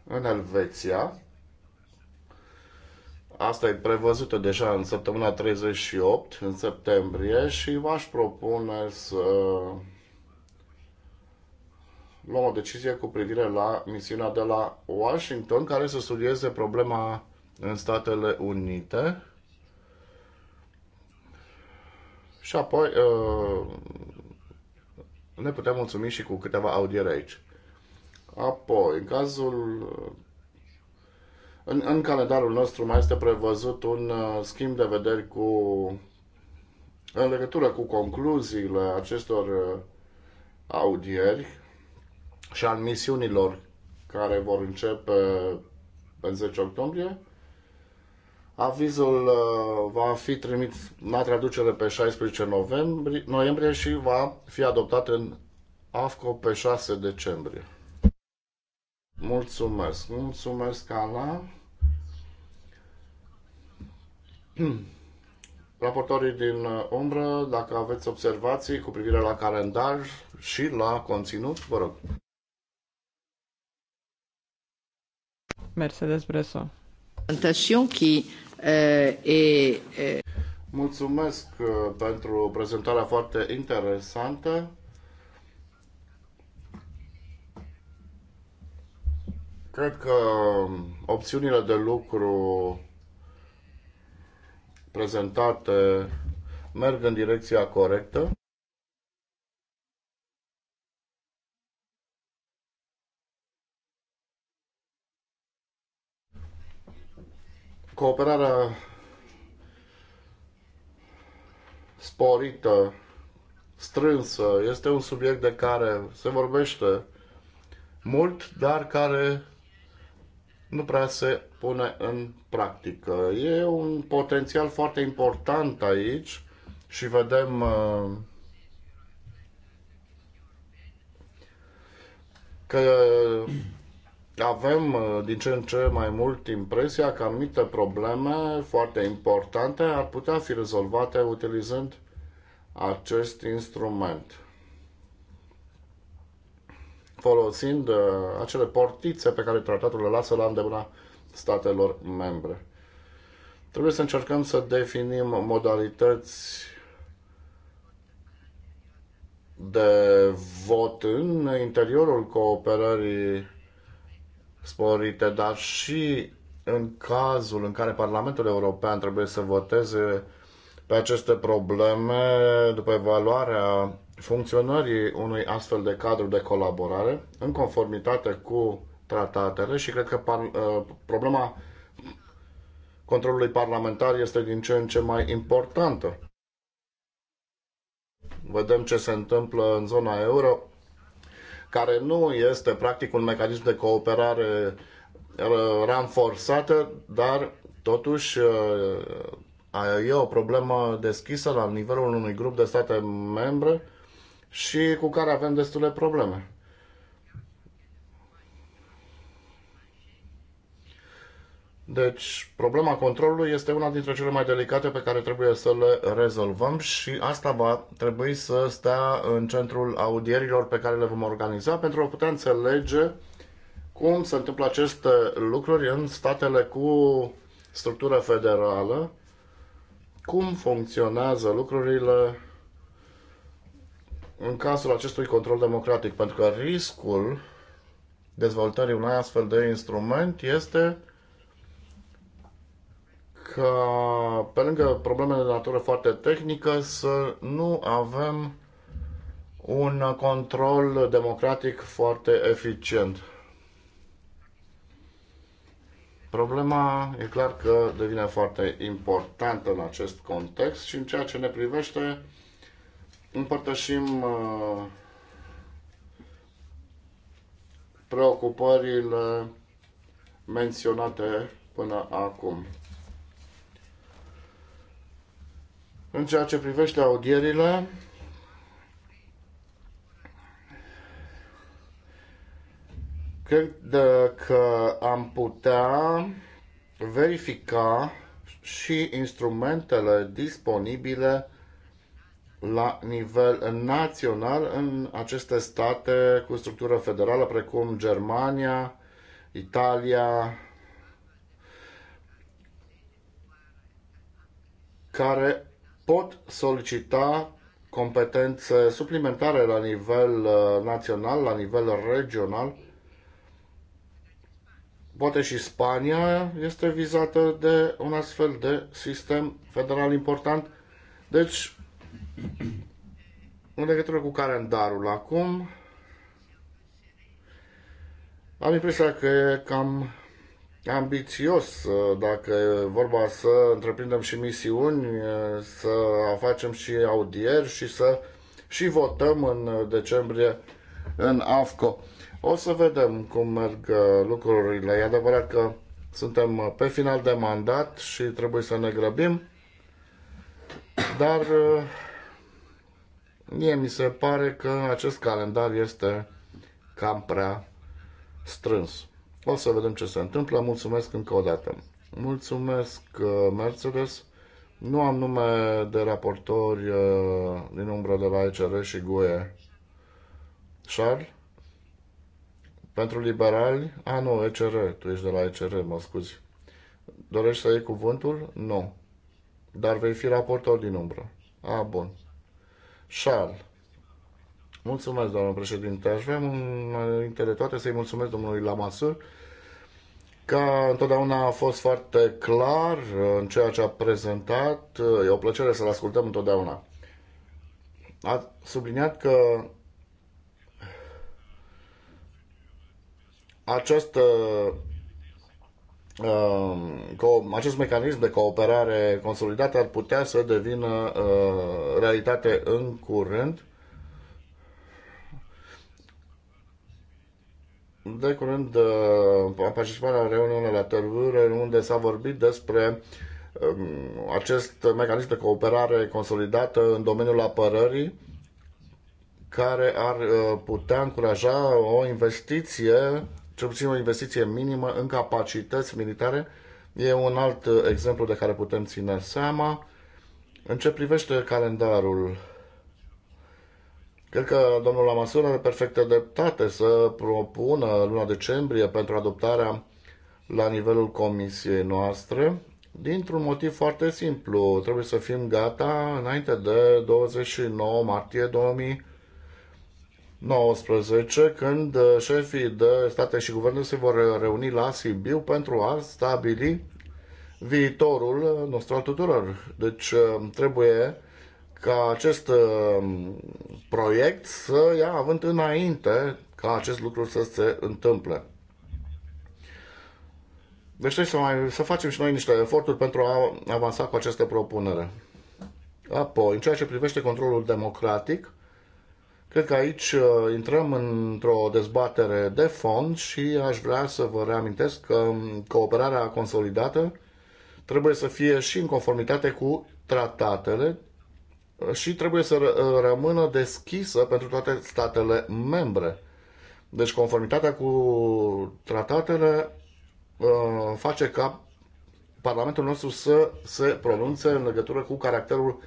în Elveția. Asta e prevăzută deja în săptămâna 38, în septembrie, și v-aș propune să luăm o decizie cu privire la misiunea de la Washington, care să studieze problema în Statele Unite. Și apoi uh, ne putem mulțumi și cu câteva audiere aici. Apoi, în cazul uh, în, în calendarul nostru mai este prevăzut un uh, schimb de vederi cu în legătură cu concluziile acestor audieri și al misiunilor care vor începe în 10 octombrie. Avizul uh, va fi trimis la traducere pe 16 noiembrie, noiembrie și va fi adoptat în AFCO pe 6 decembrie. Mulțumesc! Mulțumesc, Ana! Raportorii din umbră, dacă aveți observații cu privire la calendar și la conținut, vă rog. Mercedes Bresso. Qui Eh, Mulțumesc eh, pentru prezentarea foarte interesantă. Cred că mm, opțiunile de lucru prezentate merg în direcția corectă. cooperarea sporită, strânsă, este un subiect de care se vorbește mult, dar care nu prea se pune în practică. E un potențial foarte important aici și vedem uh, că avem uh, din ce în ce mai mult impresia că anumite probleme foarte importante ar putea fi rezolvate utilizând acest instrument folosind uh, acele portițe pe care tratatul le lasă la îndemâna statelor membre. Trebuie să încercăm să definim modalități de vot în interiorul cooperării sporite, dar și în cazul în care Parlamentul European trebuie să voteze pe aceste probleme după evaluarea funcționării unui astfel de cadru de colaborare în conformitate cu tratatele și cred că uh, problema controlului parlamentar este din ce în ce mai importantă. Vedem ce se întâmplă în zona euro care nu este practic un mecanism de cooperare uh, ranforsată, dar totuși uh, e o problemă deschisă la nivelul unui grup de state membre și cu care avem destule probleme. Deci, problema controlului este una dintre cele mai delicate pe care trebuie să le rezolvăm și asta va trebui să stea în centrul audierilor pe care le vom organiza pentru a putea înțelege cum se întâmplă aceste lucruri în statele cu structură federală, cum funcționează lucrurile în cazul acestui control democratic, pentru că riscul dezvoltării unui astfel de instrument este ca, pe lângă problemele de natură foarte tehnică, să nu avem un control democratic foarte eficient. Problema e clar că devine foarte importantă în acest context și în ceea ce ne privește împărtășim uh, preocupările menționate până acum. În ceea ce privește audierile, cred că am putea verifica și instrumentele disponibile la nivel național în aceste state cu structură federală, precum Germania, Italia, care pot solicita competențe suplimentare la nivel uh, național, la nivel regional. Poate și Spania este vizată de un astfel de sistem federal important. Deci, în legătură cu calendarul acum, am impresia că e cam ambițios, ă, dacă e vorba să întreprindem și misiuni, ă, să facem și audieri și să și votăm în decembrie în AFCO. O să vedem cum merg ă, lucrurile. E adevărat că suntem pe final de mandat și trebuie să ne grăbim, dar mie mi se pare că acest calendar este cam prea strâns. O să vedem ce se întâmplă. Mulțumesc încă o dată. Mulțumesc, uh, Mercedes. Nu am nume de raportori uh, din umbră de la ECR și GUE. Charles? Pentru liberali? A, nu, ECR. Tu ești de la ECR, mă scuzi. Dorești să iei cuvântul? Nu. Dar vei fi raportor din umbră. A, ah, bun. Charles. Mulțumesc, doamnă președinte. Aș vrea înainte de toate să-i mulțumesc domnului Lamasur, că întotdeauna a fost foarte clar uh, în ceea ce a prezentat. Uh, e o plăcere să-l ascultăm întotdeauna. A subliniat că această uh, acest mecanism de cooperare consolidată ar putea să devină realitate în curând de curând am participat la reuniune la Târvâre, unde s-a vorbit despre um, acest mecanism de cooperare consolidată în domeniul apărării, care ar uh, putea încuraja o investiție, cel puțin o investiție minimă, în capacități militare. E un alt exemplu de care putem ține seama. În ce privește calendarul, Cred că domnul Lamasur are perfectă dreptate să propună luna decembrie pentru adoptarea la nivelul comisiei noastre, dintr-un motiv foarte simplu. Trebuie să fim gata înainte de 29 martie 2019, când șefii de state și guverne se vor reuni la Sibiu pentru a stabili viitorul nostru al tuturor. Deci trebuie ca acest uh, proiect să ia având înainte ca acest lucru să se întâmple. Deci trebuie să, mai, să facem și noi niște eforturi pentru a avansa cu această propunere. Apoi, în ceea ce privește controlul democratic, cred că aici uh, intrăm într-o dezbatere de fond și aș vrea să vă reamintesc că um, cooperarea consolidată trebuie să fie și în conformitate cu tratatele și trebuie să uh, rămână deschisă pentru toate statele membre. Deci conformitatea cu tratatele uh, face ca Parlamentul nostru să se pronunțe în legătură cu caracterul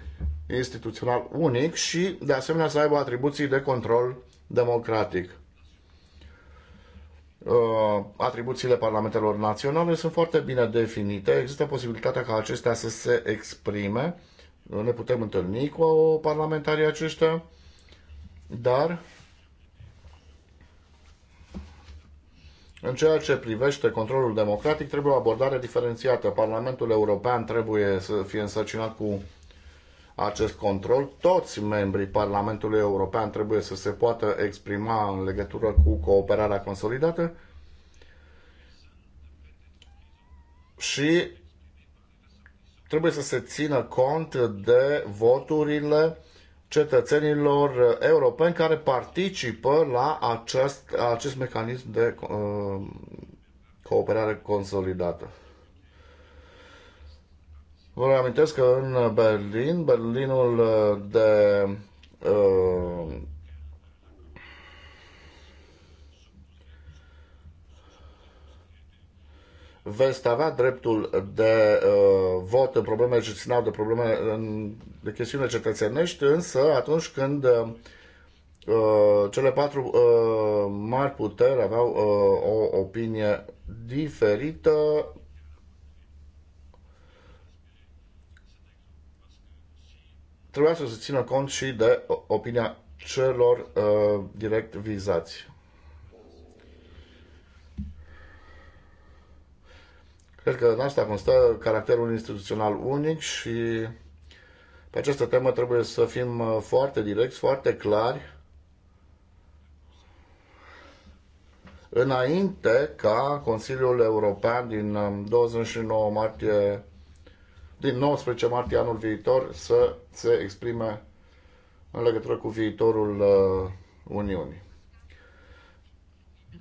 instituțional unic și, de asemenea, să aibă atribuții de control democratic. Uh, atribuțiile parlamentelor naționale sunt foarte bine definite, există posibilitatea ca acestea să se exprime ne putem întâlni cu parlamentarii aceștia, dar În ceea ce privește controlul democratic, trebuie o abordare diferențiată. Parlamentul European trebuie să fie însărcinat cu acest control. Toți membrii Parlamentului European trebuie să se poată exprima în legătură cu cooperarea consolidată și trebuie să se țină cont de voturile cetățenilor europeni care participă la acest, acest mecanism de uh, cooperare consolidată. Vă reamintesc că în Berlin, Berlinul de uh, veți avea dreptul de uh, vot în probleme ce de probleme în, de chestiune cetățenești, însă atunci când uh, uh, cele patru uh, mari puteri aveau uh, o opinie diferită. Trebuia să se țină cont și de opinia celor uh, direct vizați. Cred că în asta constă caracterul instituțional unic și pe această temă trebuie să fim uh, foarte direcți, foarte clari, înainte ca Consiliul European din 29 uh, martie din 19 martie anul viitor să se exprime în legătură cu viitorul uh, Uniunii.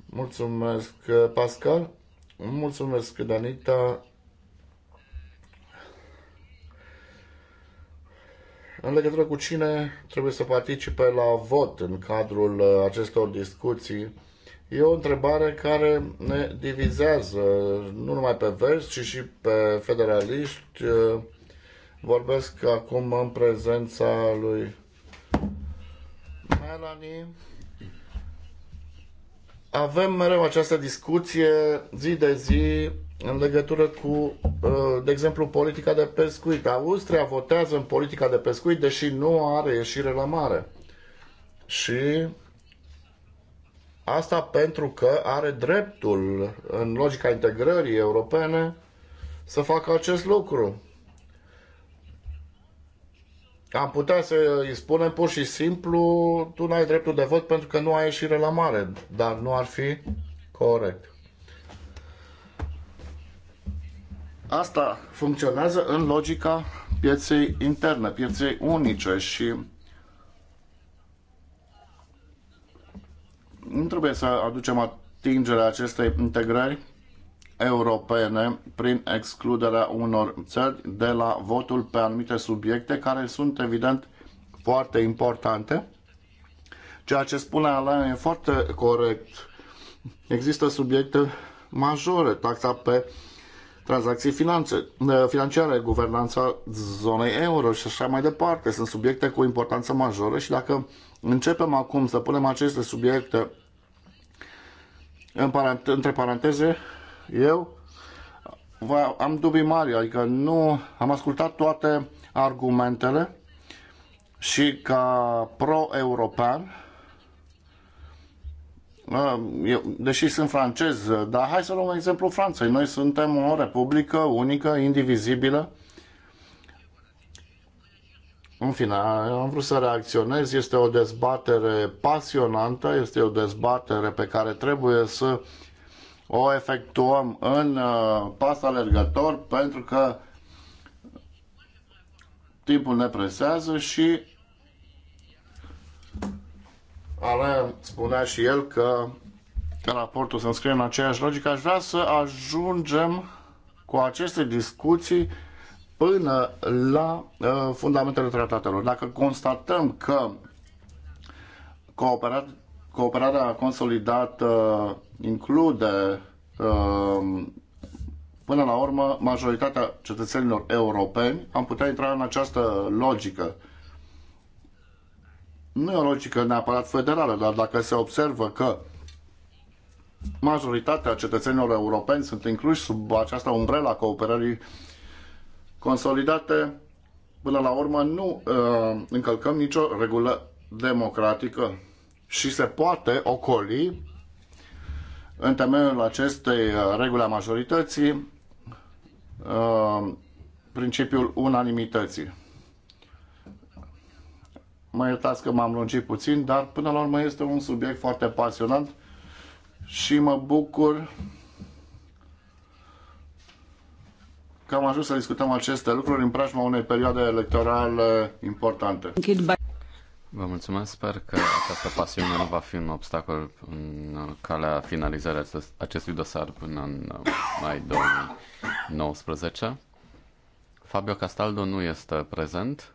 Mulțumesc, Pascal. Mulțumesc, Danita. În legătură cu cine trebuie să participe la vot în cadrul uh, acestor discuții, e o întrebare care ne divizează nu numai pe verzi, ci și pe federaliști. Uh, vorbesc acum în prezența lui Melanie avem mereu această discuție zi de zi în legătură cu, uh, de exemplu, politica de pescuit. Austria votează în politica de pescuit, deși nu are ieșire la mare. Și asta pentru că are dreptul, în logica integrării europene, să facă acest lucru am putea să îi spunem pur și simplu tu n-ai dreptul de vot pentru că nu ai ieșire la mare, dar nu ar fi corect. Asta funcționează în logica pieței interne, pieței unice și nu trebuie să aducem atingerea acestei integrări europene prin excluderea unor țări de la votul pe anumite subiecte care sunt evident foarte importante. Ceea ce spune Alain e foarte corect. Există subiecte majore, taxa pe tranzacții finanțe, financiare, guvernanța zonei euro și așa mai departe. Sunt subiecte cu importanță majoră și dacă începem acum să punem aceste subiecte în parante- între paranteze, eu am dubii mari, adică nu am ascultat toate argumentele și ca pro-european, uh, eu, deși sunt francez, uh, dar hai să luăm exemplu Franței. Noi suntem o republică unică, indivizibilă. În fine, am vrut să reacționez. Este o dezbatere pasionantă, este o dezbatere pe care trebuie să o efectuăm în uh, pas alergător pentru că timpul ne presează și Alain spunea și el că raportul se înscrie în aceeași logică. Aș vrea să ajungem cu aceste discuții până la uh, fundamentele tratatelor. Dacă constatăm că cooperarea Cooperarea consolidată include um, până la urmă majoritatea cetățenilor europeni. Am putea intra în această logică. Nu e o logică neapărat federală, dar dacă se observă că majoritatea cetățenilor europeni sunt incluși sub această a cooperării consolidate, până la urmă nu uh, încălcăm nicio regulă democratică și se poate ocoli în temeiul acestei uh, reguli a majorității uh, principiul unanimității. Mă iertați că m-am lungit puțin, dar până la urmă este un subiect foarte pasionant și mă bucur că am ajuns să discutăm aceste lucruri în preajma unei perioade electorale importante. Vă mulțumesc. Sper că această pasiune nu va fi un obstacol în calea finalizării acestui dosar până în mai 2019. Fabio Castaldo nu este prezent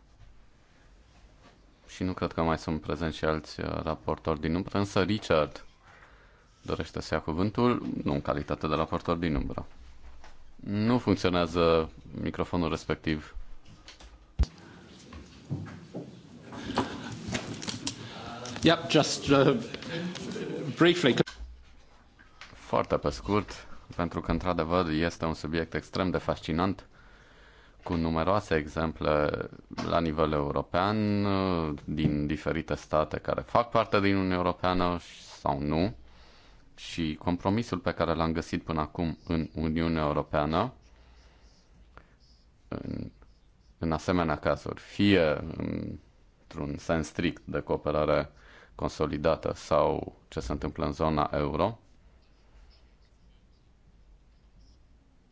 și nu cred că mai sunt prezenți și alți uh, raportori din umbră, însă Richard dorește să ia cuvântul, nu în calitate de raportor din umbră. Nu funcționează microfonul respectiv. Yep, just uh, briefly. Foarte pe scurt, pentru că într-adevăr este un subiect extrem de fascinant cu numeroase exemple la nivel european din diferite state care fac parte din Uniunea Europeană sau nu și compromisul pe care l-am găsit până acum în Uniunea Europeană în, în asemenea cazuri, fie într-un sens strict de cooperare consolidată sau ce se întâmplă în zona euro,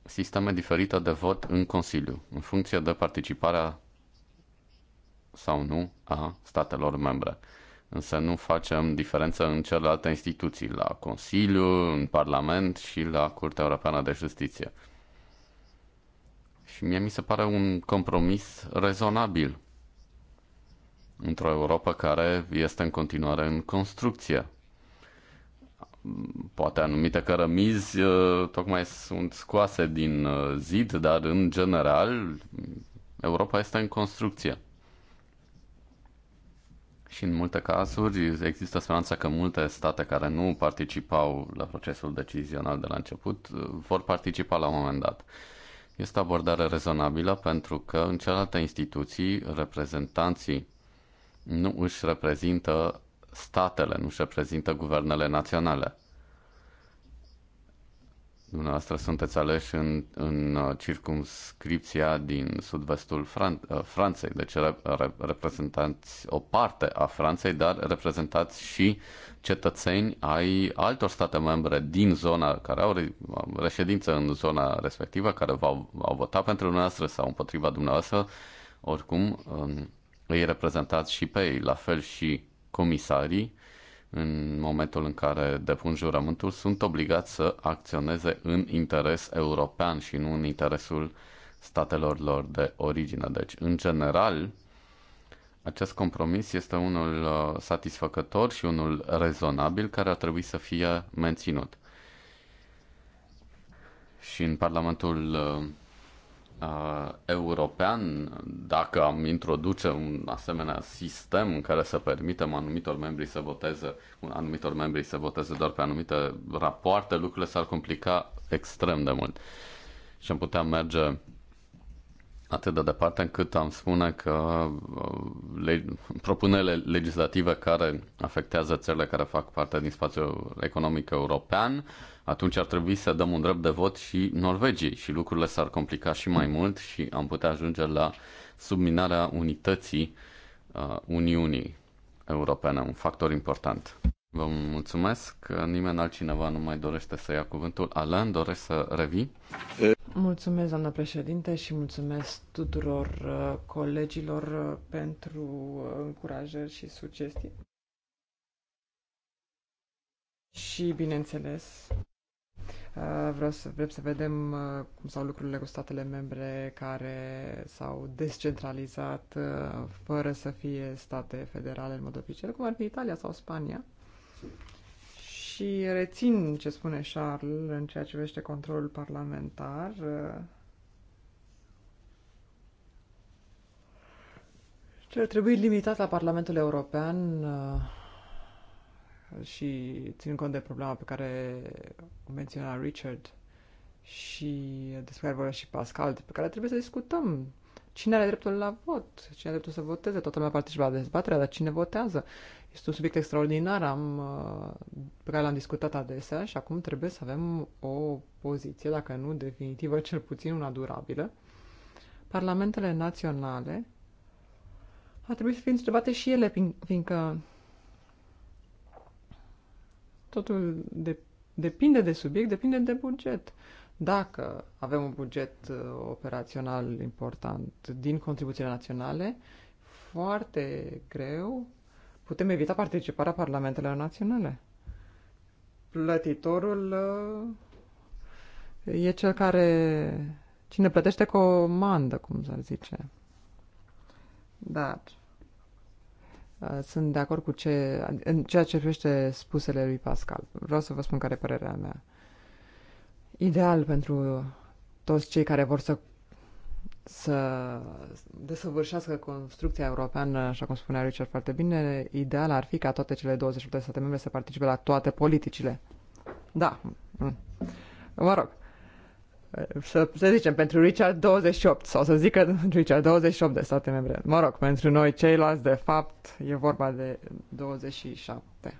sisteme diferite de vot în Consiliu, în funcție de participarea sau nu a statelor membre. Însă nu facem diferență în celelalte instituții, la Consiliu, în Parlament și la Curtea Europeană de Justiție. Și mie mi se pare un compromis rezonabil într-o Europa care este în continuare în construcție. Poate anumite cărămizi uh, tocmai sunt scoase din uh, zid, dar în general Europa este în construcție. Și în multe cazuri există speranța că multe state care nu participau la procesul decizional de la început uh, vor participa la un moment dat. Este o abordare rezonabilă pentru că în celelalte instituții reprezentanții nu își reprezintă statele, nu își reprezintă guvernele naționale. Dumneavoastră sunteți aleși în, în uh, circumscripția din sud-vestul Fran- uh, Franței, deci re- reprezentați o parte a Franței, dar reprezentați și cetățeni ai altor state membre din zona, care au uh, reședință în zona respectivă, care v-au au votat pentru dumneavoastră sau împotriva dumneavoastră. Oricum, um, îi reprezentați și pe ei, la fel și comisarii, în momentul în care depun jurământul, sunt obligați să acționeze în interes european și nu în interesul statelor lor de origine. Deci, în general, acest compromis este unul uh, satisfăcător și unul rezonabil care ar trebui să fie menținut. Și în Parlamentul uh, uh, european, dacă am introduce un asemenea sistem în care să permitem anumitor membri să voteze, un anumitor membri să voteze doar pe anumite rapoarte, lucrurile s-ar complica extrem de mult. Și am putea merge atât de departe încât am spune că uh, le, propunerile legislative care afectează țările care fac parte din spațiul economic european, atunci ar trebui să dăm un drept de vot și Norvegiei și lucrurile s-ar complica și mai mult și am putea ajunge la subminarea unității uh, Uniunii Europene, un factor important. Vă mulțumesc. Nimeni altcineva nu mai dorește să ia cuvântul. Alan doresc să revii? Mulțumesc, doamnă președinte, și mulțumesc tuturor uh, colegilor uh, pentru uh, încurajări și sugestii. Și, bineînțeles, vreau să, vreau să vedem cum s-au lucrurile cu statele membre care s-au descentralizat fără să fie state federale în mod oficial, cum ar fi Italia sau Spania și rețin ce spune Charles în ceea ce privește controlul parlamentar. Ce ar trebui limitat la Parlamentul European uh, și țin cont de problema pe care o menționa Richard și despre care vorbea și Pascal, pe care trebuie să discutăm. Cine are dreptul la vot? Cine are dreptul să voteze? Toată lumea participă la dezbaterea, dar cine votează? Este un subiect extraordinar, am, uh, pe care l-am discutat adesea și acum trebuie să avem o poziție, dacă nu definitivă, cel puțin una durabilă. Parlamentele naționale ar trebui să fie întrebate și ele, fiindcă totul de, depinde de subiect, depinde de buget. Dacă avem un buget uh, operațional important din contribuțiile naționale, foarte greu putem evita participarea parlamentelor naționale. Plătitorul uh, e cel care... Cine plătește comandă, cum s-ar zice. Dar uh, sunt de acord cu ce, în ceea ce privește spusele lui Pascal. Vreau să vă spun care e părerea mea. Ideal pentru toți cei care vor să să desăvârșească construcția europeană, așa cum spunea Richard foarte bine, ideal ar fi ca toate cele 28 de state membre să participe la toate politicile. Da. Mm. Mă rog. Să, să zicem, pentru Richard 28, sau să zică Richard 28 de state membre. Mă rog, pentru noi ceilalți, de fapt, e vorba de 27.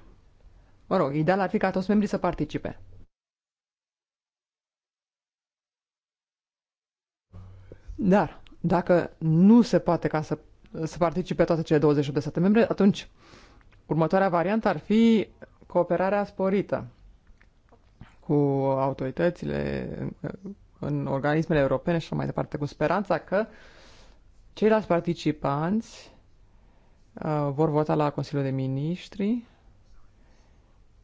Mă rog, ideal ar fi ca toți membrii să participe. Dar dacă nu se poate ca să, să participe toate cele 28 de state membre, atunci următoarea variantă ar fi cooperarea sporită cu autoritățile în organismele europene și mai departe, cu speranța că ceilalți participanți uh, vor vota la Consiliul de Ministri,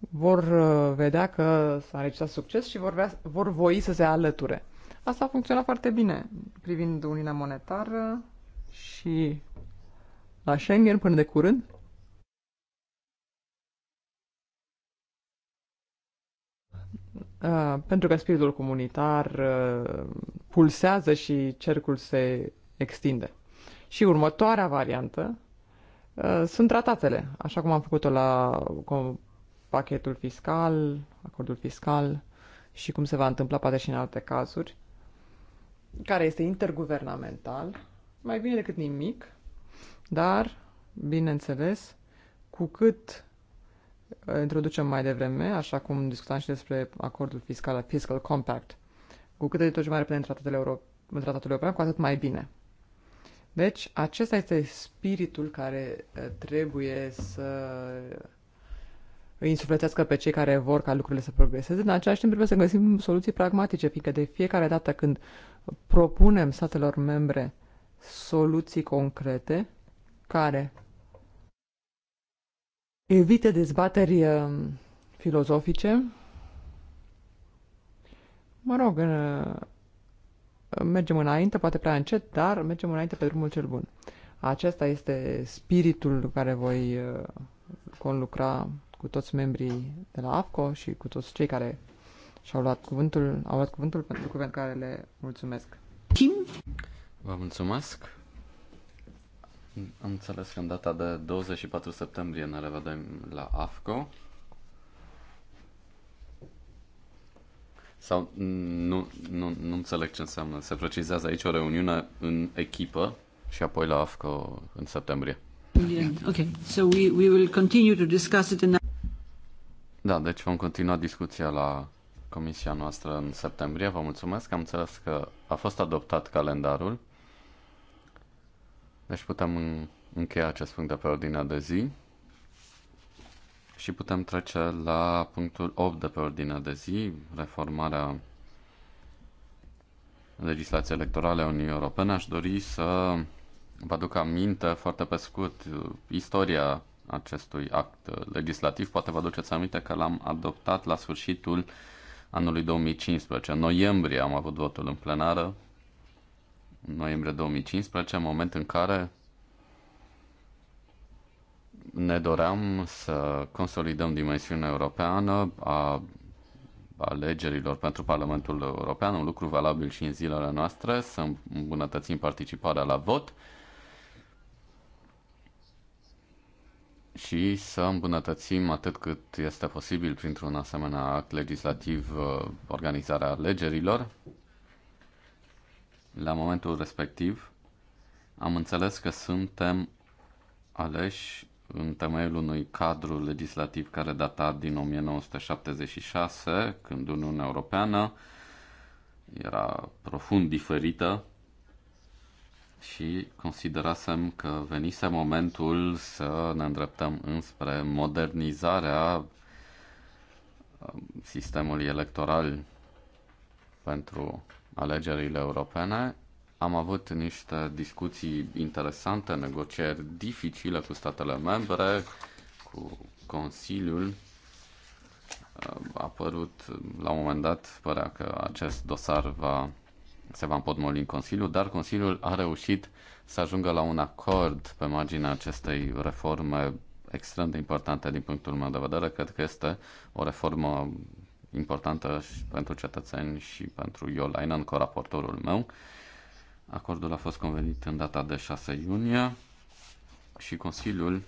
vor uh, vedea că s-a înregistrat succes și vor, vrea, vor voi să se alăture. Asta a funcționat foarte bine privind Uniunea Monetară și la Schengen până de curând. Uh, pentru că spiritul comunitar uh, pulsează și cercul se extinde. Și următoarea variantă uh, sunt tratatele, așa cum am făcut-o la pachetul fiscal, acordul fiscal și cum se va întâmpla poate și în alte cazuri care este interguvernamental, mai bine decât nimic, dar, bineînțeles, cu cât uh, introducem mai devreme, așa cum discutam și despre acordul fiscal, fiscal compact, cu cât ce mai repede în tratatele, euro, în cu atât mai bine. Deci, acesta este spiritul care uh, trebuie să îi insuflețească pe cei care vor ca lucrurile să progreseze, în același timp trebuie să găsim soluții pragmatice, fiindcă de fiecare dată când propunem statelor membre soluții concrete care evită dezbateri um, filozofice, mă rog, uh, mergem înainte, poate prea încet, dar mergem înainte pe drumul cel bun. Acesta este spiritul care voi uh, conlucra cu toți membrii de la AFCO și cu toți cei care și-au luat cuvântul, au luat cuvântul pentru lucruri pentru care le mulțumesc. Kim? Vă mulțumesc. Am înțeles că în data de 24 septembrie ne revedem la AFCO. Sau nu, nu, nu înțeleg ce înseamnă. Se precizează aici o reuniune în echipă și apoi la AFCO în septembrie. Yeah, okay, so we, we will continue to discuss it in da, deci vom continua discuția la comisia noastră în septembrie. Vă mulțumesc, am înțeles că a fost adoptat calendarul. Deci putem încheia acest punct de pe ordinea de zi și putem trece la punctul 8 de pe ordinea de zi, reformarea legislației electorale a Uniunii Europene. Aș dori să vă aduc aminte foarte pe scurt istoria acestui act legislativ. Poate vă aduceți aminte că l-am adoptat la sfârșitul anului 2015. În noiembrie am avut votul în plenară, în noiembrie 2015, în moment în care ne doream să consolidăm dimensiunea europeană a alegerilor pentru Parlamentul European, un lucru valabil și în zilele noastre, să îmbunătățim participarea la vot și să îmbunătățim atât cât este posibil printr-un asemenea act legislativ uh, organizarea alegerilor. La momentul respectiv am înțeles că suntem aleși în temeiul unui cadru legislativ care data din 1976, când Uniunea Europeană era profund diferită și considerasem că venise momentul să ne îndreptăm înspre modernizarea um, sistemului electoral pentru alegerile europene. Am avut niște discuții interesante, negocieri dificile cu statele membre, cu Consiliul. Um, a apărut, um, la un moment dat, părea că acest dosar va se va împotmoli în Consiliu, dar Consiliul a reușit să ajungă la un acord pe marginea acestei reforme extrem de importante din punctul meu de vedere. Cred că este o reformă importantă și pentru cetățeni și pentru Iolainen, co-raportorul meu. Acordul a fost convenit în data de 6 iunie și Consiliul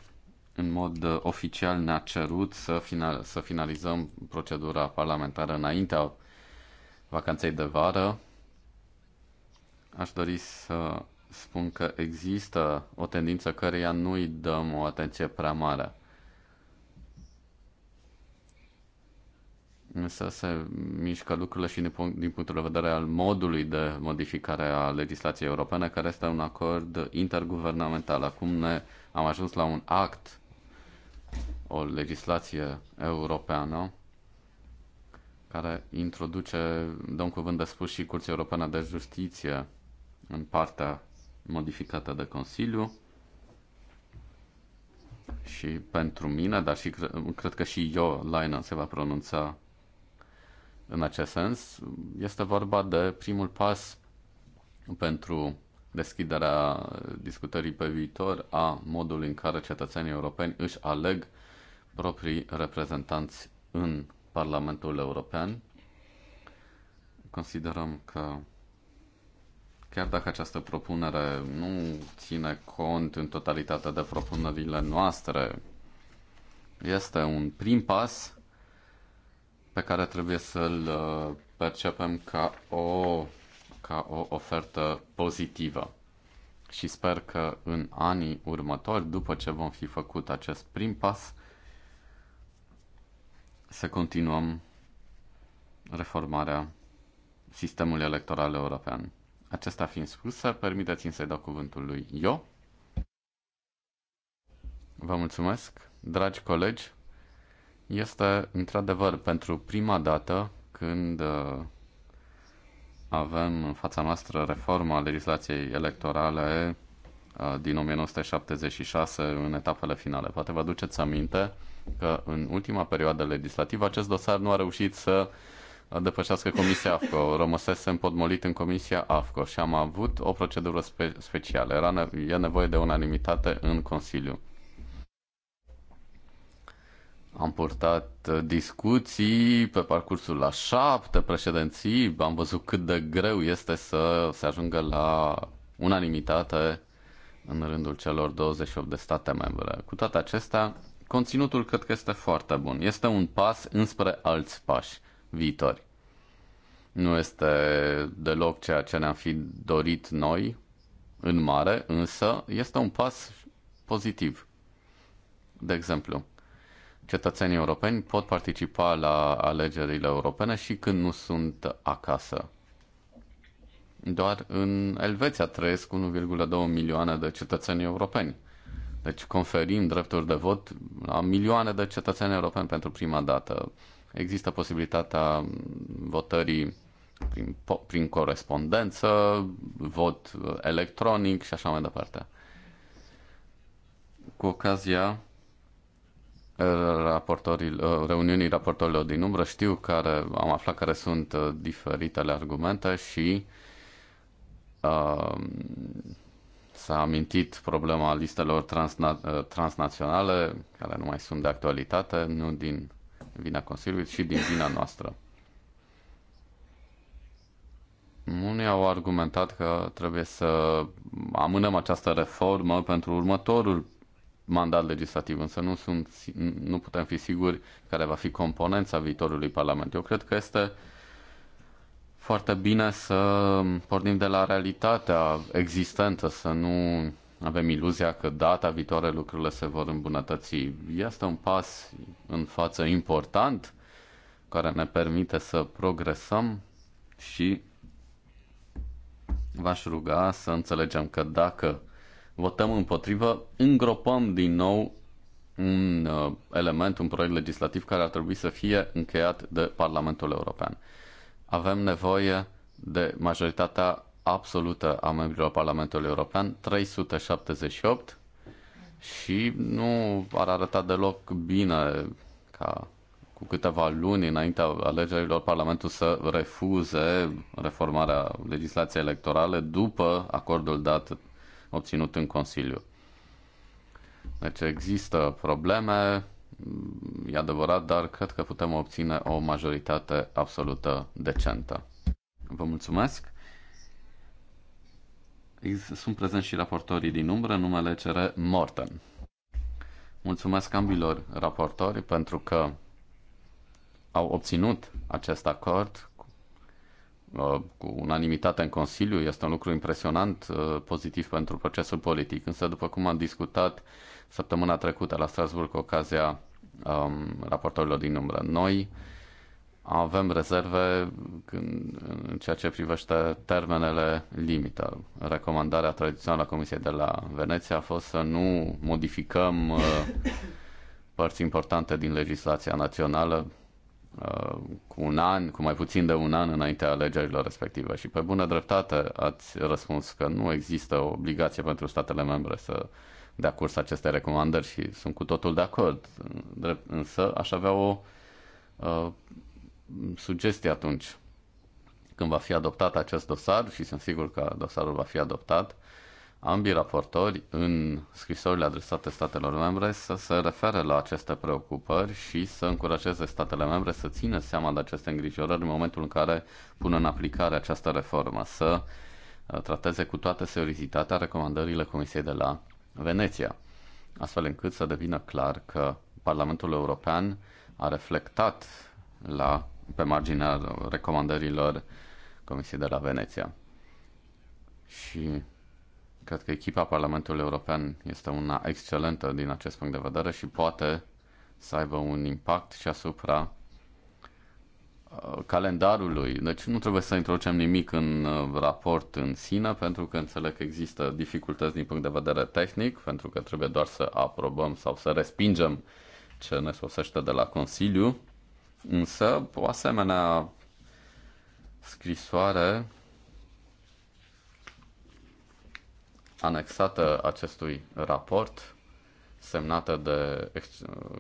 în mod oficial ne-a cerut să, final, să finalizăm procedura parlamentară înaintea vacanței de vară Aș dori să spun că există o tendință care ea nu i dăm o atenție prea mare. Însă se mișcă lucrurile și din, punct, din punctul de vedere al modului de modificare a legislației europene, care este un acord interguvernamental. Acum ne am ajuns la un act, o legislație europeană, care introduce, dăm cuvânt de spus și Curții Europene de Justiție în partea modificată de Consiliu și pentru mine, dar și cred că și eu, Lainan, se va pronunța în acest sens. Este vorba de primul pas pentru deschiderea discutării pe viitor a modului în care cetățenii europeni își aleg proprii reprezentanți în Parlamentul European. Considerăm că Chiar dacă această propunere nu ține cont în totalitate de propunerile noastre, este un prim pas pe care trebuie să-l uh, percepem ca o, ca o ofertă pozitivă. Și sper că în anii următori, după ce vom fi făcut acest prim pas, să continuăm reformarea sistemului electoral european. Acesta fiind spusă, permiteți-mi să-i dau cuvântul lui Io. Vă mulțumesc, dragi colegi. Este într-adevăr pentru prima dată când uh, avem în fața noastră reforma legislației electorale uh, din 1976 în etapele finale. Poate vă aduceți aminte că în ultima perioadă legislativă acest dosar nu a reușit să uh, depășească Comisia AFCO. Rămăsesem podmolit în Comisia AFCO și am avut o procedură spe- specială. Era ne- e nevoie de unanimitate în Consiliu. Am purtat uh, discuții pe parcursul la șapte președinții, am văzut cât de greu este să se ajungă la unanimitate în rândul celor 28 de state membre. Cu toate acestea, conținutul cred că este foarte bun. Este un pas înspre alți pași viitori. Nu este deloc ceea ce ne-am fi dorit noi în mare, însă este un pas pozitiv. De exemplu, cetățenii europeni pot participa la alegerile europene și când nu sunt acasă. Doar în Elveția trăiesc 1,2 milioane de cetățeni europeni. Deci conferim drepturi de vot la milioane de cetățeni europeni pentru prima dată. Există posibilitatea votării prin, prin corespondență, vot electronic și așa mai departe. Cu ocazia uh, uh, reuniunii raportorilor din umbră, știu care, am aflat care sunt uh, diferitele argumente și uh, s-a amintit problema listelor transna- transnaționale, care nu mai sunt de actualitate, nu din vina Consiliului și din vina noastră. Unii au argumentat că trebuie să amânăm această reformă pentru următorul mandat legislativ, însă nu, sunt, nu putem fi siguri care va fi componența viitorului Parlament. Eu cred că este foarte bine să pornim de la realitatea existentă, să nu avem iluzia că data viitoare lucrurile se vor îmbunătăți. Este un pas în față important care ne permite să progresăm și v-aș ruga să înțelegem că dacă votăm împotrivă, îngropăm din nou un uh, element, un proiect legislativ care ar trebui să fie încheiat de Parlamentul European. Avem nevoie de majoritatea absolută a membrilor Parlamentului European, 378, și nu ar arăta deloc bine ca cu câteva luni înaintea alegerilor Parlamentul să refuze reformarea legislației electorale după acordul dat obținut în Consiliu. Deci există probleme, mm, e adevărat, dar cred că putem obține o majoritate absolută decentă. Vă mulțumesc! Sunt prezenți și raportorii din umbră, numele CR Morten. Mulțumesc ambilor raportori pentru că au obținut acest acord cu uh, unanimitate în Consiliu. Este un lucru impresionant, uh, pozitiv pentru procesul politic. Însă, după cum am discutat săptămâna trecută la Strasburg cu ocazia um, raportorilor din umbră, noi uh, avem rezerve în ceea ce privește termenele limită. Recomandarea tradițională a Comisiei de la Veneția a fost să nu modificăm uh, părți importante din legislația națională uh, cu un an, cu mai puțin de un an înaintea alegerilor respective. Și pe bună dreptate ați răspuns că nu există o obligație pentru statele membre să dea curs aceste recomandări și sunt cu totul de acord. Însă aș avea o uh, sugestii atunci când va fi adoptat acest dosar și sunt sigur că dosarul va fi adoptat, ambii raportori în scrisorile adresate statelor membre să se refere la aceste preocupări și să încurajeze statele membre să țină seama de aceste îngrijorări în momentul în care pun în aplicare această reformă, să uh, trateze cu toată seriozitatea recomandările Comisiei de la Veneția, astfel încât să devină clar că Parlamentul European a reflectat la pe marginea recomandărilor Comisiei de la Veneția. Și cred că echipa Parlamentului European este una excelentă din acest punct de vedere și poate să aibă un impact și asupra uh, calendarului. Deci nu trebuie să introducem nimic în uh, raport în sine, pentru că înțeleg că există dificultăți din punct de vedere tehnic, pentru că trebuie doar să aprobăm sau să respingem ce ne sosește de la Consiliu. Însă, o asemenea scrisoare anexată acestui raport, semnată de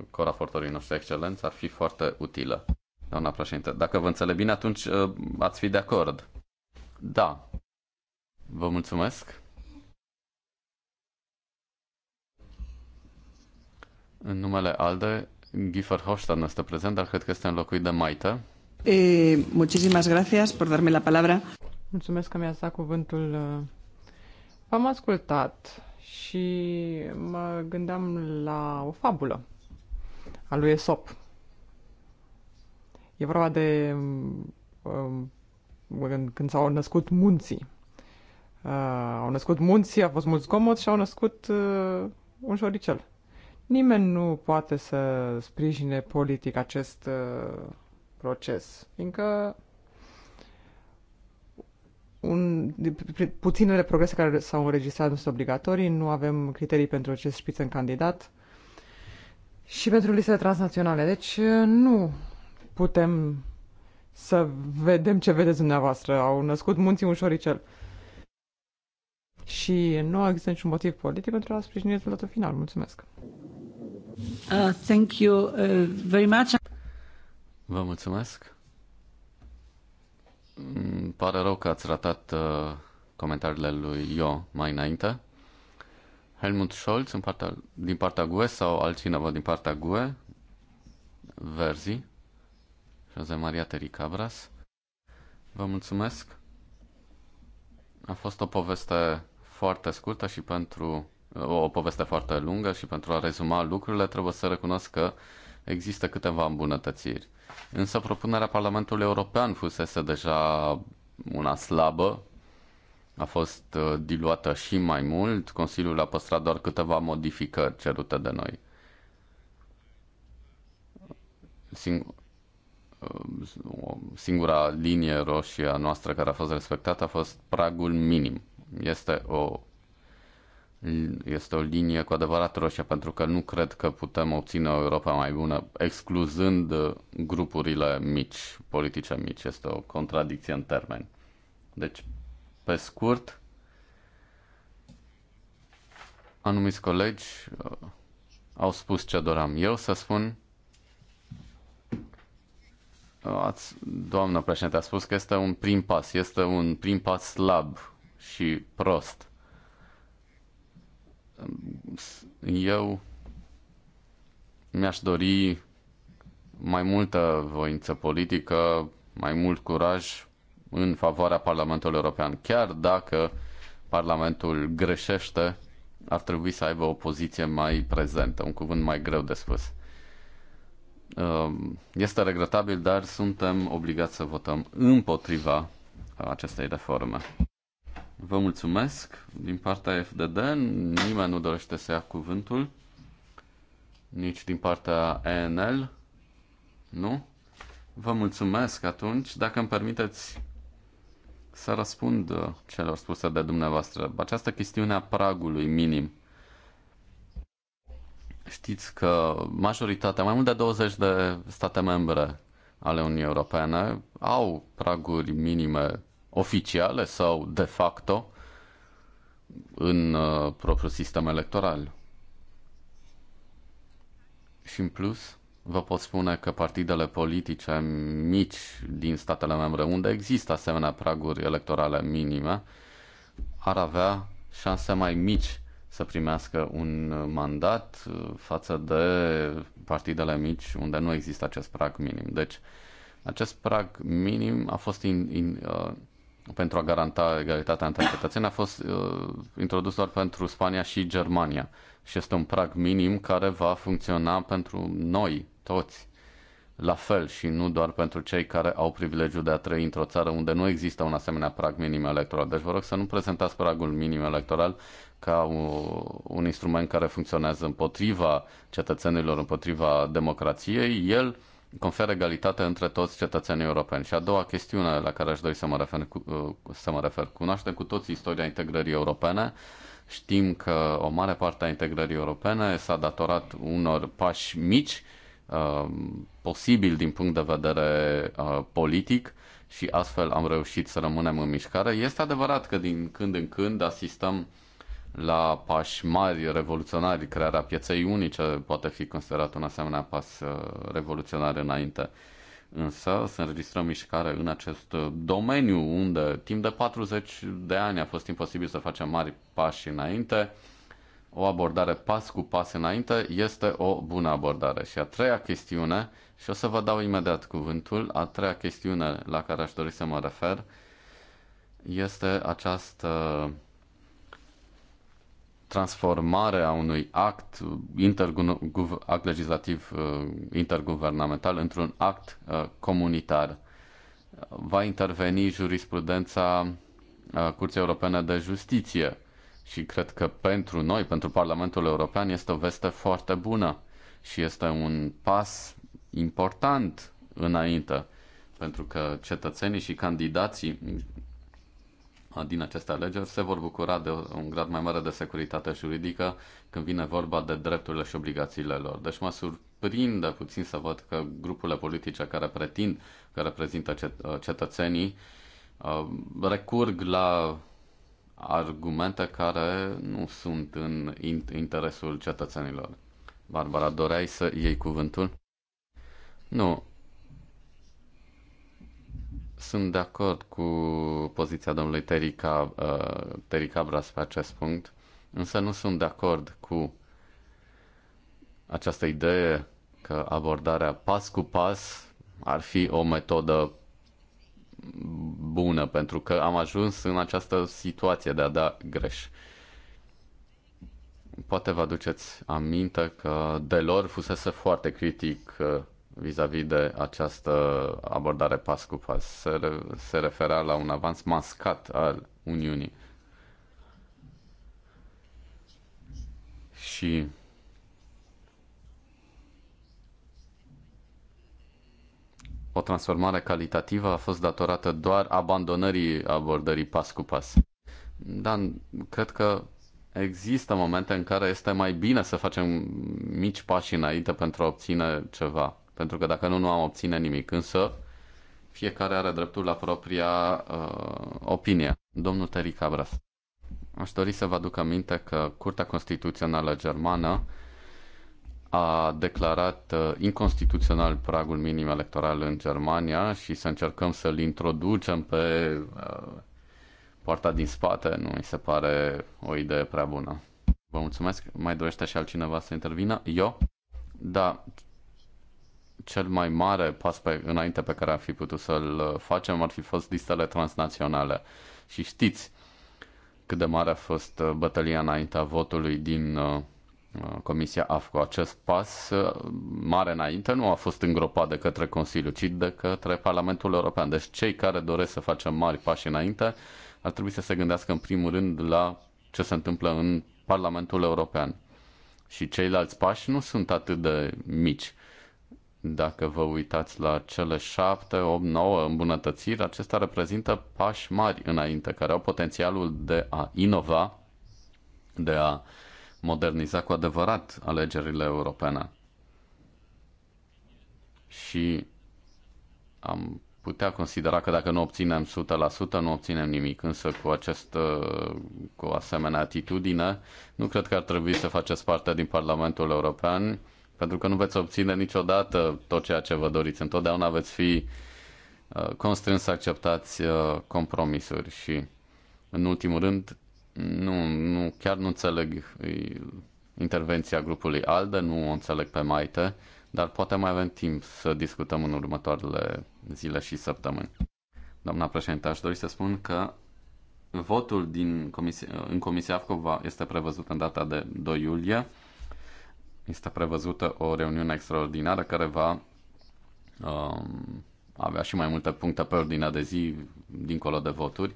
coraportorii noștri excelenți, ar fi foarte utilă. Doamna președinte, dacă vă înțeleg bine, atunci uh, ați fi de acord. Da. Vă mulțumesc. În numele ALDE, Gifford Hofstad no este prezent, al que está este înlocuit de Maita. Eh, muchísimas gracias por darme la palabra. Mulțumesc că mi-ați dat cuvântul. Uh, v-am ascultat și mă gândeam la o fabulă a lui Esop. E vorba de um, um, când s-au născut munții. Uh, au născut munții, a fost mult zgomot și au născut uh, un șoricel. Nimeni nu poate să sprijine politic acest uh, proces, fiindcă un, puținele progrese care s-au înregistrat nu sunt obligatorii, nu avem criterii pentru acest șpiță în candidat și pentru listele transnaționale. Deci uh, nu putem să vedem ce vedeți dumneavoastră. Au născut munții ușoricel. cel și nu există niciun motiv politic pentru a sprijini rezultatul final. Mulțumesc! Uh, thank you uh, very much. Vă mulțumesc. Îmi mm, pare rău că ați ratat uh, comentariile lui Io mai înainte. Helmut Scholz în partea, din partea GUE sau altcineva din partea GUE? Verzi. José Maria Tericabras. Vă mulțumesc. A fost o poveste foarte scurtă și pentru o poveste foarte lungă și pentru a rezuma lucrurile trebuie să recunosc că există câteva îmbunătățiri. Însă propunerea Parlamentului European fusese deja una slabă, a fost uh, diluată și mai mult, Consiliul a păstrat doar câteva modificări cerute de noi. Sing- uh, singura linie roșie a noastră care a fost respectată a fost pragul minim este o este o linie cu adevărat roșie, pentru că nu cred că putem obține o Europa mai bună excluzând grupurile mici, politice mici. Este o contradicție în termeni. Deci, pe scurt, anumiți colegi uh, au spus ce doream eu să spun. Ați, doamna președinte, a spus că este un prim pas, este un prim pas slab și prost. Eu mi-aș dori mai multă voință politică, mai mult curaj în favoarea Parlamentului European. Chiar dacă Parlamentul greșește, ar trebui să aibă o poziție mai prezentă, un cuvânt mai greu de spus. Um, este regretabil, dar suntem obligați să votăm împotriva acestei reforme. Vă mulțumesc. Din partea FDD, nimeni nu dorește să ia cuvântul. Nici din partea ENL. Nu? Vă mulțumesc atunci. Dacă îmi permiteți să răspund celor spuse de dumneavoastră. Această chestiune a pragului minim. Știți că majoritatea, mai mult de 20 de state membre ale Uniunii Europene au praguri minime oficiale sau de facto în uh, propriul sistem electoral. Și în plus, vă pot spune că partidele politice mici din statele membre, unde există asemenea praguri electorale minime, ar avea șanse mai mici să primească un uh, mandat uh, față de partidele mici unde nu există acest prag minim. Deci, acest prag minim a fost in, in, uh, pentru a garanta egalitatea între cetățeni a fost uh, introdus doar pentru Spania și Germania și este un prag minim care va funcționa pentru noi toți la fel și nu doar pentru cei care au privilegiul de a trăi într-o țară unde nu există un asemenea prag minim electoral. Deci vă rog să nu prezentați pragul minim electoral ca un instrument care funcționează împotriva cetățenilor, împotriva democrației. El conferă egalitate între toți cetățenii europeni. Și a doua chestiune la care aș dori să mă refer, uh, să mă refer. cunoaștem cu toți istoria integrării europene, știm că o mare parte a integrării europene s-a datorat unor pași mici, uh, posibil din punct de vedere uh, politic, și astfel am reușit să rămânem în mișcare. Este adevărat că din când în când asistăm uh, la pași mari, revoluționari, crearea pieței unice poate fi considerat un asemenea pas uh, revoluționar înainte. Însă să înregistrăm mișcare în acest uh, domeniu unde timp de 40 de ani a fost imposibil să facem mari pași înainte, o abordare pas cu pas înainte este o bună abordare. Și a treia chestiune, și o să vă dau imediat cuvântul, a treia chestiune la care aș dori să mă refer este această transformare a unui act, act legislativ uh, interguvernamental într-un act uh, comunitar. Va interveni jurisprudența uh, Curții Europene de Justiție și cred că pentru noi, pentru Parlamentul European, este o veste foarte bună și este un pas important înainte, pentru că cetățenii și candidații din aceste alegeri se vor bucura de un grad mai mare de securitate juridică când vine vorba de drepturile și obligațiile lor. Deci mă surprinde puțin să văd că grupurile politice care pretind că reprezintă cet- cetățenii uh, recurg la argumente care nu sunt în interesul cetățenilor. Barbara, doreai să iei cuvântul? Nu, sunt de acord cu poziția domnului Terica, uh, Terica Bras pe acest punct, însă nu sunt de acord cu această idee că abordarea pas cu pas ar fi o metodă bună, pentru că am ajuns în această situație de a da greș. Poate vă aduceți aminte că Delor fusese foarte critic uh, vis-a-vis -vis de această abordare pas cu pas. Se, re, se referea la un avans mascat al Uniunii. Și o transformare calitativă a fost datorată doar abandonării abordării pas cu pas. Dar cred că există momente în care este mai bine să facem mici pași înainte pentru a obține ceva pentru că dacă nu, nu am obține nimic. Însă, fiecare are dreptul la propria uh, opinie. Domnul Terry Cabras. Aș dori să vă aduc aminte că Curtea Constituțională Germană a declarat uh, inconstituțional pragul minim electoral în Germania și să încercăm să-l introducem pe uh, poarta din spate nu mi se pare o idee prea bună. Vă mulțumesc. Mai dorește și altcineva să intervină? Eu? Da, cel mai mare pas pe, înainte pe care ar fi putut să-l uh, facem ar fi fost listele transnaționale. Și știți cât de mare a fost uh, bătălia înaintea votului din uh, Comisia AFCO. Acest pas mare înainte nu a fost îngropat de către Consiliu, ci de către Parlamentul European. Deci cei care doresc să facem mari pași înainte ar trebui să se gândească în primul rând la ce se întâmplă în Parlamentul European. Și ceilalți pași nu sunt atât de mici. Dacă vă uitați la cele 7, 8, 9 îmbunătățiri, acestea reprezintă pași mari înainte, care au potențialul de a inova, de a moderniza cu adevărat alegerile europene. Și am putea considera că dacă nu obținem 100%, nu obținem nimic, însă cu, acest, cu o asemenea atitudine, nu cred că ar trebui să faceți parte din Parlamentul European pentru că nu veți obține niciodată tot ceea ce vă doriți. Întotdeauna veți fi uh, constrâns să acceptați uh, compromisuri și, în ultimul rând, nu, nu chiar nu înțeleg intervenția grupului ALDE, nu o înțeleg pe Maite, dar poate mai avem timp să discutăm în următoarele zile și săptămâni. Doamna președinte, aș dori să spun că votul din comisie, în Comisia AFCO este prevăzut în data de 2 iulie este prevăzută o reuniune extraordinară care va uh, avea și mai multe puncte pe ordinea de zi dincolo de voturi.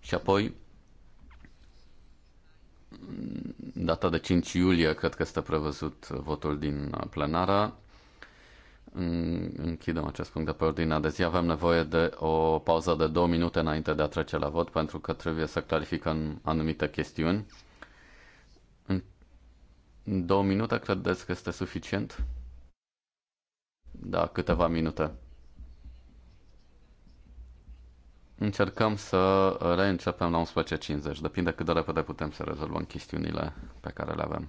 Și apoi, data de 5 iulie, cred că este prevăzut votul din plenară. Închidem acest punct de pe ordinea de zi. Avem nevoie de o pauză de două minute înainte de a trece la vot, pentru că trebuie să clarificăm anumite chestiuni. Două minute credeți că este suficient? Da, câteva minute. Încercăm să reîncepem la 11.50. Depinde cât de repede putem să rezolvăm chestiunile pe care le avem.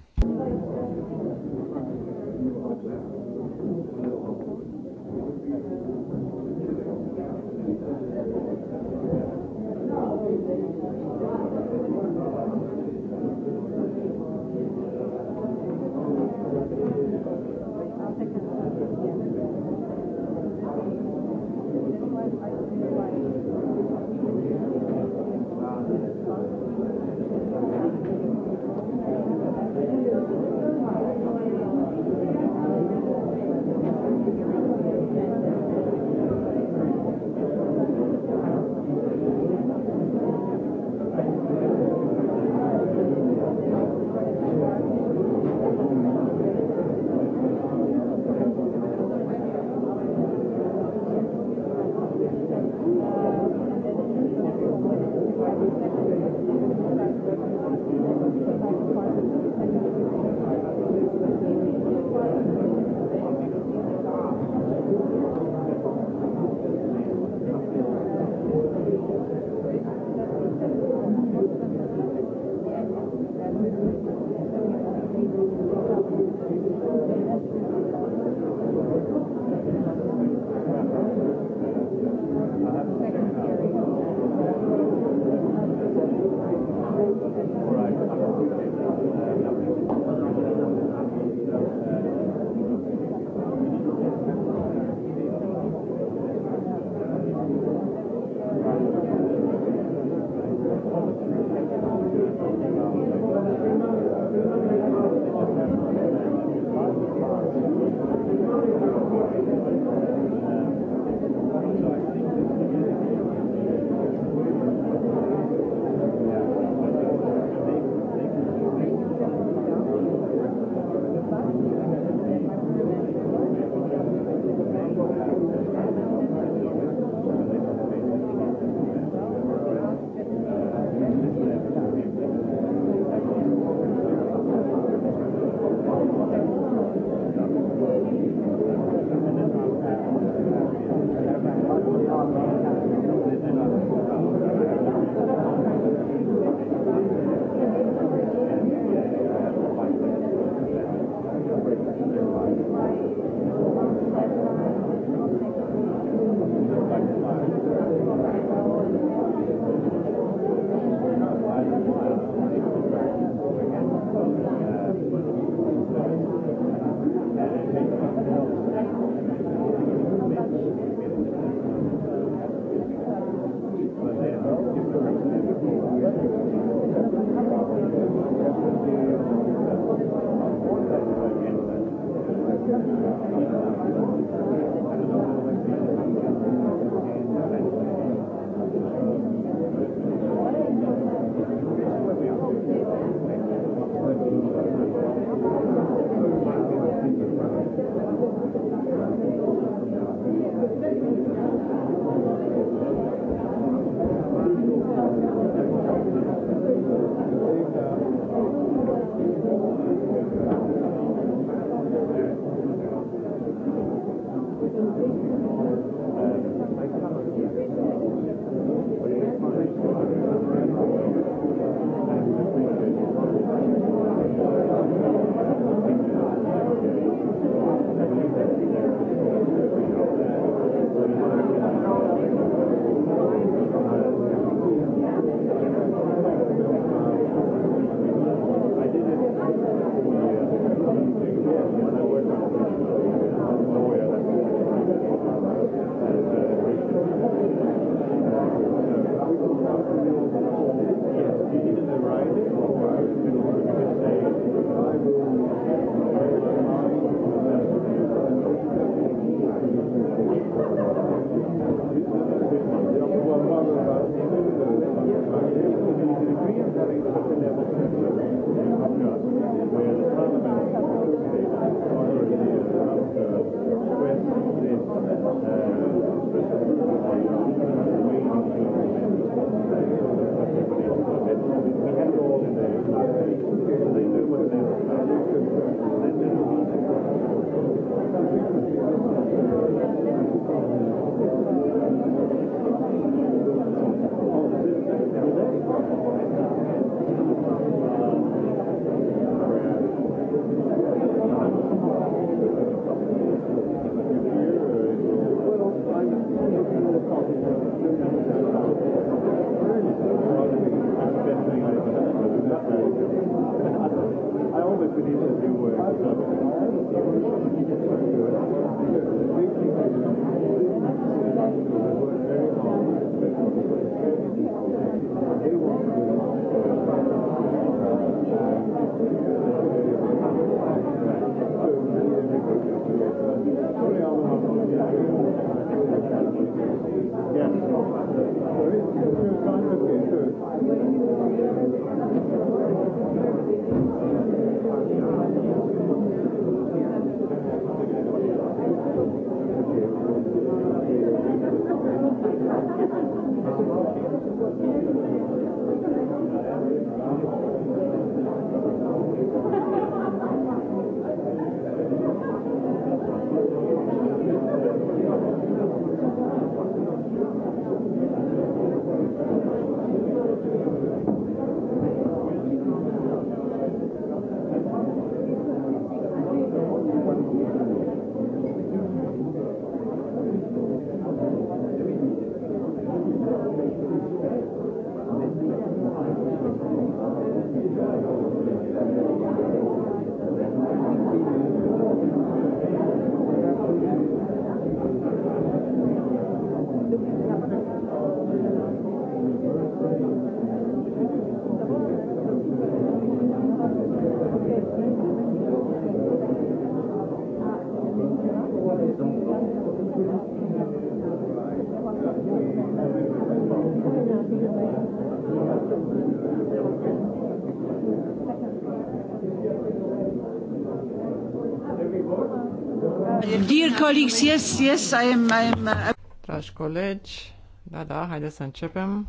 colleagues, yes, yes, I am, I am... Uh, Dragi colegi, da, da, haideți să începem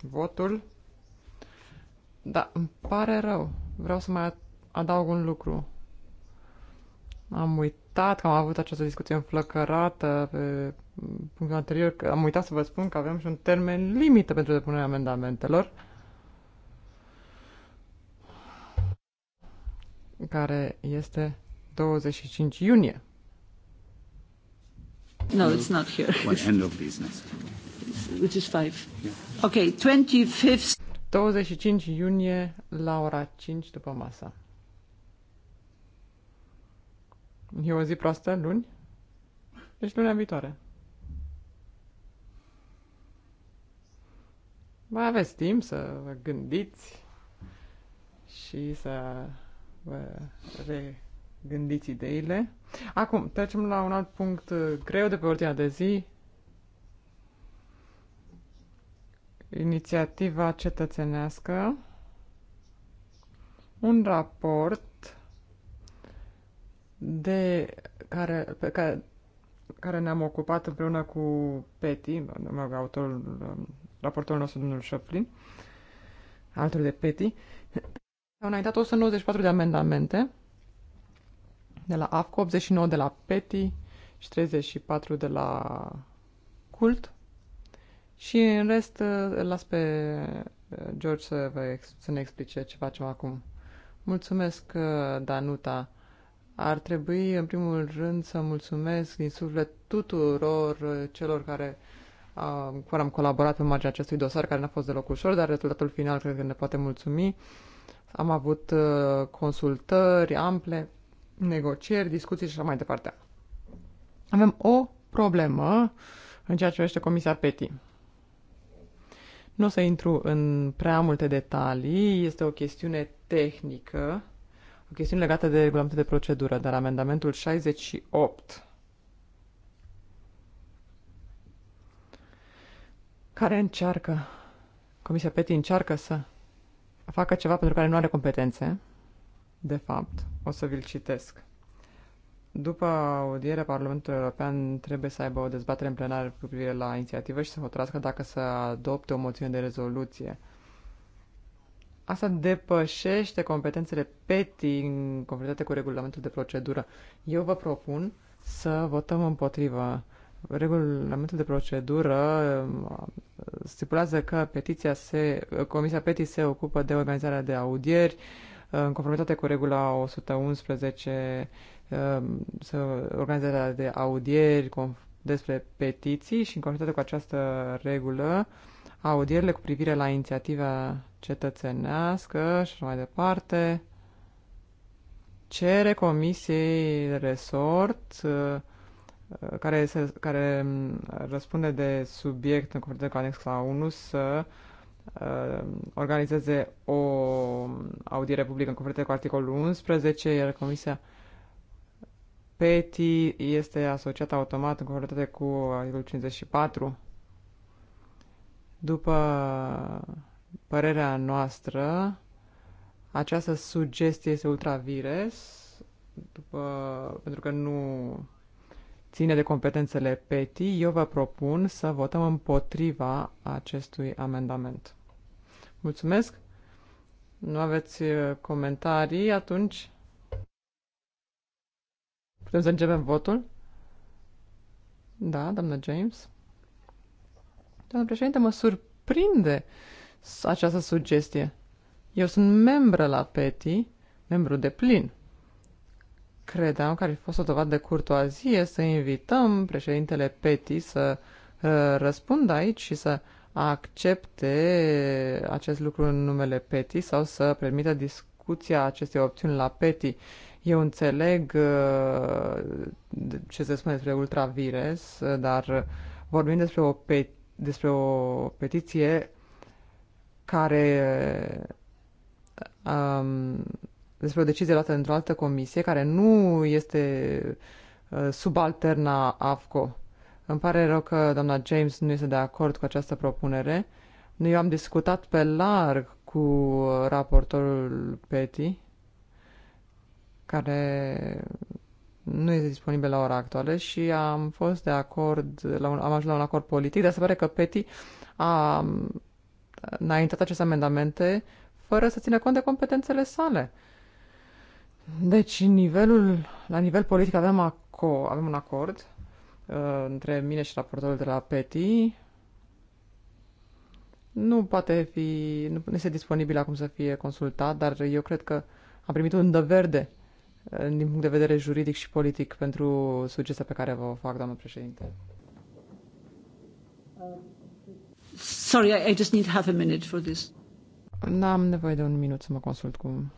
votul. Da, îmi pare rău. Vreau să mai adaug un lucru. Am uitat că am avut această discuție înflăcărată pe punctul anterior. Că am uitat să vă spun că avem și un termen limită pentru depunerea amendamentelor. care este 25 iunie. No, it's not here. What end of business? Which is five. Yeah. Okay, 25th. 25 iunie la ora 5 după masa. E o zi proastă, luni? Deci lunea viitoare. Mai aveți timp să vă gândiți și să vă regândiți ideile. Acum, trecem la un alt punct uh, greu de pe ordinea de zi. Inițiativa cetățenească. Un raport de care, pe care, care ne-am ocupat împreună cu Peti, autorul, um, raportul nostru, domnul Șoplin, altul de Peti, au înaintat 194 de amendamente de la AFCO, 89 de la PETI și 34 de la CULT. Și în rest îl las pe George să, vă, să ne explice ce facem acum. Mulțumesc, uh, Danuta. Ar trebui, în primul rând, să mulțumesc din suflet tuturor uh, celor care uh, cu care am colaborat pe marginea acestui dosar, care n-a fost deloc ușor, dar rezultatul final cred că ne poate mulțumi. Am avut consultări ample negocieri, discuții și așa mai departe. Avem o problemă în ceea ce privește Comisia PETI. Nu o să intru în prea multe detalii, este o chestiune tehnică, o chestiune legată de regulamente de procedură, dar amendamentul 68 care încearcă, Comisia PETI încearcă să facă ceva pentru care nu are competențe, de fapt. O să vi-l citesc. După audierea Parlamentului European trebuie să aibă o dezbatere în plenar cu privire la inițiativă și să hotărască dacă să adopte o moțiune de rezoluție. Asta depășește competențele PETI în conformitate cu regulamentul de procedură. Eu vă propun să votăm împotriva. Regulamentul de procedură um, stipulează că petiția se, Comisia PETI se ocupă de organizarea de audieri, în conformitate cu regula 111, um, să organizarea de audieri despre petiții și în conformitate cu această regulă, audierile cu privire la inițiativa cetățenească și mai departe, cere comisiei resort uh, care, se, care um, răspunde de subiect în conformitate cu anexa 1 să Uh, organizeze o audiere publică în confruntare cu articolul 11, iar Comisia PETI este asociată automat în conformitate cu articolul 54. După părerea noastră, această sugestie este ultravires, după, pentru că nu ține de competențele PETI, eu vă propun să votăm împotriva acestui amendament. Mulțumesc! Nu aveți uh, comentarii, atunci putem să începem votul? Da, doamna James. Doamna președinte, mă surprinde această sugestie. Eu sunt membră la PETI, membru de plin. Credeam că ar fi fost o dovadă de curtoazie să invităm președintele Peti să uh, răspundă aici și să accepte acest lucru în numele Peti sau să permită discuția acestei opțiuni la Peti. Eu înțeleg uh, ce se spune despre ultravires, uh, dar vorbim despre o, pe- despre o petiție care um, despre o decizie luată într-o altă comisie care nu este uh, subalterna AFCO. Îmi pare rău că doamna James nu este de acord cu această propunere. Noi am discutat pe larg cu raportorul Peti, care nu este disponibil la ora actuală și am fost de acord, la un, am ajuns la un acord politic, dar se pare că Peti a înaintat aceste amendamente fără să țină cont de competențele sale. Deci, nivelul, la nivel politic avem, aco- avem un acord uh, între mine și raportorul de la PETI. Nu poate fi, nu este disponibil acum să fie consultat, dar eu cred că am primit un dă verde uh, din punct de vedere juridic și politic pentru sugestia pe care vă o fac, doamnă președinte. Sorry, I just need half a minute for this. N-am nevoie de un minut să mă consult cu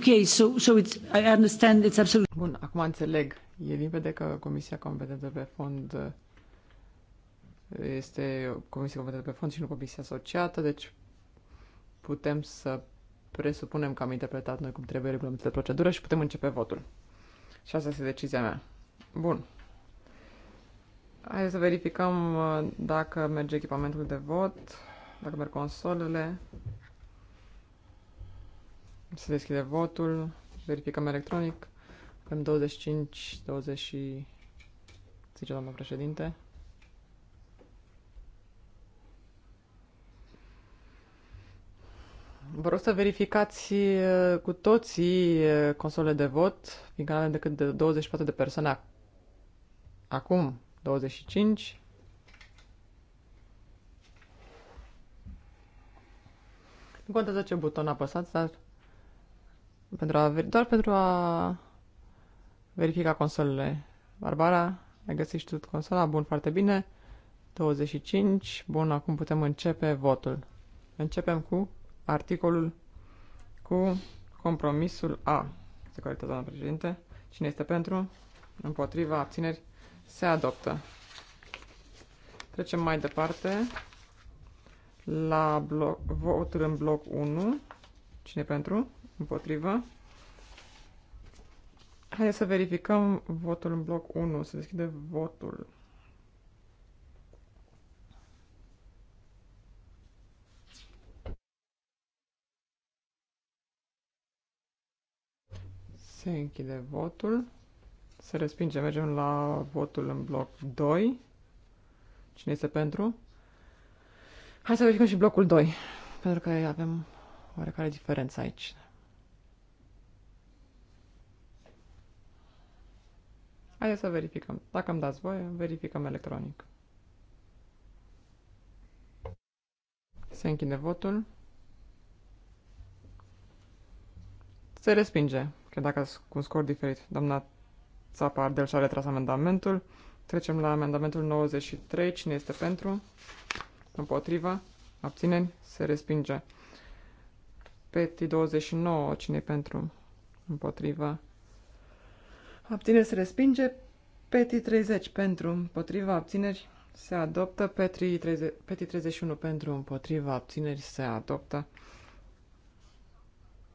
Okay, so, so it's, I understand it's absolutely... Bun, acum înțeleg. E limpede că Comisia Competentă pe Fond uh, este Comisia Competentă pe Fond și nu Comisia Asociată, deci putem să presupunem că am interpretat noi cum trebuie regulamentul de procedură și putem începe votul. Și asta este decizia mea. Bun. Hai să verificăm uh, dacă merge echipamentul de vot, dacă merg consolele. Se deschide votul. Verificăm electronic. Avem 25, 20 și zice doamna președinte. Vă rog să verificați uh, cu toții uh, consolele de vot, fiindcă avem decât de 24 de persoane acum, 25. Nu contează ce buton apăsați, dar pentru a, doar pentru a verifica consolele. Barbara, ai găsit și tu consola? Bun, foarte bine. 25. Bun, acum putem începe votul. Începem cu articolul cu compromisul A. Securitate, doamna președinte. Cine este pentru? Împotriva abțineri se adoptă. Trecem mai departe la bloc, votul în bloc 1. Cine pentru? Împotrivă. Haideți să verificăm votul în bloc 1. Se deschide votul. Se închide votul. Se respinge. Mergem la votul în bloc 2. Cine este pentru? Hai să verificăm și blocul 2, pentru că avem oarecare diferență aici. Haideți să verificăm. Dacă îmi dați voie, verificăm electronic. Se închide votul. Se respinge, că dacă cu un scor diferit. Doamna Țapa Ardel și-a retras amendamentul. Trecem la amendamentul 93. Cine este pentru? Împotriva? Abțineri? Se respinge. Peti 29. Cine pentru? Împotriva? Abțineri se respinge. Peti 30 pentru împotriva abțineri se adoptă. Petri 30, peti 31 pentru împotriva abțineri se adoptă.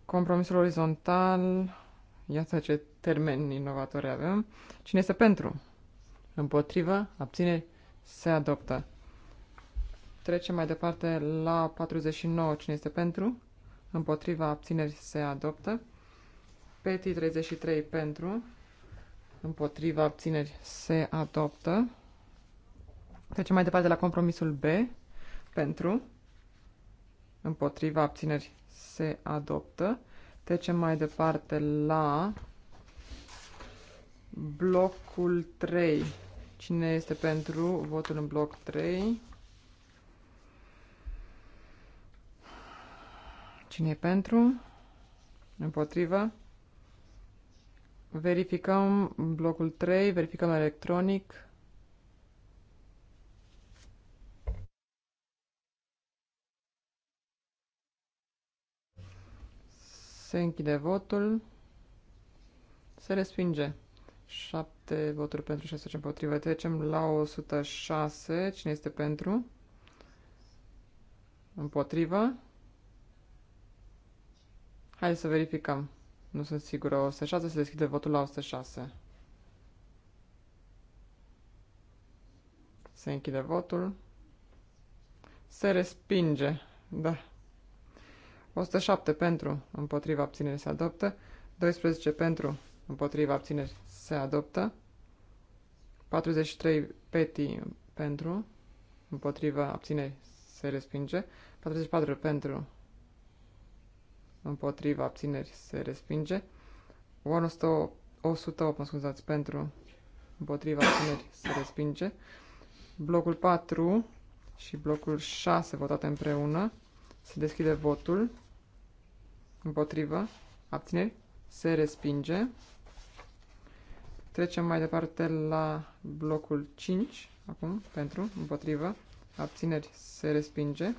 Compromisul orizontal. Iată ce termeni inovatori avem. Cine este pentru? Împotriva abțineri, se adoptă. Trecem mai departe la 49. Cine este pentru? Împotriva, abțineri, se adoptă. Peti 33 pentru, împotriva abțineri se adoptă. Trecem mai departe la compromisul B, pentru, împotriva abțineri se adoptă. Trecem mai departe la blocul 3. Cine este pentru votul în bloc 3? Cine e pentru? Împotriva? Verificăm blocul 3, verificăm electronic. Se închide votul. Se respinge. 7 voturi pentru, 6 împotrivă. Trecem la 106. Cine este pentru? Împotrivă. Hai să verificăm. Nu sunt sigură. 106 se deschide votul la 106. Se închide votul. Se respinge. Da. 107 pentru, împotriva abținere se adoptă. 12 pentru, împotriva abținere se adoptă. 43 peti pentru, împotriva abținere se respinge. 44 pentru, împotriva abțineri se respinge. 100, 108, mă scuzați, pentru împotriva abțineri se respinge. Blocul 4 și blocul 6 votate împreună. Se deschide votul. împotriva Abțineri. Se respinge. Trecem mai departe la blocul 5. Acum, pentru, împotrivă. Abțineri. Se respinge.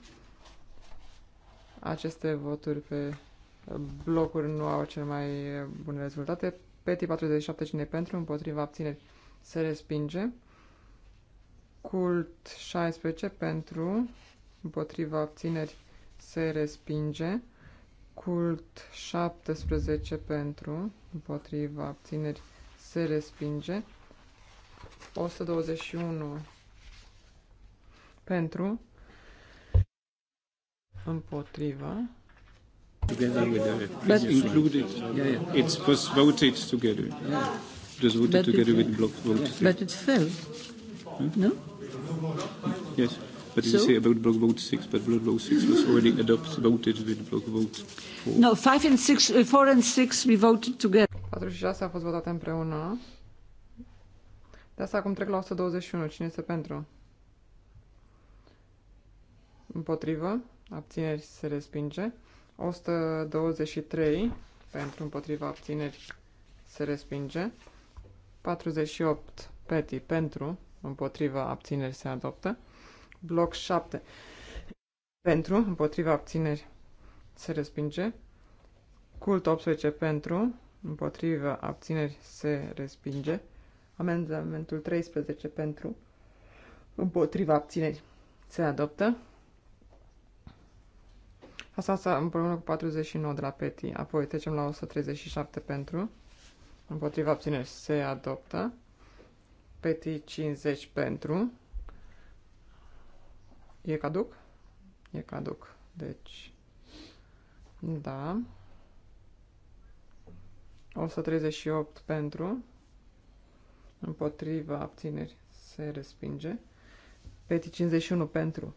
Aceste voturi pe blocuri nu au cele mai bune rezultate. Peti 47 cine pentru, împotriva abțineri se respinge. Cult 16 pentru, împotriva abțineri se respinge. Cult 17 pentru, împotriva abțineri se respinge. 121 pentru, împotriva Together with the But included. Yeah, yeah. It was voted together. Yeah. It was voted but together with block vote. Yeah. But it fell. Hmm? No? Yes. But so? you say about block vote six, but block vote six was already adopted, voted with block vote four. No, five and six, uh, four and six we voted together. Patru și 6 a fost votate împreună. De asta acum trec la 121. Cine este pentru? Împotrivă. Abțineri se respinge. 123 pentru împotriva abțineri se respinge. 48 peti pentru împotriva abțineri se adoptă. Bloc 7 pentru împotriva abțineri se respinge. Cult 18 pentru împotriva abțineri se respinge. Amendamentul 13 pentru împotriva abțineri se adoptă. Asta, asta împreună cu 49 de la Peti. Apoi trecem la 137 pentru. Împotriva abțineri se adoptă. Peti 50 pentru. E caduc? E caduc. Deci, da. 138 pentru. Împotriva abțineri se respinge. Peti 51 pentru.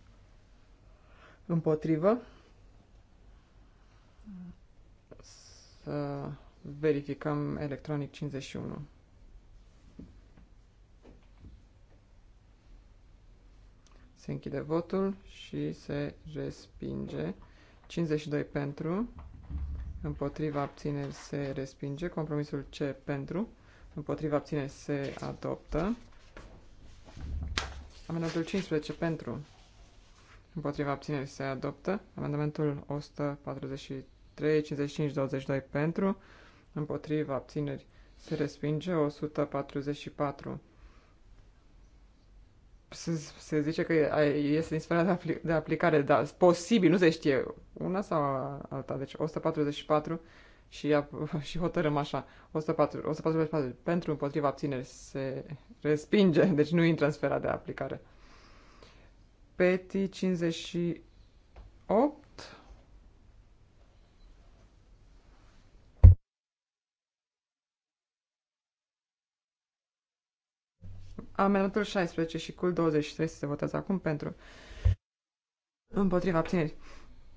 Împotrivă să verificăm electronic 51. Se închide votul și se respinge. 52 pentru, împotriva abțineri se respinge. Compromisul C pentru, împotriva abțineri se adoptă. Amendamentul 15 pentru, împotriva abțineri se adoptă. Amendamentul 143 3, 55, 22 pentru, împotriva abțineri se respinge, 144 se, se zice că este din sfera de, apli- de aplicare, dar posibil, nu se știe una sau alta, deci 144 și, și hotărâm așa, 104, 144 pentru împotriva abțineri se respinge, deci nu intră în sfera de aplicare. Peti 58 Amendamentul 16 și cul 23 să se votează acum pentru. Împotriva abțineri.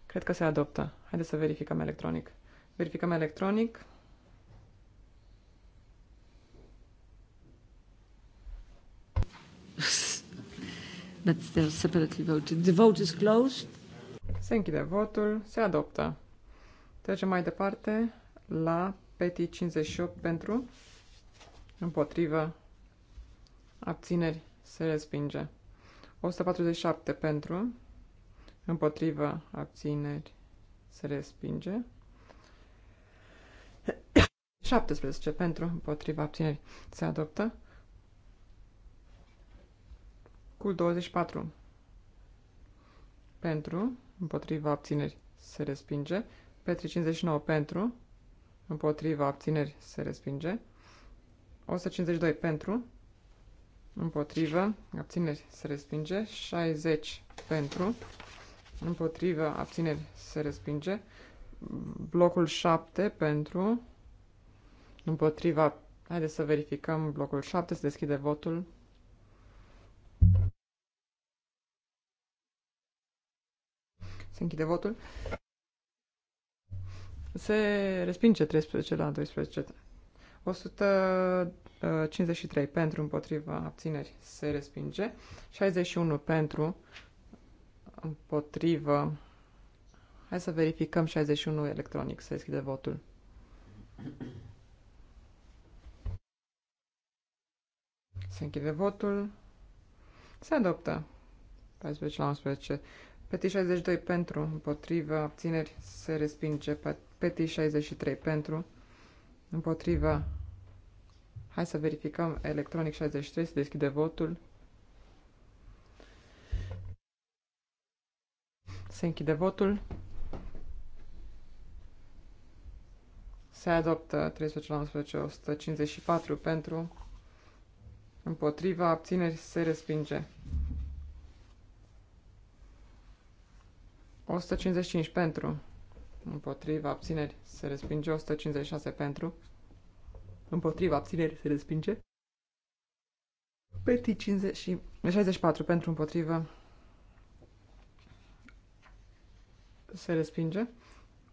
Cred că se adoptă. Haideți să verificăm electronic. Verificăm electronic. That's still separately voted. The vote is closed. Se închide votul. Se adoptă. Trecem mai departe la peti 58 pentru împotrivă Abțineri. Se respinge. 147 pentru. Împotrivă. Abțineri. Se respinge. 17 pentru. Împotriva. Abțineri. Se adoptă. Cu 24 pentru. Împotriva. Abțineri. Se respinge. Petri 59 pentru. Împotriva. Abțineri. Se respinge. 152 pentru împotrivă, abțineri se respinge, 60 pentru, împotrivă, abțineri se respinge, blocul 7 pentru, împotriva, haideți să verificăm blocul 7, se deschide votul. Se închide votul. Se respinge 13 la 12. 153 pentru, împotriva, abțineri, se respinge. 61 pentru, împotrivă. Hai să verificăm 61 electronic, să deschide votul. Se închide votul. Se adoptă. 14 la 11. Peti 62 pentru, împotrivă, abțineri, se respinge. Peti 63 pentru, împotrivă. Hai să verificăm electronic 63, se deschide votul. Se închide votul. Se adoptă 319, 154 pentru, împotriva, abțineri, se respinge. 155 pentru, împotriva abțineri se respinge, 156 pentru, împotriva abțineri se respinge, Peti 50 și 64 pentru împotrivă se respinge.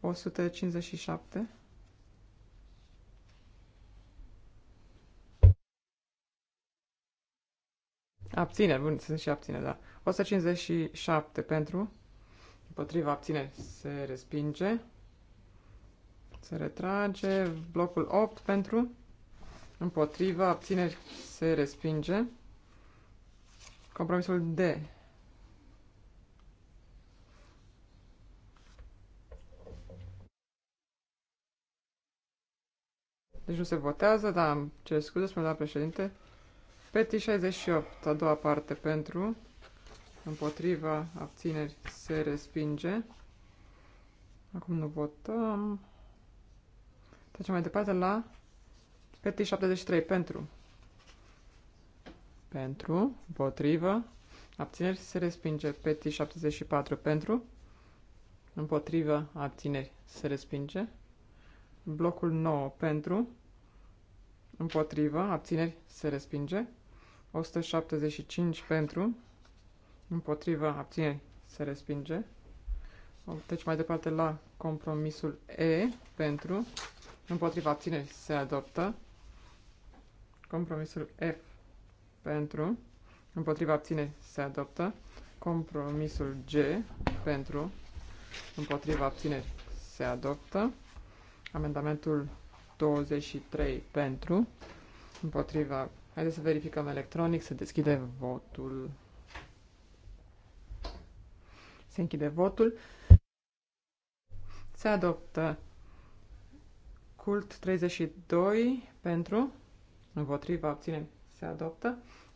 157. Abține, bun, sunt și abține, da. 157 pentru împotriva abțineri se respinge. Se retrage. Blocul 8 pentru împotriva abțineri se respinge. Compromisul D. Deci nu se votează, dar am cer scuze, spune la președinte. Peti 68, a doua parte pentru împotriva, abțineri, se respinge. Acum nu votăm. Trecem mai departe la peti 73 pentru. Pentru, împotrivă, abțineri, se respinge. Peti 74 pentru, împotrivă, abțineri, se respinge. Blocul 9 pentru, împotrivă, abțineri, se respinge. 175 pentru, împotriva abținerii se respinge. Deci mai departe la compromisul E, pentru, împotriva abținerii se adoptă. Compromisul F, pentru, împotriva abținerii se adoptă. Compromisul G, pentru, împotriva abținerii se adoptă. Amendamentul 23, pentru, împotriva. Haideți să verificăm electronic, se deschide votul. Se închide votul. Se adoptă cult 32 pentru, împotriva, abținem, se adoptă.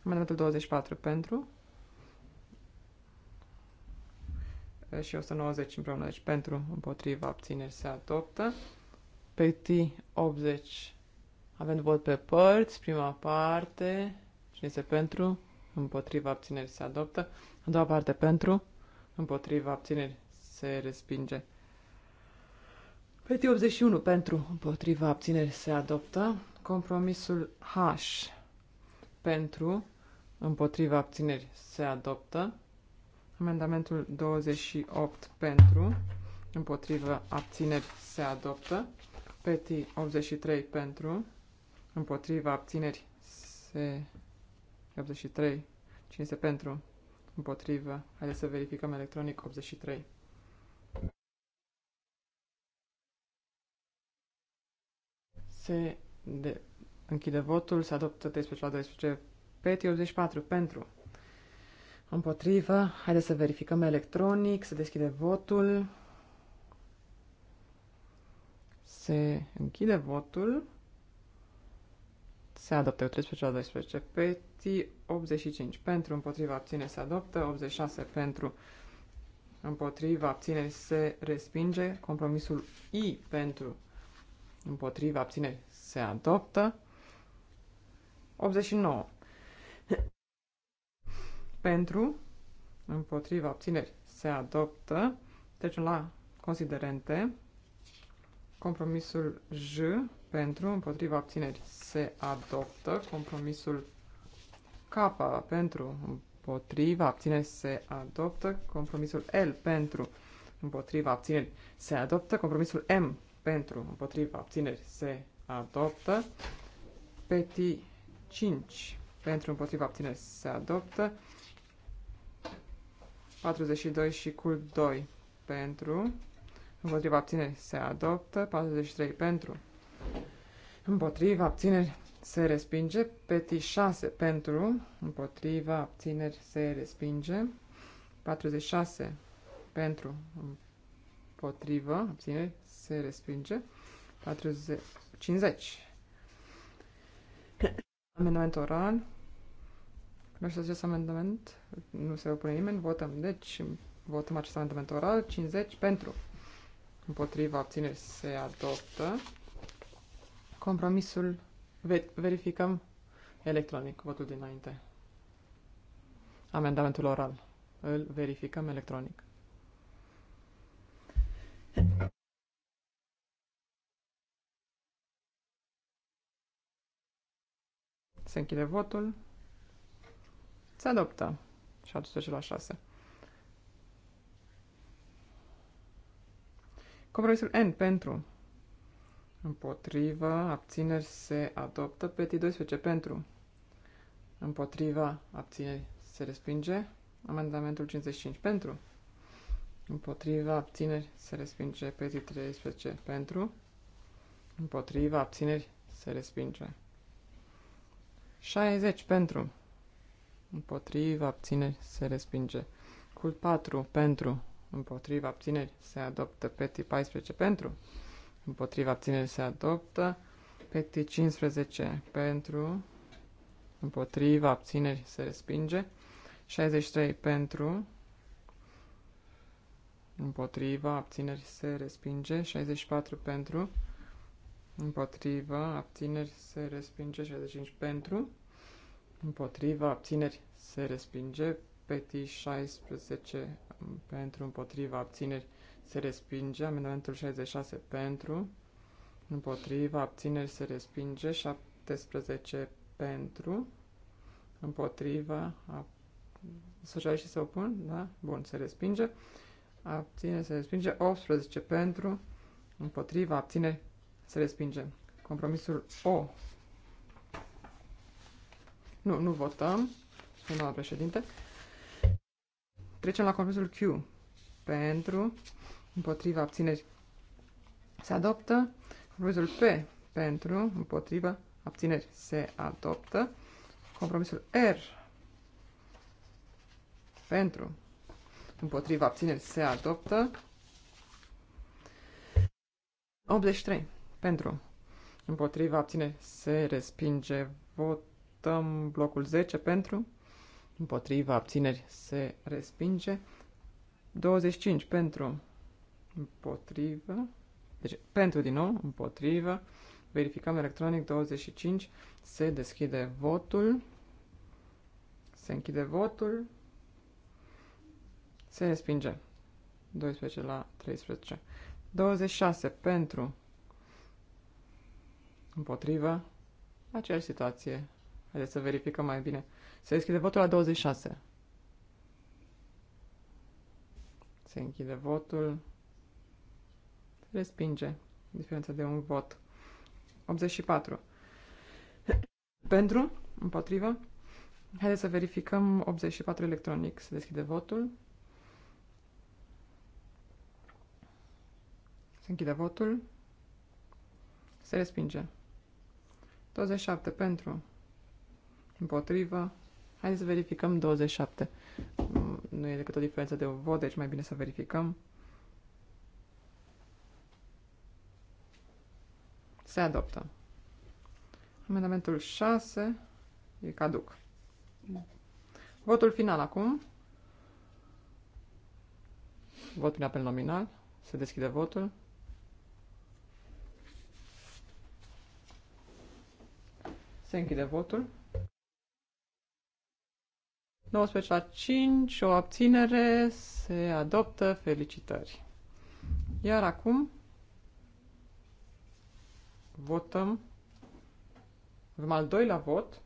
Amendamentul 24 pentru și 190 împreună, deci pentru, împotriva, abțineri se adoptă. Pe T 80 avem vot pe părți, prima parte, și este pentru, împotriva, abțineri se adoptă. A doua parte pentru, împotriva abțineri se respinge. Peti 81 pentru împotriva abțineri se adoptă. Compromisul H pentru împotriva abțineri se adoptă. Amendamentul 28 pentru împotriva abțineri se adoptă. Peti 83 pentru împotriva abțineri se 83 se pentru Împotrivă. Haideți să verificăm electronic 83. Se de... închide votul, se adoptă 13 la 12. Peti 84 pentru. Împotrivă. Haideți să verificăm electronic. Se deschide votul. Se închide votul se adoptă 13 la 12. Peti 85 pentru, împotriva abține se adoptă, 86 pentru, împotriva abține se respinge, compromisul I pentru, împotriva abține se adoptă, 89 pentru, împotriva abțineri se adoptă, trecem la considerente, compromisul J pentru, împotriva abțineri se adoptă. Compromisul K pentru, împotriva abțineri se adoptă. Compromisul L pentru, împotriva abțineri se adoptă. Compromisul M pentru, împotriva abțineri se adoptă. PT 5 pentru, împotriva abțineri se adoptă. 42 și cul 2 pentru, împotriva abțineri se adoptă. 43 pentru, Împotriva abțineri se respinge. Peti 6 pentru. Împotriva abțineri se respinge. 46 pentru. Împotriva abțineri se respinge. 40, 50. Amendament oral. să acest amendament. Nu se opune nimeni. Votăm. Deci, votăm acest amendament oral. 50 pentru. Împotriva abțineri se adoptă. Compromisul verificăm electronic, votul dinainte. Amendamentul oral. Îl verificăm electronic. Se închide votul. Se adoptă. 17 la 6. Compromisul N pentru Împotrivă, abțineri se adoptă. Petit 12 pentru. Împotriva, abțineri se respinge. Amendamentul 55 pentru. Împotriva, abțineri se respinge. Petit 13 pentru. Împotriva, abțineri se respinge. 60 pentru. Împotriva, abțineri se respinge. Cult 4 pentru. Împotriva, abțineri se adoptă. Petit 14 pentru împotriva abțineri se adoptă. Peti 15 pentru, împotriva abțineri se respinge. 63 pentru, împotriva abțineri se respinge. 64 pentru, împotriva abțineri se respinge. 65 pentru, împotriva abțineri se respinge. Peti 16 pentru, împotriva abțineri se respinge, amendamentul 66 pentru, împotriva, abțineri se respinge, 17 pentru, împotriva, socialiștii se opun, da? Bun, se respinge, abține, se respinge, 18 pentru, împotriva, abțineri se respinge. Compromisul O. Nu, nu votăm, spune doamna președinte. Trecem la compromisul Q. Pentru, împotriva abțineri se adoptă. Compromisul P pentru, împotriva abțineri se adoptă. Compromisul R pentru, împotriva abțineri se adoptă. 83 pentru, împotriva abțineri se respinge. Votăm blocul 10 pentru, împotriva abțineri se respinge. 25 pentru, împotrivă, deci pentru din nou, împotrivă, verificăm electronic 25, se deschide votul, se închide votul, se respinge 12 la 13. 26 pentru împotrivă, aceeași situație. Haideți să verificăm mai bine. Se deschide votul la 26. Se închide votul. Respinge. Diferența de un vot. 84. Pentru? Împotrivă? Haideți să verificăm 84 electronic. Se deschide votul. Se închide votul. Se respinge. 27 pentru. Împotrivă. Haideți să verificăm 27. Mm, nu e decât o diferență de un vot, deci mai bine să verificăm. Se adoptă. Amendamentul 6 e caduc. Votul final acum. Vot prin apel nominal. Se deschide votul. Se închide votul. 19 la 5, o abținere, se adoptă, felicitări. Iar acum Votăm. Avem al doilea vot.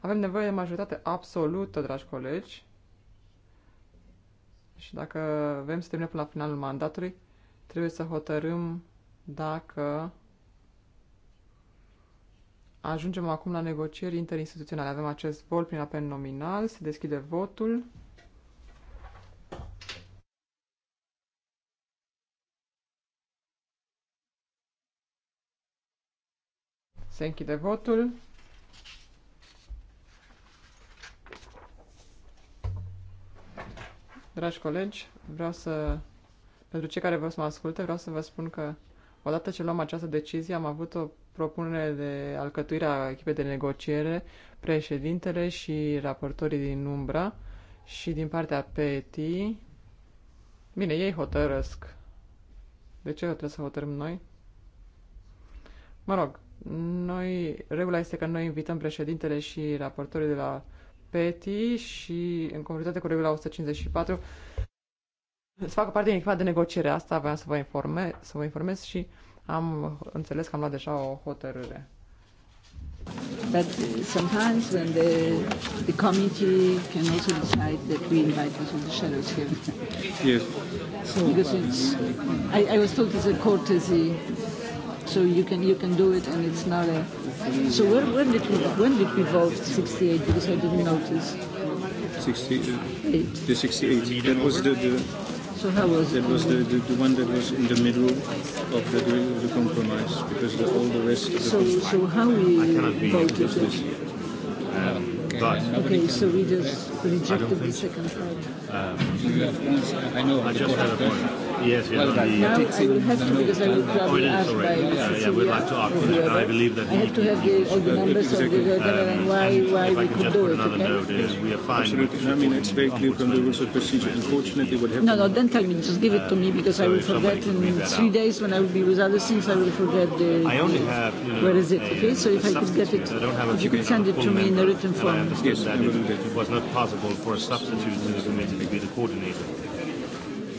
Avem nevoie de majoritate absolută, dragi colegi. Și dacă vrem să terminăm până la finalul mandatului, trebuie să hotărâm dacă ajungem acum la negocieri interinstituționale. Avem acest vol prin apel nominal, se deschide votul. Se închide votul. Dragi colegi, vreau să, pentru cei care vă să mă asculte, vreau să vă spun că odată ce luăm această decizie am avut o propunere de alcătuire a echipei de negociere, președintele și raportorii din Umbra și din partea PETI. Bine, ei hotărăsc. De ce trebuie să hotărâm noi? Mă rog, noi, regula este că noi invităm președintele și raportorii de la PETI și, în conformitate cu regula 154, să facă parte din echipa de negociere. Asta voiam să vă, informe, să vă informez și am înțeles că am luat deja o hotărâre. But sometimes when the, the committee can also decide that we invite also the shadows here. Yes. So, because it's, I, I was told it's a courtesy So you can you can do it, and it's not a. So when when did we when did we vote 68? Because I didn't notice. 68. Uh, the 68. That was the. the so how was that it? was the, the, the one that was in the middle of the, the, the compromise because the, all the rest. Of the so so how we I cannot be voted. This, Um, but okay, so we just rejected the second part. Um, I know. I just had a point. Yes, yes, well, the, now it has to be because I looked up oh, by yeah, yeah, we'd like to ask that. I believe that I have to have the, all the numbers of the government um, and why, why we could do it, okay? yes. we are fine Absolutely. I mean, it's very clear from the rules of procedure. Unfortunately, what happened... No, no, don't tell me. Just give it to me uh, because I will forget in three days when I will be with other things, I will forget the... I only have... where is it, okay? So if I could get it, if you could send it to me in a written form. Yes, I will do that. It was not possible for a substitute to the committee to be the coordinator.